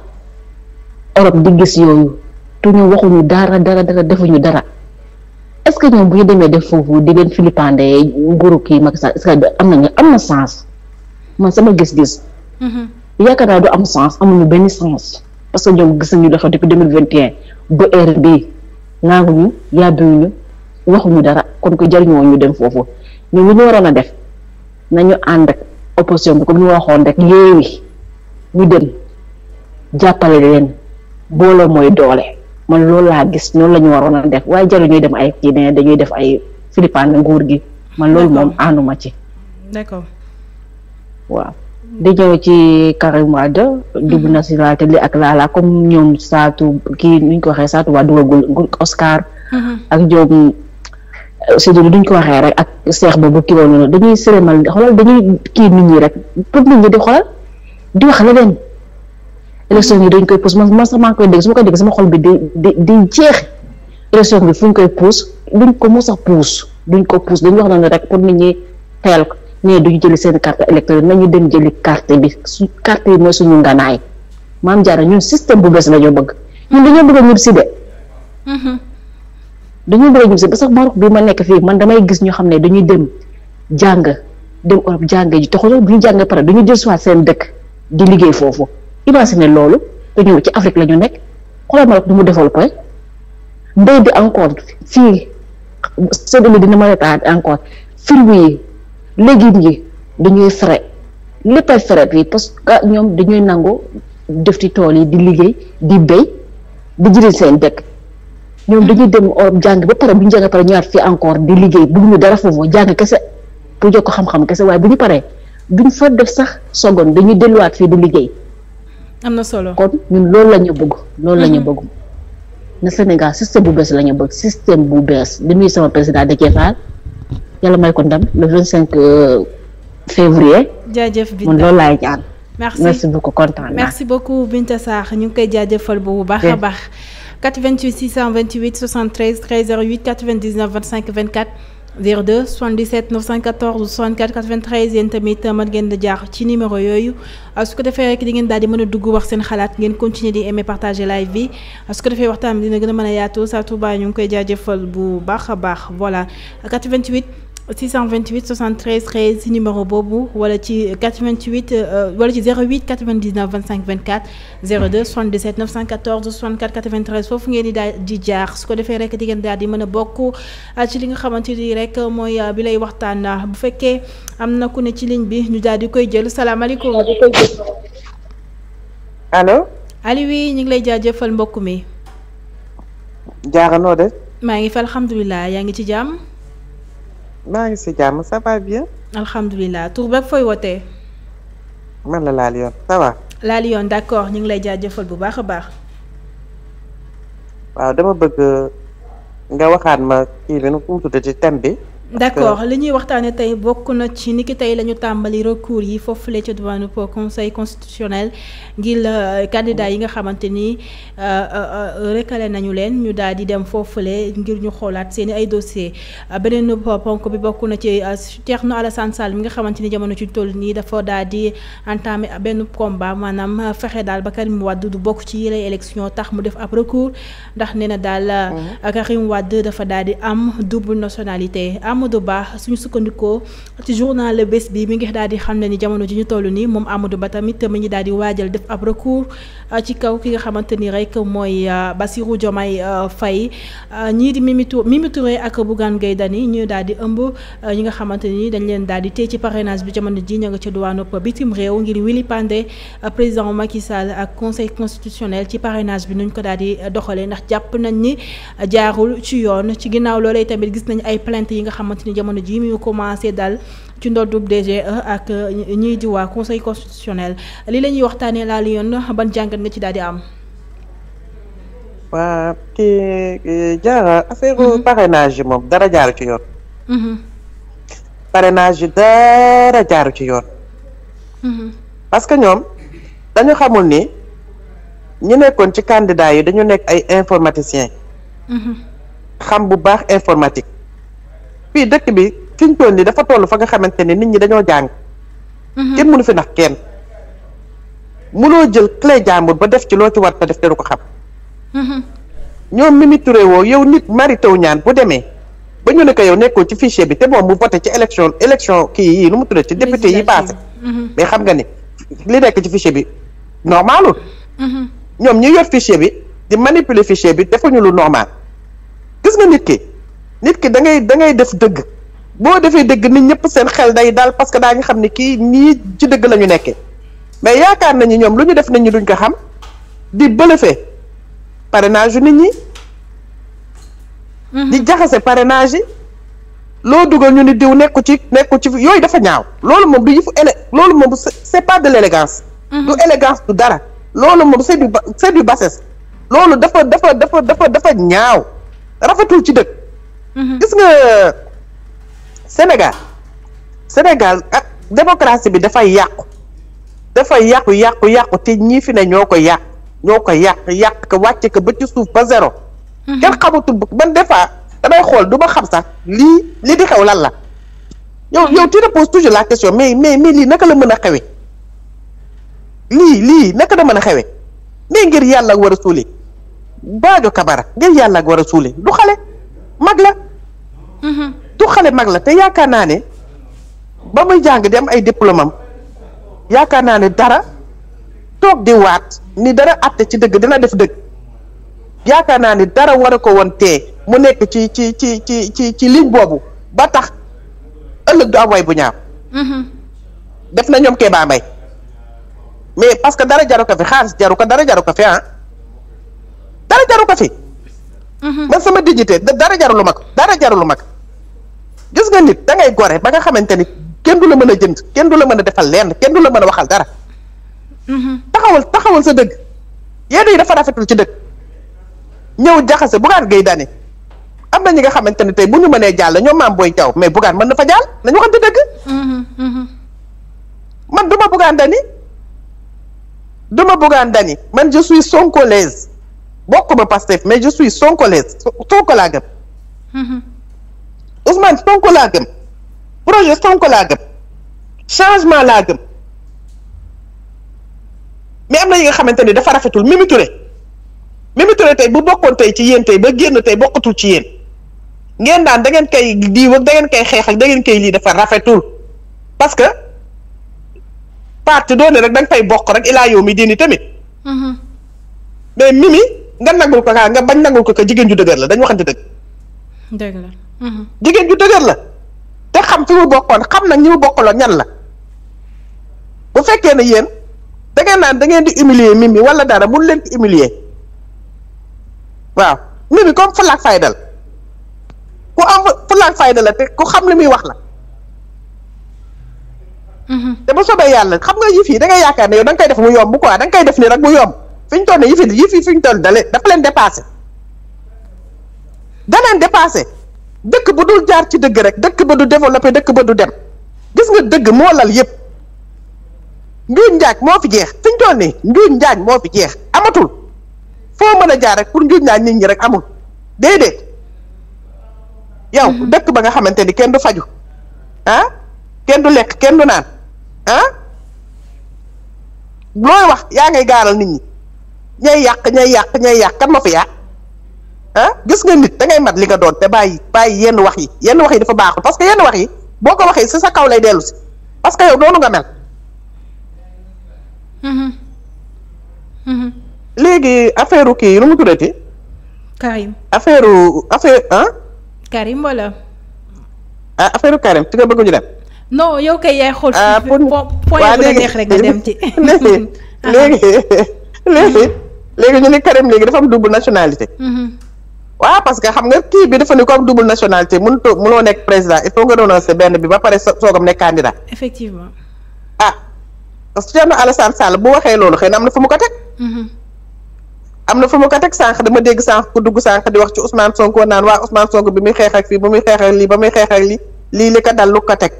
Europe di gis yooyu te ñu waxuñu dara dara dara defuñu dara est-ce que ñoom bu ñu demee def foofu di leen filipande nguuru kii Macky Sall est-ce que am nañu am na sens man sama gis-gis. Mm-hmm. yaakaar naa du am sens amuñu benn sens. parce que ñoom gis nañu dafa depuis deux mille vingt et un ba heure bii ngaanguñu yàbbiwuñu waxuñu dara kon ko jariñoo ñu dem foofu ñun li ñu waroon a def nañu ànd rek opposition bi comme ñu waxoon rek yéewi ñu dem jàppale leen booloo mooy doole man loolu laa gis noonu la ñu waroon a def waaye jariñuy dem ay kii ne dañuy def ay filipaan nguur gi man loolu moom ànduma ci d'accord di ñëw ci Karim Wade dugg na si la ak laala comme ñoom saatu kii nuñ ko waxee saatu waa dugagul Oscar uh-huh. ak joom Sidou duñ ko waxee rek ak seex boobu kii woon noonu dañuy sërémal xoolal dañuy kii nit ñi rek pour nit di xoolal di wax leneen élection yi dañ koy pousse man man sax maa ngi koy dégg su ma koy dégg sama xol bi di di di jeex élection bi fu ñu koy pousse duñ ko mos a pousse duñ ko pousse dañuy wax noonu rek pour nit ñi teel ko ne duñu jëli seen carte électeur nañu dem jëli carte bi su carte yi mooy suñu nganaay maam jaara ñun système bu bees la ñu bëgg ñun dañoo bëgg a ñib si de mhm. dañoo bëgg a ñib si ba sax Maroc bi ma nekk fii man damay gis ñoo xam ne dañuy dem jàng dem Europe jàng ji taxul bu ñu jàng pare dañu jël soit seen dëkk di liggéey foofu imagine loolu te ñëw ci Afrique la nekk xoolal Maroc du mu développé eh. mbéy bi encore fii sëñ dina mën a taat encore firnde yi. légumes yi dañuy frais léppay frais yi parce que ñoom dañuy nangu def ci tool yi di liggéey di béy di jëriñ seen dëkk ñoom dañuy dem jàng ba pare bu ñu jàng pare ñëwaat fii encore di liggéey bëgguñu dara foofu jàng kese pour jox ko kese waaye bu ñu paree duñ fa def sax seconde dañuy delluwaat fii di liggéey. am na solo kon ñun loolu la ñu bëgg. loolu la ñu mhm. bëgg. na Sénégal système bu bees la ñu bëgg système bu bees li muy sama président da cee yàlla may ko ndam le vingt cinq euh, février.
jaajëf bi loolu laay ñaan. merci merci
beaucoup kontaan naa merci
beaucoup Binta Sarr ñu ngi koy jaajëfal bu baax a baax. 88 628 73 13 08 99 25 24. 02 77 914 64 93 yéen tamit euh, mën ngeen di jaar ci numéro yooyu euh, su ko defee rek di ngeen daal di mën a dugg wax seen xalaat ngeen continuer di aimer partager live bi su ko defee waxtaan dina gën a mën a yaatu saa Touba ñu ngi koy jaajëfal bu baax a baax voilà 88. 628 73 13 ci numéro boobu wala ci 88 euh, wala ci 08 99 25 24 02 77 914 64 93 foofu ngeen di daal di jaar su ko defee rek di ngeen daal di mën a bokk euh, ci li nga xamante ni rek mooy euh, bi lay waxtaan bu fekkee am na ku ne ci ligne bi ñu daal di koy jël salaamaaleykum. allo. Aliou oui ñu ngi lay jëfal mbokk mi. jaara noo de. maa ngi fi alhamdulilah yaa ngi ci jàmm.
maa ngi si jàmm ça va
bien. alhamdulilah tur beeg fooy wootee.
man la laal yoon ça
laal yoon d' accord ñu ngi lay jaajëfal bu baax a baax.
waaw dama bëgg
nga waxaat ma kii bi nu mu tuddati thème bi.
d'accord li ñuy waxtaane tey bokk na ci niki tey lañu tàmbali recours yi foofule ca diwaanu conseil constitutionnel ngir euh, candidat yi nga xamante ni euh, euh, recalé nañu leen ñu daal di dem foofule ngir ñu xoolaat seen i ay dossier beneen ponk bi bokk na ci Thierno Alassane Sall mi nga xamante ni jamono ci toll nii dafa daal di entamé benn combat maanaam fexe daal ba Karim Wade du bokk ci yile élection tax mu def ab recours ndax nee na daal mm-hmm. Karim Wade dafa daal di am double nationalité am Amadou Ba suñu sukkandikoo ci journal bés bi mi ngi daal di xam ne ni jamono ji ñu toll nii moom Amadou Ba tamit mi ngi daal di waajal def ab recours euh, ci kaw ki nga xamante ni rek mooy euh, Bassirou Diomaye euh, Faye ñii di Mimi Touré Mimi ak Bougane Gueye Dany ñu daal ëmb ñi nga xamante ni dañ leen daal di téye ci parrainage bi jamono ji ña nga ca duwaanu bitim réew ngir Willy Pandé président Macky Sall ak conseil constitutionnel ci parrainage bi nuñ ko daal di doxalee ndax jàpp xamante ni jamono jii mu commencé dal ci ndoddub DGE ak ñiy di waa conseil constitutionnel lii la ñuy waxtaanee laa li yoon ban jàngat nga ci daal di am.
waa kii e, jaara affaire mhm. parrainage yi moom dara jaaru ci yoon. Mhm. parrainage yi dara jaaru ci yoon. Mhm. parce que ñoom dañu xamul ni ñu nekkoon ci candidat yi dañu nekk ay informaticiens. xam bu baax informatique. fii dëkk bi fi ñu toll dafa toll fa nga xamante ne nit ñi dañoo jàng. Mhm. kenn mënu fi nax kenn. mu loo jël clé jàmbur ba def ci loo ci war def te du ko xam. Mhm. ñoom Mimi ture woo yow nit Mary Teuw ñaan bu demee ba ñu ne ko yow nekkoo ci fichier bi te moom mu voté ci élection élection kii yii nu mu tuddee ci député yi passé mhm. mais xam nga ni li nekk ci fichier bi normalul ñoom ñi yor fichier bi di manipuler fichier bi defuñu lu normal gis nga nit ki nit ki da ngay da ngay def dëgg boo defee dëgg nit ñëpp seen xel day daal parce que daañu xam ne kii nii ci dëgg la ñu nekkee mais yaakaar nañu ñoom lu ñu def nañu duñ ko xam di bëlëfee parrainage yu nit ñi. Mm-hmm. di jaxase parrainage yi. loo dugal ñu ni diw nekku ci nekku ci yooyu dafa ñaaw loolu moom du yëfu élé loolu moom c'est pas de l'élégance mm-hmm. du élégance du dara loolu moom c'est du c'est du bassesse loolu dafa dafa dafa dafa dafa ñaaw rafetul ci dëkk Mhm. gis nga Sénégal Sénégal ak ah, démocratie bi dafay yàqu dafay yàqu yàqu yàqu te ñii fi na ñoo ko yàq ñoo ko yàq yàq ko wàcce ko ba ci suuf ba zéro. Mhm. kenn xamatul man des damay xool du ma xam sax lii lii di xew lan la. yow mhm. yow tu te toujours la question mais mais mais lii naka la mën a xewee lii lii naka la mën a xewee mais ngir yàlla war a suulee Badio Kabara ngir yàlla ak war a suulee du xale. mag la. Mm-hmm. du xale mag la te yaakaar naa ne ba muy jàng dem ay diplôme yaakaar naa ne dara toog di waat ni dara àtte ci dëgg dina def dëgg yaakaar naa ni dara war a ko woon tee mu nekk ci ci ci ci ci ci ligne boobu ba tax ëllëg du am way bu ñaaw. Mm-hmm. def na ñoom kee baa mbay mais parce que dara jaru ko fi xaalis jaru ko dara jaru ko fi ah dara jaru ko fi. Mm-hmm. man sama dignité dara jarul ma ko dara jarul ma ko gis nga nit da ngay gore ba nga xamante ni kenn du la mën a jënd kenn du la mën a defal lenn kenn du la mën a waxal dara. Mm-hmm. taxawal taxawal sa dëgg yenn yi dafa rafetul ci dëgg ñëw jaxase bugaat gay dani am na ñi nga xamante ne tey bu ñu mënee jàll ñoom maam booy jaww mais buggaan mën na fa jàll nañu waxante dëgg.
Mm-hmm.
man du ma bugaan dani du ma bugaan dani man je suis sonkolaise bokkuma Pastef mais je suis Sonko Sonko laa gëm Ousmane Sonko laa gëm changement laa gëm mais am na yi nga xamante ni dafa rafetul Mimi Touré Mimi tey bu bokkoon tey ci yéen tey ba génn tey bokkatul ci yéen ngeen daan da ngeen koy diiw ak da kay xeex ak da ngeen koy lii dafa rafetul parce que parti doone rek da nga fay bokk rek ilaa yow mi dini tamit mhm. mais Mimi nga nangul ko kaa nga bañ nangul ko ka jigéen ju dëgër la dañ waxante dëgg.
dëgg mhm.
jigéen ju dëgër la te xam fi mu bokkoon xam na ñi mu ñan la bu fekkee ne yéen da ngeen naan da ngeen di humilier Mimi wala dara mun leen di humilier waaw Mimi comme fulaak faydal ku am fulaak faydal la te ku xam li muy wax la. Mhm. te bu soobee yàlla xam nga yëf yi da ngay yaakaar ne yow da koy def mu yomb quoi da nga koy def nii rek mu yomb. fi ñu toll nii yëf yi yëf yi fi ñu toll dalee dafa leen dépassé da leen dëkk bu dul jaar ci dëgg rek dëkk ba du dëkk ba dem gis nga dëgg moo lal yëpp njuuñ njaaj moo fi jeex fi ñu toll nii njuuñ njaaj moo fi jeex amatul foo mën a jaar rek pour njuuñ naa nit ñi rek amul déedéet yow mm-hmm. dëkk ba nga xamante ni kenn du faju ah kenn du lekk kenn du naan ah looy wax yaa
ngay gaaral nit ñi ñay yàq ñay yàq ñay yàq kan ma fi yàq gis nga nit da ngay mat li nga doon te bàyyi bàyyi yenn wax yi yenn wax yi dafa baaxul parce que yenn wax yi boo ko waxee si sa
kaw lay dellu si parce que yow doonu nga mel.
Mm-hmm.
Mm-hmm.
léegi affaire kii nu mu tuddati.
Karim affaire affaire ah. Karim wala.
ah affaire Karim ci nga bëgg ñu dem.
non yow kay yaay xool. ah pour waaw bu neex rek nga dem
ci. Ah. léegi léegi. léegi ñu ne Karim léegi dafa am nationalité. Mm-hmm. waaw parce que xam nga kii bi dafa ni ko am nationalité mënut a mënoo nekk président il faut nga renoncer benn bi ba pare soogam nekk candidat.
effectivement. ah
parce que Thierno Alassane Sall bu waxee loolu xay na am na fu mu ko teg. Mm-hmm. am na fu mu ko teg sànq dama dégg sànq ko dugg sànq di wax ci Ousmane Sonko naan waa Ousmane Sonko bi muy xeex ak fii ba muy xeex ak lii ba muy xeex ak lii lii li ko dal lu ko teg.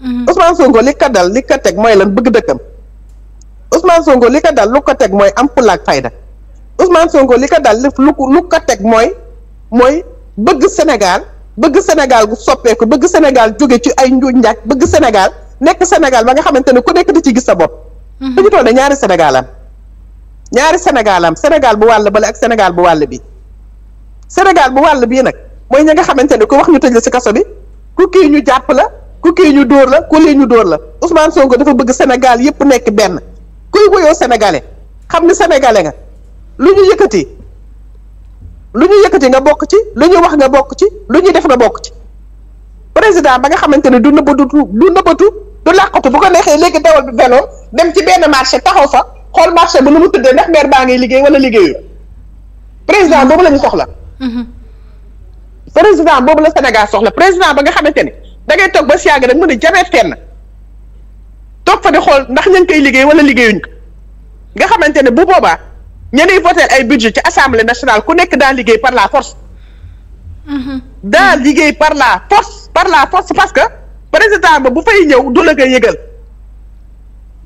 Mm-hmm. Ousmane Sonko li ko dal li ko teg mooy lan bëgg dëkkam. Ousmane Sonko li ko dal lu ko teg mooy am fulla ak Ousmane Sonko li ko dal lu lu ko teg mooy mooy bëgg senegal bëgg senegal gu soppeeku bëgg senegal jóge ci ay njuuj njaaj bëgg senegal nekk senegal ba nga xamante ne ku nekk di ci gis sa bopp. fi mhm. ñu toll ñaari Sénégal ñaari Sénégal senegal bu wàll bale ak Sénégal bu wàll bi Sénégal bu wàll bii nag mooy ñi nga xamante ne ku wax ñu tëj la ci kaso bi ku kii ñu jàpp la ku kii ñu dóor la ku lee ñu dóor la Ousmane Sonko dafa bëgg senegal yépp nekk benn kuy wuyoo xam ni sénégalais lu ñu yëkkati lu ñu yëkkati nga bokk ci lu ñu wax nga bokk ci lu ñu def nga bokk ci président ba nga xamante ne du nëbbatu du nëbbatu du làqatu bu ko neexee léegi dawal bi vélo dem ci benn marché taxaw fa xool marché bu nu mu tuddee ndax maire baa ngi liggéey wala liggéeyul président boobu la ñu soxla. Mm-hmm. président boobu la Sénégal soxla président ba nga xamante ne da ngay toog ba si yàgg rek mu ne jameet fenn toog fa di xool ndax ña ngi koy liggéey wala liggéeyuñ nga xamante ne bu boobaa. ñenuy voter ay budget ci assemblée nationale ku nekk daa liggéey par la force mhm. daa liggéey par la force par la force parce que président ba bu fay ñëw du la ko yëgal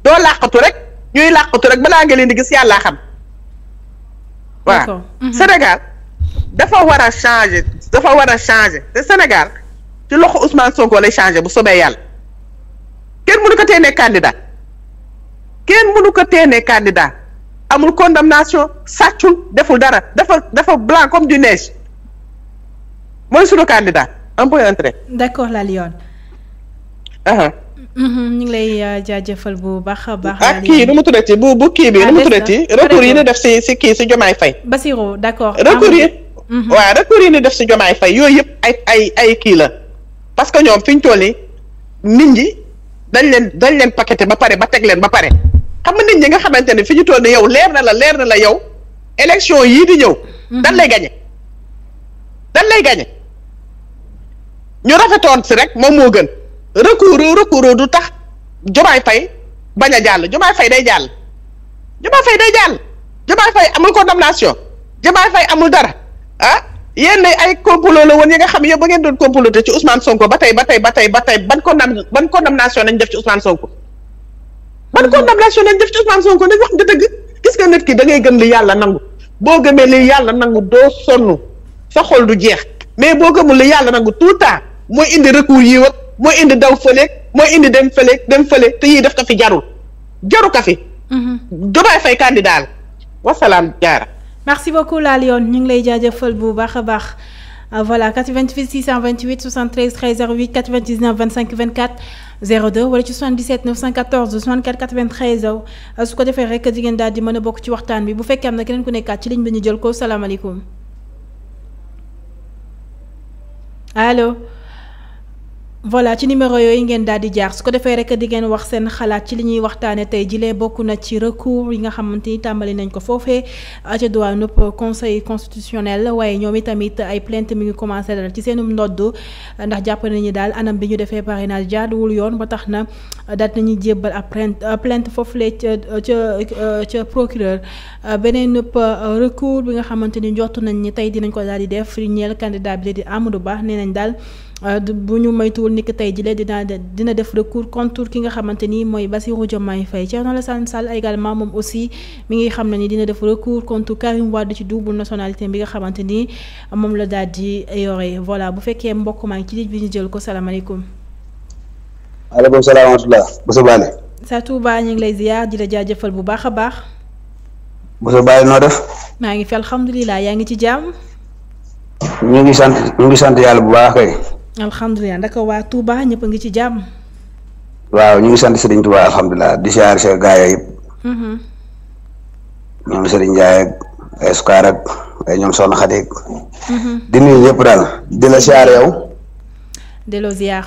doo làqatu rek ñuy làqatu rek balaa nga leen di gis yàllaa xam waaw mhm. Sénégal dafa war a changer dafa war a changer te Sénégal ci loxo Ousmane Sonko lay changer bu sobee yàlla kenn mënu ko teenee candidat kenn mënu ko teenee candidat amul condamnation sàccul deful dara dafa dafa blanc comme du neige mooy sunu candidat un point un trait.
d'accord la Lyon. Uh-huh. Mm-hmm, ñu ngi lay euh, jaajëfal bu baax a baax. ak ah, kii nu
mu tuddati bu bu kii bi ah, nu mu tuddati recours yi ñu def si si kii si Diomaye fay
Basirou d'accord. recours yi mm-hmm. waaw recours yi
ñu def si Diomaye fay yooyu yëpp ay ay ay kii la parce que ñoom fi ñu toll nii nit ñi dañ leen dañ leen paqueté ba pare ba teg leen ba pare. xam nga nit ñi nga xamante ne fi ñu toll nii yow leer na la leer na la yow élection yii di ñëw. Mhm. dan lay gañe dan lay gañe ñu rafetoon si rek moom moo gën recours recours du tax Diomaye Faye bañ a jàll Diomaye Faye day jàll Diomaye Faye day jàll Diomaye Faye amul condamnation Diomaye Faye amul dara ah yenn ay complot la woon yi nga xam yow ba ngeen doon comploté ci Ousmane Sonko ba tey ba tey ba tey ba tey ban condam ban condamnation nañ def ci Ousmane Sonko. man condamnation nag def ci Ousmane Sonko nañ wax nga dëgg gis nga nit ki da ngay gëm li yàlla nangu boo gëmee li yàlla nangu doo sonn sa xol du jeex mais boo gëmul li yàlla nangu tout temps mooy indi recours yi wag mooy indi daw fëleeg mooy indi dem fëleeg dem fële te yii def ka fi jarul jaru ko fi. Mhm. Diomaye Faye candidat
daal wasalaam jaara.
merci beaucoup yoon ñu ngi lay jaajëfal bu baax a baax. Ah, voilà 88 628 73 13 08 99 25 24 02 wala ci 77 914 64 93 su ko defee rek jigéen daal di mën a bokk ci waxtaan bi bu fekkee am na keneen ku nekkaat ci ligne bi ñu jël ko salaamaaleykum allo. voilà ci numéro yooyu ngeen daal di jaar su ko defee rek di ngeen wax seen xalaat ci li ñuy waxtaanee tey jilee bokk na ci recours yi nga xamante ni tàmbali nañ ko foofee euh, ca doyen conseil constitutionnel waaye ñoom itamit ay plainte mi ngi commencé dal ci seenu ndodd ndax jàpp nañu daal anam bi ñu defee parrainage jaaduwul yoon ba tax na euh, daat nañu jébbal ab plainte euh, foofu foofule ca ca ca procureur beneen nëpp recours bi nga xamante ni njort nañ ni tey dinañ ko daal di def ñeel candidat bi di Amadou Ba nee nañ daal. Euh, bu ñu moytuwul ni ki tey jii dina dina def recours contre ki nga xamante ni mooy ba Bassirou Diomaye Faye Thierno Alassane Sall également moom aussi mi ngi xam na ni dina def recours contre Karim Wade ci double nationalité bi nga xamante ni moom la daal di yore voilà bu fekkee mbokk maa ngi ci ligne bi ñu jël ko salaamaaleykum.
maaleykum salaam wa rahmatulah Moussa Bane.
Sa Touba ñu ngi lay ziar di la jaajëfal bu baax a baax.
Moussa Bane noo def.
maa ngi fi alhamdulilah yaa ngi ci jàmm.
ngi sant ñu ngi bu baax
alhamdulilah ndaka waa Touba ñëpp a ngi ci jàmm.
waaw ñu ngi sant Serigne Touba alhamdulilah di siyaar sa gaaya yëpp. Mm-hmm. ñoom Serigne Ndiaye ak ay sukaar ak ay ñoom Soxna Xadi
mm-hmm.
di nuyu ñëpp daal di la siyaar yow.
delloo ziar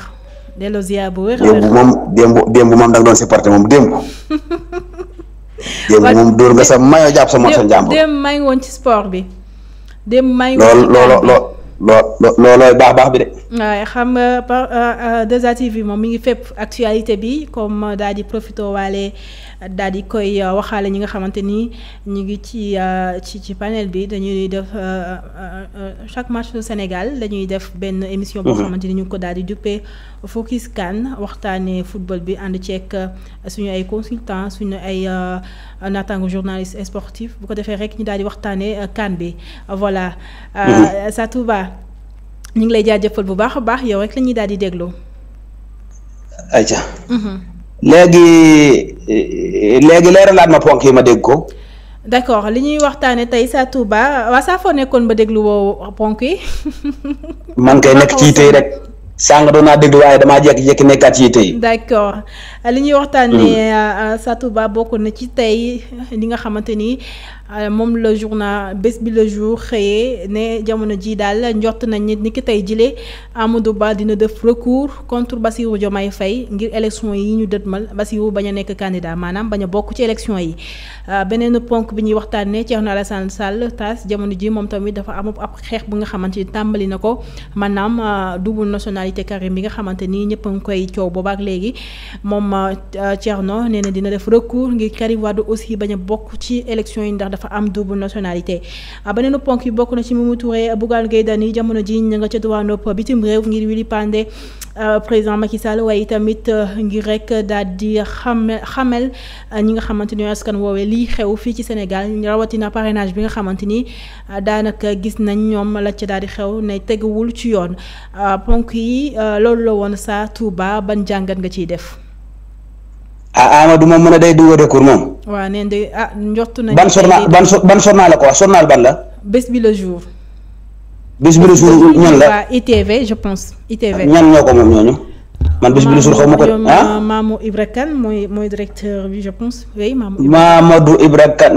delloo ziar bu wér. démb
moom démb démb moom da nga doon supporté moom démb. démb moom dóor nga sa mayoo jàpp sa mot sa njàmbur. démb
maa ngi ci sport bi. démb maa ngi woon lool
loo loolooy baax baax bi de.
waaye xam nga par euh, euh, 2A TV moom mi ngi fépp actualité bi comme euh, daal di profité waale. daal di koy euh, waxaale ñi nga xamante ni ñu ngi ci euh, ci ci panel bi dañuy def euh, chaque match du Sénégal dañuy def benn émission. boo mhm. xamante ni ñu ngi ko daal di duppee Focus CAN waxtaanee football bi ànd ceek suñu ay consultant suñu ay naataango journaliste sportif bu ko defee rek ñu daal di waxtaanee CAN bi voilà. Mhm. Satou Ba ñu ngi lay jëppal bu baax a baax yow rek la ñuy daal di déglu. Aïcha. Mhm.
léegi léegi leeralaat ma ponk yi ma dégg ko.
d' accord li ñuy waxtaanee tey sa Touba waa saa foo nekkoon ba déglu woo ponk yi. man kay nekk ci tey rek.
sàng doon naa déglu waaye damaa jékki-jékki nekkaat ci tey.
d' li ñuy waxtaanee mm. euh, euh, Satou Ba bokk na ci tey li nga xamante ni euh, moom la journal bés bi le jour xëyee ne jamono ji daal njort nañ nit ni ki tey jile Amadou Ba dina def recours contre Bassirou Diomaye Faye ngir élection yi ñu dëtmal Bassirou bañ a nekk candidat maanaam bañ a bokk ci élection yi beneen ponk bi ñuy waxtaan waxtaanee Thierno Alassane Sall taas jamono ji moom tamit dafa am ab xeex bu nga xamante ni tàmbali na ko maanaam double nationalité Karim bi nga xamante ni ñëpp a ngi koy coow boobaak léegi moom euh, Thierno nee na dina def recours ngir Karim Wade aussi bañ a bokk ci élection yi ndax dafa am double nationalité ah, beneen ponk yi bokk na ci Mimi Touré Bougane Gueye Dany jamono ji ñu nga ca duwaanu bitim réew ngir wili pande euh, président Macky Sall waaye tamit euh, ngir rek daal di xame xamel ñi nga xamante ni askan woowee lii xew fii ci Sénégal rawatina parrainage bi nga xamante ni daanaka gis nañ ñoom la ca daal di xew ne teguwul ci yoon ah, ponk yi loolu la woon saa Touba ban jàngat nga ciy def.
ah Amadou moom mu ne day duggoo recours moom.
waaw nee nañ ah njortu nañ. ban journal
ban ban journal la ko wax journal ban la.
bés bi le jour.
la ko moom ñooñu. man bés ko ah Mamadou Ibra la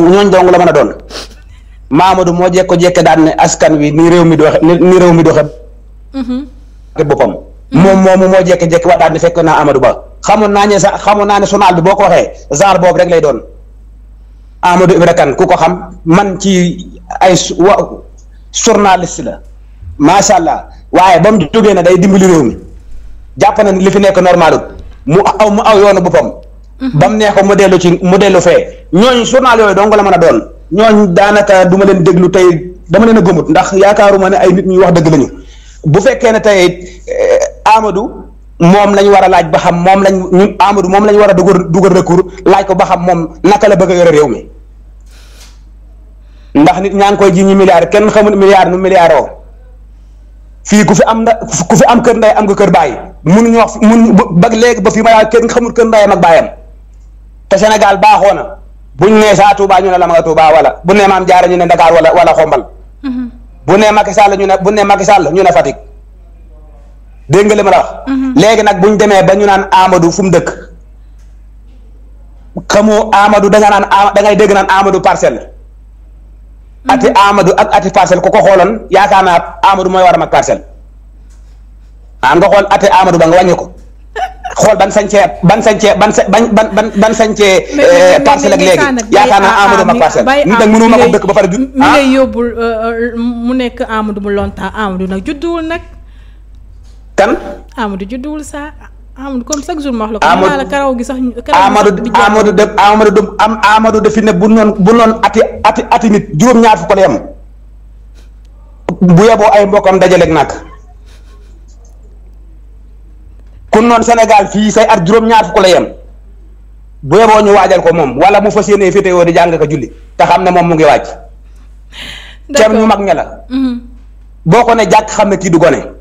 mën a doon. Mamadou moo jekko jekke daan ne wi ni réew mi doxe ni réew mi doxe mhm. boppam wax daan fekk naa Amadou Ba. xamoon naa ne sax xamoon naa ne journal bi boo ko waxee genre boobu rek lay doon Amadou Ibra Kane ku ko xam man ci ay wa journaliste la macha allah waaye ba mu jógee na day dimbali réew mi jàpp na li fi nekk normalul mu aw mu aw yoonu boppam. Mhm. ba mu nekk mu dellu ci mu dellu fee ñooñu journal yooyu dong la mën a doon ñooñu daanaka duma ma leen déglu tey dama leen a gëmut ndax yaakaaruma ne ay nit ñuy wax dëgg lañu bu fekkee ne tey eh, Amadou. moom lañ war a laaj ba xam moom lañ ñu moom lañu war a dugal dugal recours laaj ko ba xam moom naka la bëgg a yore réew mi ndax nit ñaa ngi koy ji ñu milliard kenn xamul milliard nu milliard fii ku fi am na ku fi am kër nday am nga kër baay mënuñu wax mun ba léegi ba fii ma daal kenn xamul kër ndayam ak te Sénégal baaxoo na buñ nee saa Touba ñu ne la ma nga Touba wala bu nee maam jaara ñu ne ndakaar wala wala xombal mhm. bu ne Macky Sall ñu ne bu ne Macky Sall ñu ne Fatick dégg nga li ma la mhm. léegi nag bu ñu demee ba ñu naan Amadou fu mu dëkk xamoo Amadou da nga naan da ngay dégg naan Amadou parcelle. Mhm. ati Amadou ak ati parcelle ku ko xooloon yaakaar naa Amadou mooy war mag parcel ah nga xool ba nga wàññi ko xool ban sañcee ban sañcee ban sa ban ban ban sañcee. Eh, parcelle ak léegi yaakaar naa Amadou mag parcelle. nit nag mënuma dëkk ba pare. ah
mi euh, euh, mu nekk Amadou mu lontaa Amadou nag judduwul nag. kan. Amadou judduwul saa Amadou comme chaque jour ma la. gi sax. Amadou
Amadou am Amadou defi ne bu noon bu noon ati ati nit juróom-ñaar fukk la yem bu yeboo ay mbokkam dajaleeg nag ku noon senegal fii say at juróom-ñaar fukk la yem bu yeboo ñu waajal ko moom wala mu fas yéenee féetewoo di jàng ko julli te xam ne moom mu ngi waaj. d'accord ñu mag ña mm-hmm. boo ko ne jàkk xam ne kii du gone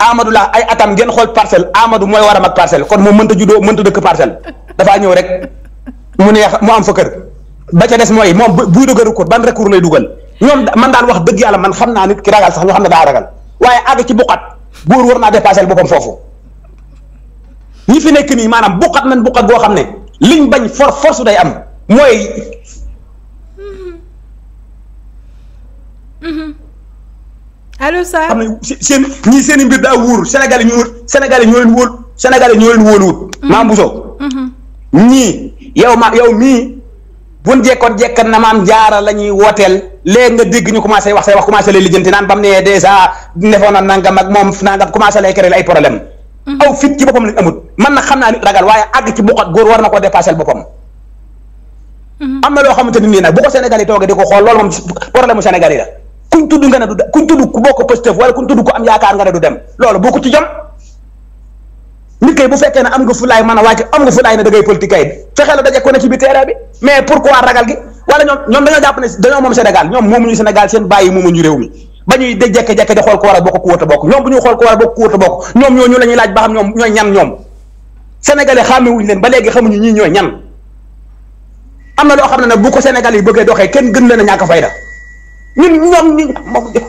Amadou laa ay atam ngeen xool parcelle Amadou mooy waram ak parcelle kon moom mënta juddoo mënta dëkk parcelle dafaa ñëw rek mu neex mu am fa kër ba ca des mooy moom buy dugg recours ban recours lay dugal ñoom man daan wax dëgg yàlla man xam naa nit ki ragal sax ñu xam ne daa ragal waaye àgg war naa dépassé boppam foofu ñi fi nekk nii maanaam buqat nañ buqat boo xam ne liñ bañ for force day am mooy.
Mm-hmm. Mm-hmm.
allo Sarr am na seen ñii seen mbir daa wóor Sénégal ñoo leen wóor Sénégal yi ñoo leen wóoluwut. Mm-hmm. maam Bousso. Mm-hmm. ñii yaw ma yow mii buñ jekkoon jekkan na maam jaara la ñuy wooteel léegi nga dégg ñu commencé wax say wax commencé lay lijjanti ne dèjà defoon na nangam ak moom nangam commencé lay créer ay problème mm-hmm. aw fit ci boppam lañ amut man na xam naa nit ragal waaye àgg ci mboqat góor war na ko dépassé boppam. am na loo xamante ni nii nag bu ko Sénégal yi toogee di ko xool loolu moom problème mu la. kuñ tudd nga ne du dem kuñ tudd ku bokk Pastef wala kuñ tudd ku am yaakaar nga ne du dem loolu boo ko ci jom nit kay bu fekkee ne am nga fulaay mën a wàcc am nga fulaay ne da ngay politique la daje ko ne ci bi terrain bi mais pourquoi ragal gi wala ñoom ñoom dañoo jàpp ne dañoo moom Sénégal ñoom moomuñu Sénégal seen bàyyi moomuñu réew mi ba ñuy de jekke-jekke di xool ko war a bokk ku wóota bokk ñoom a bokk ku wóota bokk ñoom ñoo ñu la ñuy laaj ba xam ñoom ñooy ñan ñoom sénégalais leen ba léegi xamuñu ñii ñooy ñan am na loo xam ne ne bu ko sénégalais yi bëggee doxee kenn gën leen a ñàkk fayda ñun ñoom ñu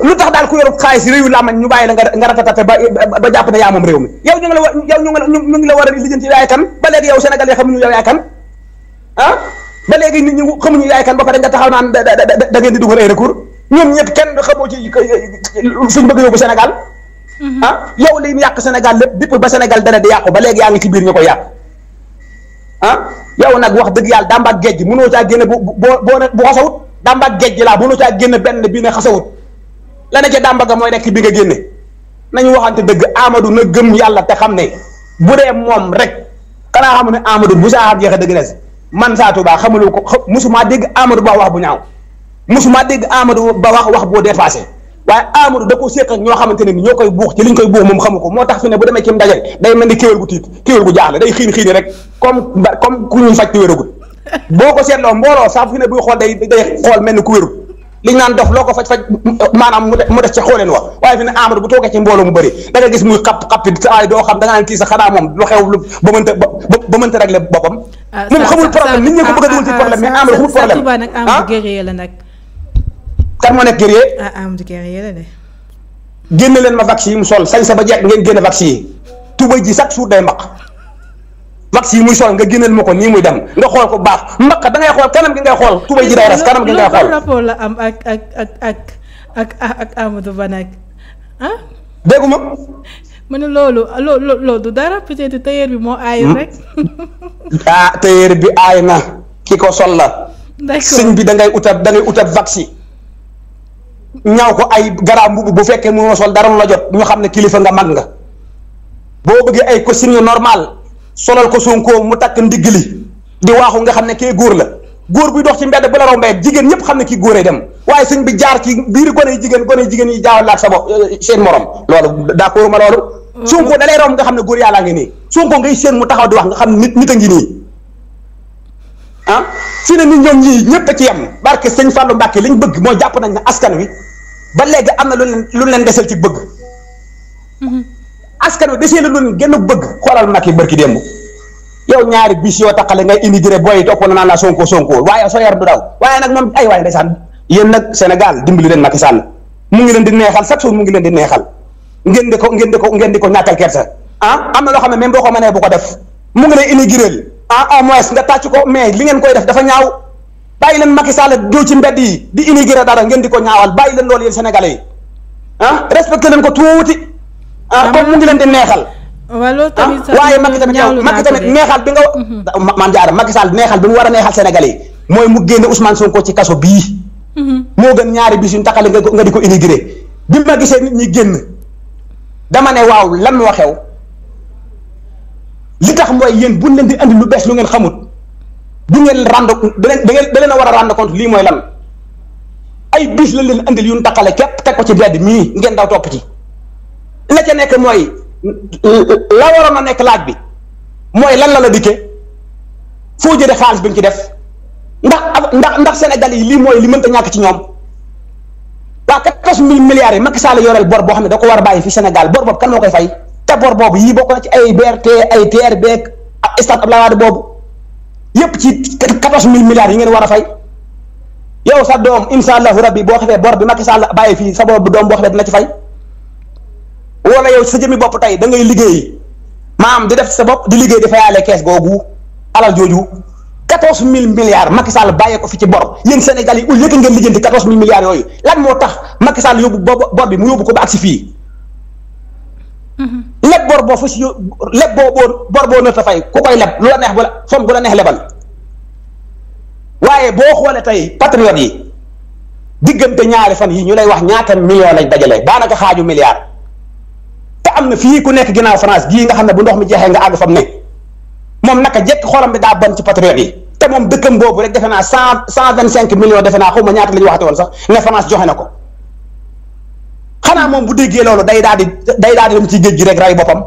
lu tax daal ku yorub xaalis réew làmmañ ñu bàyyi la nga ratatate ba ba jàpp ne yaa moom réew mi yow ñu ngi la yow ñu ngi la war a lijjanti yaay kan ba léegi ah taxaw naan da da ngeen di dugal ay mhm. ah yàq Sénégal lépp bépp ba Sénégal dana di yàqu ba léegi yaa ngi ci biir ñu koy yàq ah nag wax dëgg yàlla dàmbaak géej gi mënoo caa génne bu boo boo boo xasawut damba ak géej gi laa mënu caa génn benn bi ne xasawut la ne ca dàmba ga mooy nekk bi nga génne nañu waxante dëgg Amadou na gëm yàlla te xam ne bu dee moom rek xanaa xam ne Amadou bu saa xam jeexe dëgg des man saa Touba xamuloo ko musuma dégg dégg Amadou Ba wax wax boo dépassé waaye Amadou da ko séq ak ñoo xamante ne ni ñoo moo tax fi ne bu demee ci mu dajale day mel ni kéwél gu tiit kéwél gu jaaxle day xiin xiini rek comme comme ku ñuy faj ci wéragul boo ko seetloo mbooloo saa fu ne buy xool day day xool mel ni ku wéru li naan dof loo ko faj faj maanaam mu def ca xooleen wa waaye fi ne Amadou bu toogee ci mbooloo mu bëri da nga gis muy xap xappi ay moom ah, xamul problème nit ñi ko bëgg a dugal ci ah, problème ah, mais Amadou xamul problème
ah kan moo nekk guerrier
leen ma vaccin yi mu sol sañ sa ba jeex ngeen génn vaccin yi tuba ji chaque jour day mbaq max yi muy sol nga génneel ma ko nii muy dem nga xool ko baax mbaq da ngay xool kanam gi ngay xool
tubay ji day ras kanam gi ngay xool
rapport la am ak ak ak ak ak ak Amadou ah? bi moo aayu hmm? rek
ah bi aay na ki ko sol la sëñ bi da ngay utab da ngay utab ko ay garaam mbubb bu fekkee mënoo sol dara la jot ñu xam ne kilifa nga mag nga boo bëggee ay costume normal solal ko Sonko mu takk ndigg li di waaxu nga xam ne kii góor la góor buy dox ci mbedd bu la rombee jigéen ñëpp xam ne kii góoree dem waaye sëñ bi jaar ci biir gone yi jigéen yi jigéen yi jaawal laak sa bopp euh, seen morom loolu d'accord ma loolu mm. Sonko dalay romb nga xam ne góor yàllaa ngi nii Sonko ngay seen mu taxaw di wax nga xam nit nit a ngi nii ah fi ne ni ñoom ñii ñëpp a ci yem barke sëñ Fallou Mbacke liñ bëgg mooy jàpp nañ ne askan wi ba léegi am na lu leen lu leen desal ci bëgg mm-hmm. askan wi desee la doon gën a bëgg xoolal mag yi bërki démb yow ñaari bis yoo taqale ngay immigré booy topp na naan la sonko sonko waaye soo yar daw waaye nag moom ay waaye ndeysaan yéen nag Sénégal dimbali leen Macky Sall mu ngi leen di neexal chaque jour mu ngi leen di neexal ngeen di ko ngeen di ko ngeen di ko ñàkkal kersa ah am na loo xam ne même boo ko ah, mais li ngeen koy def dafa ñaaw bàyyi leen Macky ci mbedd yi di immigré dara ngeen di ko ñaawal bàyyi leen loolu yéen Sénégalais yi ah, respecté leen ko tuuti ah comme mu ngi leen di neexal.
waaw loolu tamit sax ah, waaye Macky tamit
Macky tamit neexal bi nga. Mhm. maam Diarra Macky Sall neexal bi mu war a neexal Sénégalais yi mooy mu génne Ousmane Sonko ci kaso bii. Mhm. moo gën ñaari bis yu taxale nga di ko inauguré bi ma gisee nit ñi génn dama ne waaw lan moo xew li tax mooy yéen leen di andi lu bees lu ngeen xamut du ngeen rendre da ngeen da leen war a rendre compte lii mooy lan ay bis la leen andil yu ñu taxale kepp teg ko ci mbedd mii ngeen daw topp ci. la ca nekk mooy la waroon a nekk laaj bi mooy lan la la dikke foo jëlee xaalis bi ñu ci def ndax ndax ndax Sénégal yi lii mooy li mënta ñàkk ci ñoom waa quatorze mille milliards yi Macky Sall yoreel boo xam ne ko war a bàyyi fi Sénégal bor boobu kan moo koy fay te bor boobu yii bokk na ci ay BRT ay TRB ak stade Abdoulaye Wade boobu yépp ci quatorze mille milliards yi ngeen war a fay yow sa doom incha allahu rabbi boo xefee bor bi Macky Sall bàyyi fii sa bor bu doom boo xefee dina ci fa wala yow sa jëmi bopp tey da ngay liggéey maam di def sa bopp di liggéey di fayaale kees googu alal jooju quatorze mille milliards Macky Sall bàyyee ko fi ci bor yéen Sénégal yi au lieu que ngeen lijjanti quatorze mille moo tax Macky Sall yóbbu bor bi mu yóbbu ko ba agsi fii mm-hmm. leb boo fa si boo boo bor fay ku la neex bu la fomm bu la neex lebal waaye boo xoolee tey patriote yi diggante ñaari fan yi ñu lay wax ñaata million lañ dajale daanaka xaaju milliard am na fii ku nekk ginnaaw France gii nga xam ne bu ndox mi jeexee nga àgg ne moom naka jekk xolam bi daa bon ci patriote yi te moom rek defe naa cent cent vingt cinq defe naa xaw ma ñaata la ne France joxe ko xanaa moom bu déggee loolu day daal di day daal di dem ci géej gi rek ray boppam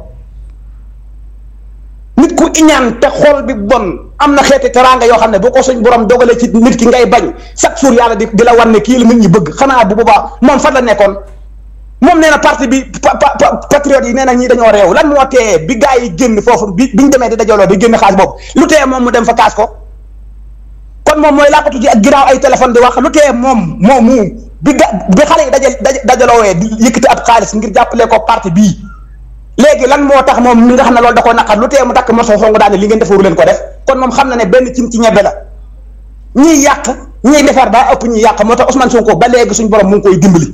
nit ku iñaan te xol bi bon am na xeeti teraanga yoo xam ne boo ko suñ borom dogalee ci nit ki ngay bañ chaque jour yàlla di di la wan ne kii la nit ñi bëgg xanaa bu boobaa moom fan la nekkoon moom nee na parti bi patriote yi nee na ñii dañoo réew lan moo tee bi gars yi génn foofu bi bi ñu demee di dajaloo di génn xaalis boobu lu tee moom kon moom mooy làkkatu ji ak ginnaaw ay téléphone di wax lu tee moom moom mu bi ga bi xale yi dajal dajalowee di yëkkati ab xaalis ngir jàppale ko parti bii léegi lan moo tax moom mi nga xam ne loolu da koo naqar lu tee mu dakk morso xongu daane li ngeen defaru leen ko def kon moom xam na ne benn cin ci ñebe la ñiy yàq ñiy defar daa ëpp ñiy yàq moo tax Ousmane Sonko ba léegi suñ borom mu ngi koy dimbali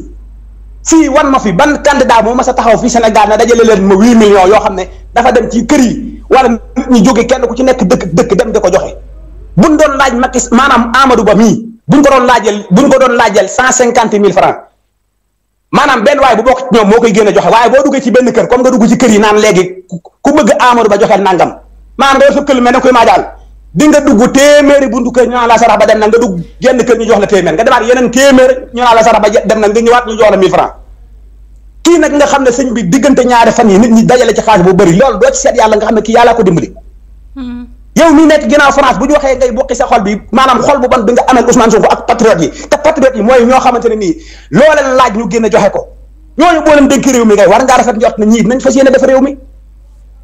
fii wan ma fi ban candidat moo ma sa taxaw fii senegal na dajale leen ma huit millions yoo xam ne dafa dem ci kër yi wala nit ñi jóge kenn ku ci nekk dëkk dëkk dem di ko joxe buñ doon laaj Macky maanaam Amadou Ba mii buñ ko doon laajal buñ ko doon laajal cent cinquante mille francs maanaam benn waaye bu bokk ci ñoom moo koy génne joxe waaye boo duggee ci benn kër comme nga dugg ci kër yi naan léegi ku bëgg Amadou Ba joxeel nangam maanaam nga yor kël mel ne kuy maajaal di nga dugg téeméeri buntu kër ñu naan la sarax ba dem na nga dugg genn kër ñu jox la téeméer nga demaat yeneen téeméer ñu naan la sarax ba dem na nga ñëwaat ñu jox la 1000 francs kii nag nga xam ne sëñ bi diggante ñaari fan yi nit ñi dajale ci xaalis bu bëri loolu doo ci seet yàlla nga xam ne kii yàllaa ko dimbali yow mii nekk ginnaaw France bu ñu waxee ngay bokki sa xol bi maanaam xol bu bon bi nga amee Ousmane Sonko ak patriote yi te patriote yi mooy ñoo xamante ne nii loo leen laaj ñu génn joxe ko ñooñu boo leen dénk réew mi ngay war ngaa rafet njort na ñii nañ fas yéene def réew mi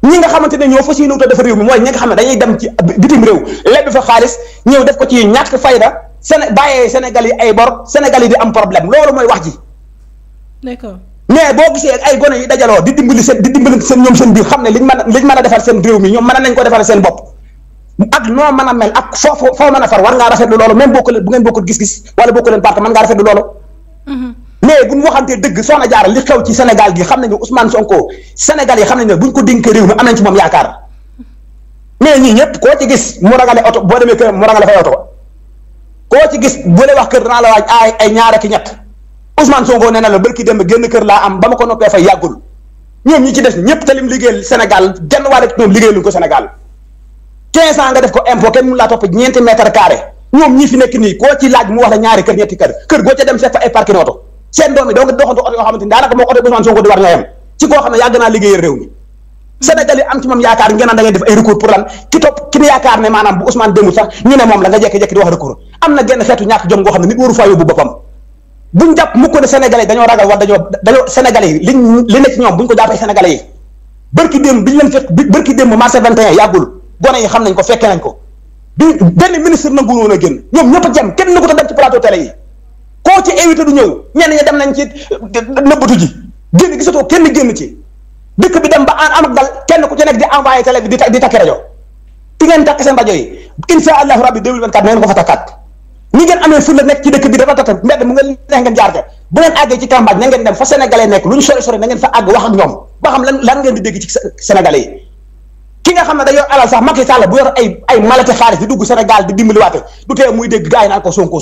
ñi nga xamante ne ñoo fas yéene wut defar réew mi mooy ñi nga xam ne dañuy dem ci bitim réew lebbi fa xaalis ñëw def ko ci ñàkk fayda Séné bàyyee Sénégal yi ay bor senegal yi di am problème loolu mooy wax ji. d'accord mais boo gisee ay gone yi dajaloo di dimbali seen ñoom seen biir xam ne liñ mën a mën a defar seen réew mi ñoom a nañ ko defar seen bopp. ak noo mën a mel ak foo foo mën a far war ngaa rafetlu loolu même boo bu ngeen bokkul gis-gis wala boo ko leen mais bu ñu waxantee dëgg soxna jaar li xew ci Sénégal gi xam nañ ne Ousmane Sonko Sénégal yi xam nañ ne bu ñu ko dénkee réew mi mais ñii ñëpp ci gis mu ragale oto boo demee kër mu ragale fay oto koo gis bu leen wax kër danaa la waaj ay ay ñaar ak ñett Ousmane Sonko nee na la barki dem génn kër laa am ba ma ko noppee fay yàggul ñoom ñi ci def ñëpp talim liggéeyal Sénégal genn wàll ñoom liggéeyaluñ ko Sénégal 15 ans nga def ko impôt kenn mënu laa topp ñeenti mètre carré ñoom ñi fi nekk nii koo ci laaj mu wax la ñaari kër ñetti kër kër goo ca dem seet fa ay parking oto cen doom yi doo nga doxantu oto yoo xamante ni daanaka moo oto Ousmane Sonko di yi am nañ ko fekkee nañ ko benn ministre nanguwul woon a ñoom ñëpp a jëm kenn nangu ta dem ci plateau télé yi koo ci évité du ñëw ñenn ñi dem nañ ci nëbbatu ji génn gisatoo kenn génn ci dëkk bi dem ba am ak dal kenn ku ci nekk di bi di di takki rajo fi ngeen takk seen rajo yi insha allahu rabbi 2024 na ngeen ko fa takkaat ni ngeen amee ful la nekk ci dëkk bi dafa tata mbedd mu ngeen nekk lu ñu sori sori na ngeen fa àgg wax ak ñoom ba xam lan di dégg ci sénégalais yi ki nga xam ne da yor alal sax Macky Sall bu yor ay ay malate xaalis di dugg Sénégal di dimbaliwaate du tee muy dégg gars yi naan ko Sonko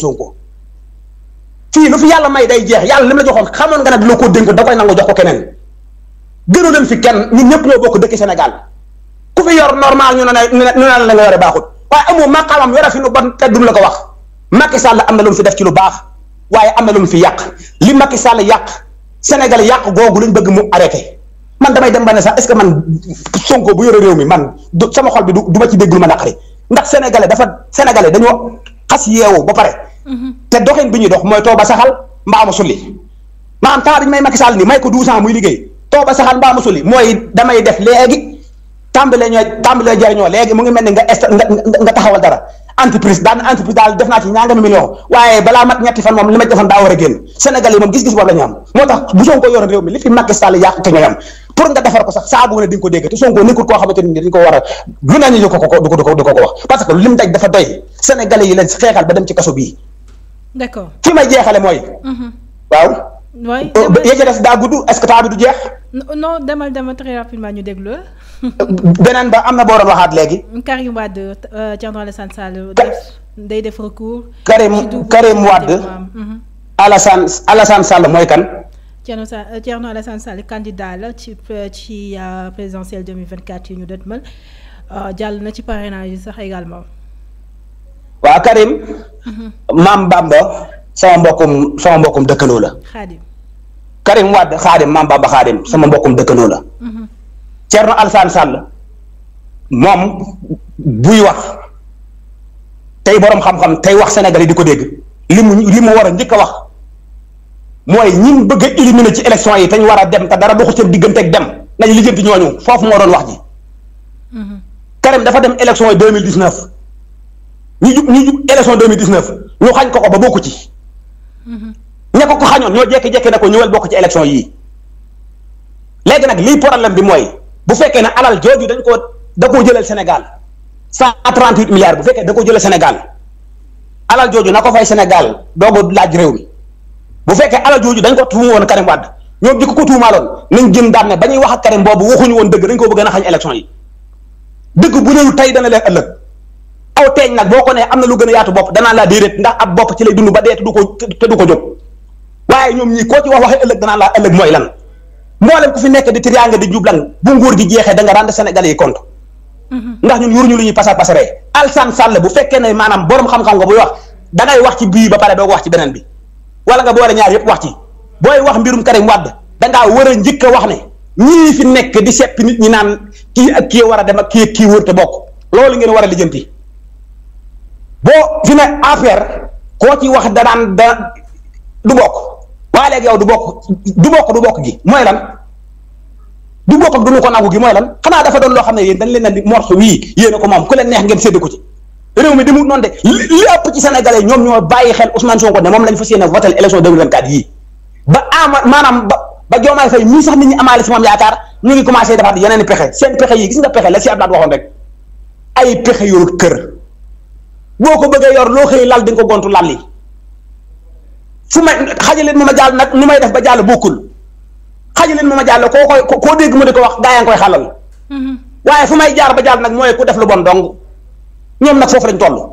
fii lu fi yàlla may day jeex yàlla lim la joxoon xamoon nga ne dina ko dénk da koy nangu jox ko keneen gënu fi kenn ñun ñëpp ñoo bokk dëkk Sénégal ku fi yor normal ñu ne ñu ne la nga yore baaxut waaye amoo maqaamam yore fi lu bon te la ko wax Macky Sall am na lu mu def ci lu baax waaye am na lu mu fi yàq li Macky Sall yàq Sénégal yàq googu lañ bëgg mu arrêté man damay dem ba ne sax est-ce man Sonko bu yore réew mi man sama xol bi du ma ci dégg ma naqari ndax sénégalais dafa sénégalais dañoo xas yeewu ba pare. te doxin bi ñu dox mooy tooba saxal mbaa ma sulli maanaam temps dañu may Macky Sall ni may ko 12 ans muy liggéey tooba mooy damay def léegi tàmbalee ñooy tàmbalee jariñoo léegi mu ngi mel ni nga taxawal dara entreprise daal def naa ci ñaanga mi million waaye balaa mat ñetti fan moom li ma defoon daa a Sénégal yi la ñu a lu nañu ko que li mu daj dafa ba dem ci kaso bii d'accord fi may jeexale mooy. Mhm. waaw. waay euh, yéen des est-ce
que temps du jeex. non demal demal très rapidement ñu déglu.
beneen ba am na boo doon
waxaat léegi. Karim Wade euh, Thierno Alassane Sall. day def recours. Karim Karim Wade. Mhm.
Alassane Alassane Sall mooy kan.
Thierno Sa euh, Thierno Alassane Sall la ci ci présidentielle 2024 yi ñu dëtmal jàll na ci parrainage yi sax également. waa Karim. Mhm.
maam Bamba sama mbokkum sama mbokkum dëkkandoo la. Karim Wade xaadim maam Bamba xaadim sama mbokkum dëkkandoo la. Mhm. Thierno Alassane Sall moom buy wax tey boroom xam-xam tey wax Sénégal yi di ko dégg li mu li mu war a njëkk a wax mooy ñi bëgg a éliminer ci élection yi te ñu war a dem te dara doxul seen digganteeg dem nañ lijjanti ñooñu foofu moo doon wax ji. Mhm. Karim dafa dem élection yi ñu jub ñu jub élection 2019 ñu xañ ko ko ba bokku ci. Mm-hmm. ña ko ko xañoon ñoo jékki-jékki na ko ñëwal bokk ci élection yi léegi nag lii problème bi mooy bu fekkee ne alal jooju dañ koo da koo jëlal Sénégal cent trente huit milliards bu fekkee da koo jëlal Sénégal alal jooju na ko fay Sénégal doog laaj réew mi bu fekkee alal jooju dañ ko tuuma woon Karim Wade ñoom di ko ko tuumaaloon nañ gën daan ne ba ñuy wax ak Karim boobu waxuñu woon dëgg dañ koo bëgg a xañ élection yi dëgg bu réew tey dana leen ëllëg. aw teeñ nag boo ko nee am na lu gën a yaatu bopp danaa laa déedéet ndax ab bokk ci lay dund ba dee te du ko te du ko jóg waaye ñoom ñii koo ci wax waxee ëllëg danaa laa ëllëg mooy lan mboolem ku fi nekk di triangle di jublan bu nguur gi jeexee da nga rendre Sénégalais yi compte mm-hmm. ndax ñun yuruñu lu ñuy pasar pasaree Alassane Sall bu fekkee ne maanaam borom xam-xam nga wax da wax ci bii ba pare doo wax ci beneen bi wala nga a ñaar yëpp wax ci booy wax mbirum Karim Wade dangaa war a njëkk a wax ne ñii fi nekk di seppi nit ñi naan kii ak kii war a dem ak kii ak wër te bokk loolu ngeen war a lijjanti boo fi ne affaire koo ci wax danaan da du bokk waaye léegi yow du bokk du bokk du bokk gi mooy lan du bokk ak du ñu ko nangu gi mooy lan xanaa dafa doon loo xam ne yéen dañ leen di morceau wii yéen moom ku leen neex ngeen sédd ko ci réew mi di mu noonu de lépp ñoom ñoo bàyyi xel Ousmane Sonko ne moom lañ fas yéene voté élection 2024 yii ba ama maanaam ba ba Diomaye Faye mii sax nit ñi amaale si moom yaakaar ñu ngi commencé defaat yeneen i pexe seen pexe yi gis nga pexe la si Abdoulaye waxoon rek ay pexe yu kër. boo ko bëggee yor loo xëy lal di nga ko gontu lal yi fu may xajaleen ma ma jàll nag nu may def ba jàll bokkul xajaleen ma ma jàll koo koy koo dégg mu di ko wax gaa yaa ngi koy xalal mm-hmm. waaye fu may jaar ba jàll nag mooy ku def lu bon dong ñoom nag foofu lañ toll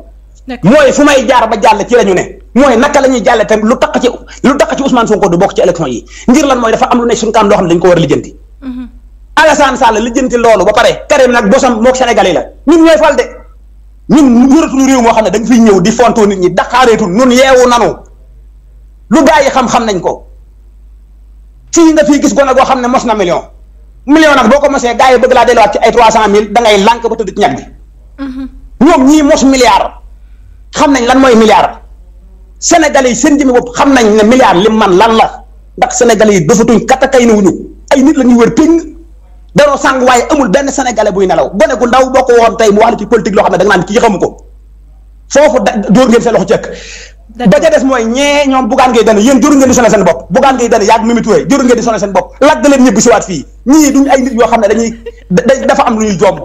mooy fu may jaar ba jàll ci la ñu ne mooy naka la ñuy jàlle tamit lu tax ci lu tax ci Ousmane Sonko du bokk ci élection yi ngir lan mooy dafa am lu ne suñu kanam loo xam ne dañu ko war a lijjanti mm-hmm. Alassane Sall lijjanti loolu ba pare Karim nag bosam mook Sénégal yi la ñun ñooy fal de ñun yoratuñu réew moo xam ne da nga fiy ñëw di fontoo nit ñi daqaareetul nun yeewu nanu lu gars yi xam-xam nañ ko fii nga fii gis gone goo xam ne mos na million million nag boo ko mosee gars yi bëgg laa delluwaat ci ay trois cent mille da ngay lànk ba tëdd ci ñag bi mhm. ñoom ñii mos milliard xam nañ lan mooy milliar sénégalais yi seen jëmmi bopp xam nañ ne milliard li man lan la ndax sénégalais yi dafatuñ katakay na wuñu ay nit la ñuy wër péng daroo sàng waaye amul benn sénégalais buy nelaw gone gu ndaw boo ko woon tey mu wàllu ci politique loo xam ne da nga naan kii xamu ko foofu da dóor ngeen seen loxo cëkk ba des mooy ñee ñoom bugaan ngay dana yéen seen bopp bugaan ngay dana yaag Mimi Touré jëru ngeen di sonal da leen ñëbb si waat fii ñii duñ ay dafa am lu ñuy jomb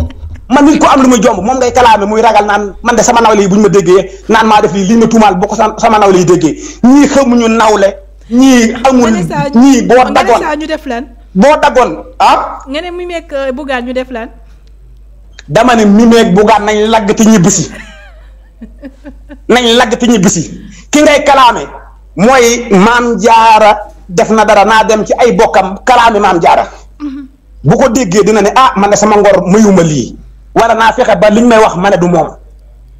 man nit ko am lu muy jomb moom ngay kalaame muy ragal naan man de sama nawle yi bu ñu ma déggee naan maa def lii lii ma tuumaal boo ko sama nawle yi déggee ñii xamuñu nawle ñii amul ñii boo
dagoon
boo daggoon ah.
nga ne Mimi ak euh, Bougane ñu def lan.
dama ne Mimi ak Bougane nañ lagg te ñibbisi nañ lagg te ñibbisi ki ngay kalaame mooy maam jaara def na dara naa dem ci ay bokkam kalaame maam jaara mhm. bu ko déggee dina ne ah man de sama ngor mayuma lii wala naa fexe ba liñ may wax ma ne du moom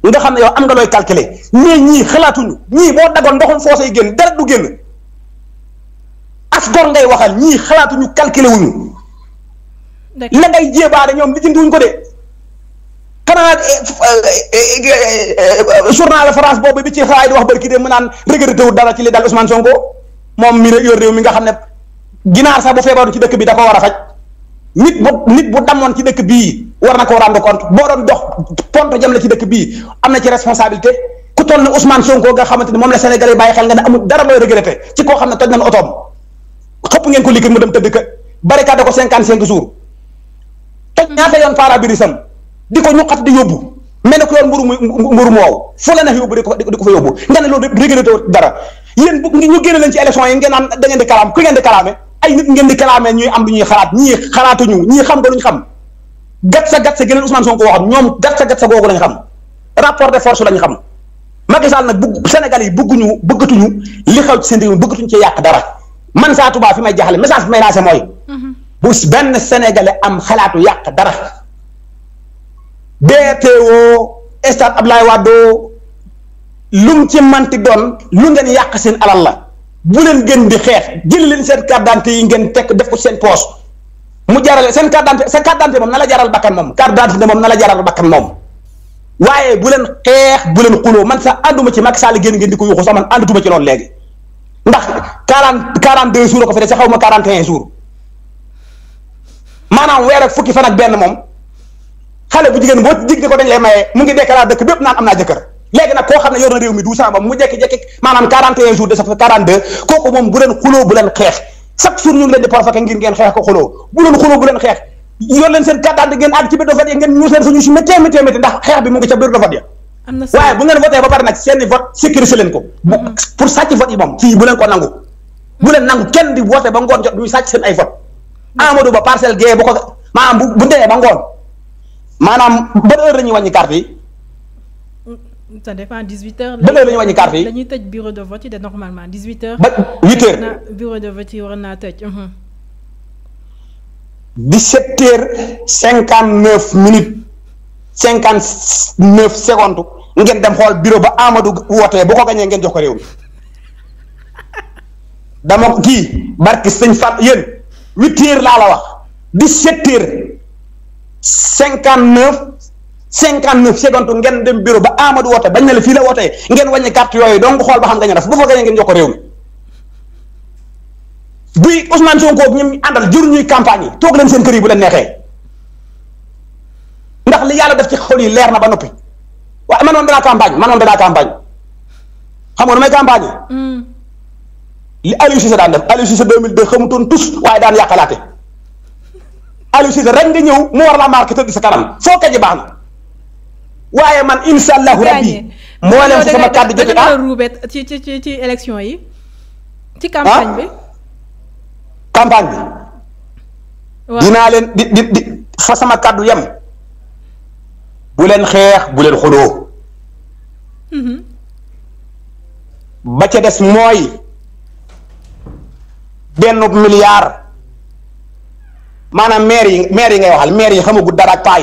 nga xam ne yow am nga looy calculer mais ñii xalaatuñu ñii boo daggoon ndoxum say génn dara du génn. as ngay waxal ñii xalaatuñu calculer wuñu la ngay jéebaane ñoom li jëndiwuñ ko de xanaa eh, eh, eh, journal France boobu bi ci xaay di wax bari ki de mu naan regretté wu dara ci li dal Ousmane Sonko moom mi yor réew mi nga xam ne ginaar sax bu feebaru ci dëkk bi da ko war a faj nit bu nit bu damoon ci dëkk bii war na koo rendre compte boo doon dox pont jam la ci dëkk bii am na ci responsabilité ku toll ne Ousmane Sonko nga xamante ni moom la Sénégalais bàyyi xel nga koo xam ne toj nañ otoom. xëpp ngeen ko liggéey mu dem tëdd ka barricade ko cinquante cinq jours toj ñaata yoon faara birisam di ko ñuqat di yóbbu mel ne ko yoon mburu mburu mu wow fu la neex yóbbu di ko di ko fa yóbbu nga ne loolu regretto ngeen am da ngeen di kalaam ku ngeen di kalaame ay nit ngeen di kalaame ñuy am lu ñuy xalaat ñii xalaatuñu ñii xam ko luñ xam gat sa gat sa geneen Ousmane Sonko waxam ñoom gat sa gat sa googu lañ xam rapport de force lañ xam Macky Sall nag bëgg Sénégal yi bëgguñu bëggatuñu li xew ci seen réew ci yàq dara man saa Touba fi may jaaxle message bi may lancé mooy. Mhm. bu benn sénégalais am xalaatu yàq dara. BTO stade Abdoulaye Wade lu mu ci manti doon lu ngeen yàq seen alal la bu leen gën di xeex jël leen seen carte d'identité yi ngeen tekk def ko seen poos mu jarale seen carte d'identité seen carte d'identité moom na la jaral bakkan moom carte d'identité moom na la jaral bakkan moom waaye bu leen xeex bu leen xuloo man sax ànduma ci Macky Sall génn ngeen di ko yuuxu sax man àndatuma ci loolu ndax quarante quarante deux jours a ko fi de sa xaw ma quarante et un jours maanaam weer ak fukki fan ak benn moom xale bu jigéen boo ci dig ko dañ lay maye mu ngi déclaré dëkk bépp naan am naa jëkkër léegi nag na réew mi mu jékki-jékki kooku moom bu leen xuloo bu leen xeex chaque jour ñu ngi leen di provoquer ngir ngeen ñuus leen si métier métier métier ndax xeex bi mu ngi ca biir dofat ya waaye bu ngeen voté ba pare nag seeni vote sécurisé leen ko. Mm-hmm. pour sàcc vote yi moom fii bu leen ko nangu. bu leen nangu kenn di voté ba ngoon jot du ñu sàcc seen ay vote mm-hmm. Amadou Ba parcelle gée bu ko maanaam bu bu demee ba ngoon maanaam ban heure la ñuy wàññi carte yi.
Mm-hmm. ça dépend 18 heures. ban heure la ñuy wàññi carte yi dañuy tëj bureau de vote yi de normalement 18 heures. ba 8 heures bureau de vote yi war naa tëj.
17 heures 59 minutes 59 secondes. ngeen dem xool bureau ba Amadou wootee bu ko gañee ngeen jox ko réew mi dama kii barki sëñ Fall yéen huit laa la wax dix-sept heures cinquante neuf cinquante neuf secondes ngeen dem bureau ba Amadou woote bañ ne la fii la wootee ngeen wàññi carte yooyu donc xool ba xam gañe daf bu fa gañee ngeen jox ko réew mi buy Ousmane Sonko ak ñoom àndal jur ñuy campagne yi toog leen seen kër yi bu leen neexee ndax li yàlla def ci xol yi leer na ba noppi waaye man moom danaa campagne man moom danaa campagne xam nga nu may campagne. Mm. li Aliou Cissé daan def Aliou Cissé 2002 xamutoon tus waaye daan yàqalaate Aliou Cissé ren nga ñëw mu war laa marqué tëdd sa kanam foo kañ baax na waaye man incha allahu rabbi.
moo leen fi sama kàddu jotee ci ci yi. ci campagne bi ah.
campagne bi. dinaa leen di di di fa sama kàddu yem. bu leen xeex bu leen xuloo mm-hmm. ba ca des mooy benn milliard maanaam maire yi maire yi ngay waxal maire yi xamagu dara ak paa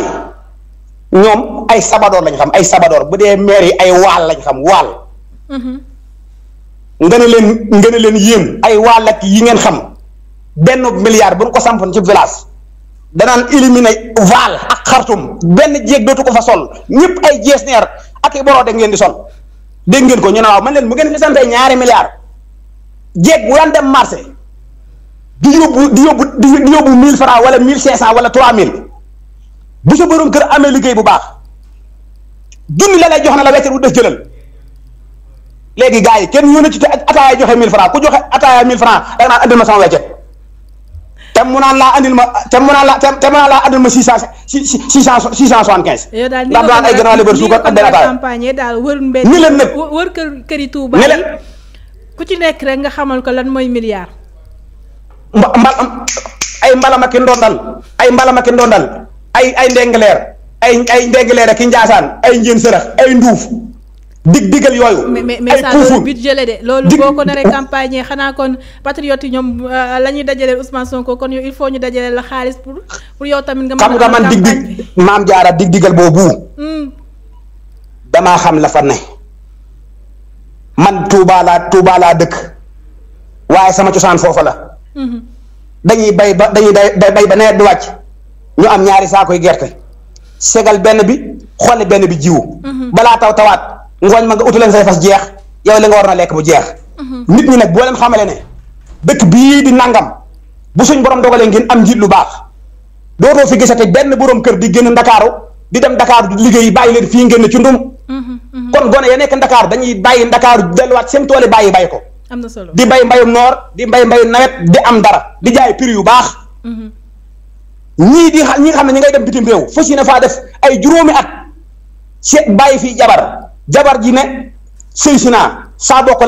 ñoom ay sabadoor lañ xam ay sabadoor bu dee maire yi ay waal lañ xam waal mm-hmm. nga ne leen nga leen yéen ay waal ak yi ngeen xam benn milliard bu ñu ko sampoon ci village danaan éliminer Vaal ak Khartoum benn jéeg dootu ko fa sol ñëpp ay GSNR ak i boroo de ngeen di sol dégg ngeen ko ñu ne waaw man leen mu ngeen fi santee ñaari milliards jéeg bu de dem marché di yóbbu di yóbbu di yóbbu mille francs wala mille cinq cent wala trois mille bu sa borom kër amee liggéey bu baax junni la lay jox na la weccet wu def jëlal léegi gars yi kenn yónnee ci ataaya joxe mille francs ku joxe ataaya mille francs da nga naan andil ma te mu naan laa andil ma te mu naan laa te mu naan laa andil ma six cent six six cent six cent soixante quinze. Eh,
yow daal ni leen nag wër kër kër yi Touba yi ku ci nekk rek nga xamal ko lan mooy milliard.
mba mbal ay mbalama ki ndondal ay mbalama ki ndondal ay ay ay ay ak i njaasaan ay njën sërëx ay nduuf. dig digal yooyu. ay kuufu mais
mais loolu boo ko naree oh. campagne xanaa kon patriote yi ñoom euh, lañuy ñuy dajaleel Ousmane Sonko kon il faut ñu dajaleel la xaalis pour pour yow tamit. nga xam nga man dig dig
maam jaara dig digal boobu. Hmm. damaa xam la fa ne. man Touba laa dëkk waaye sama cosaan foofa la. Hmm. dañuy bay ba dañuy day bay ba nawet di wàcc ñu am ñaari saakoy gerte segal benn bi xolli benn bi jiwu. Hmm. balaa taw tawaat. ngooñ ma nga utu leen say fas jeex yow li nga war na lekk bu jeex. Mhm. nit ñi nag boo leen xamale ne dëkk bii di nangam bu suñ borom dogalee ngeen am njiit lu baax dootoo fi gisate benn boroom kër di génn ndakaaru di dem ndakaaru di liggéey yi bàyyi leen fii ngeen ci ndum.
Mhm, mhm. kon gone
ya nekk ndakaaru dañuy bàyyi ndakaaru delluwaat seen tool bàyyi bàyyi ko.
am na solo di bay
mbayum noor di mbay mbayu nawet di am dara di jaay prix yu baax. ñii di ñi nga xam ngay dem bitim réew fas yéene faa def ay juróomi at
seet bàyyi fii jabar jabar ji ne sëy si naa saa bokk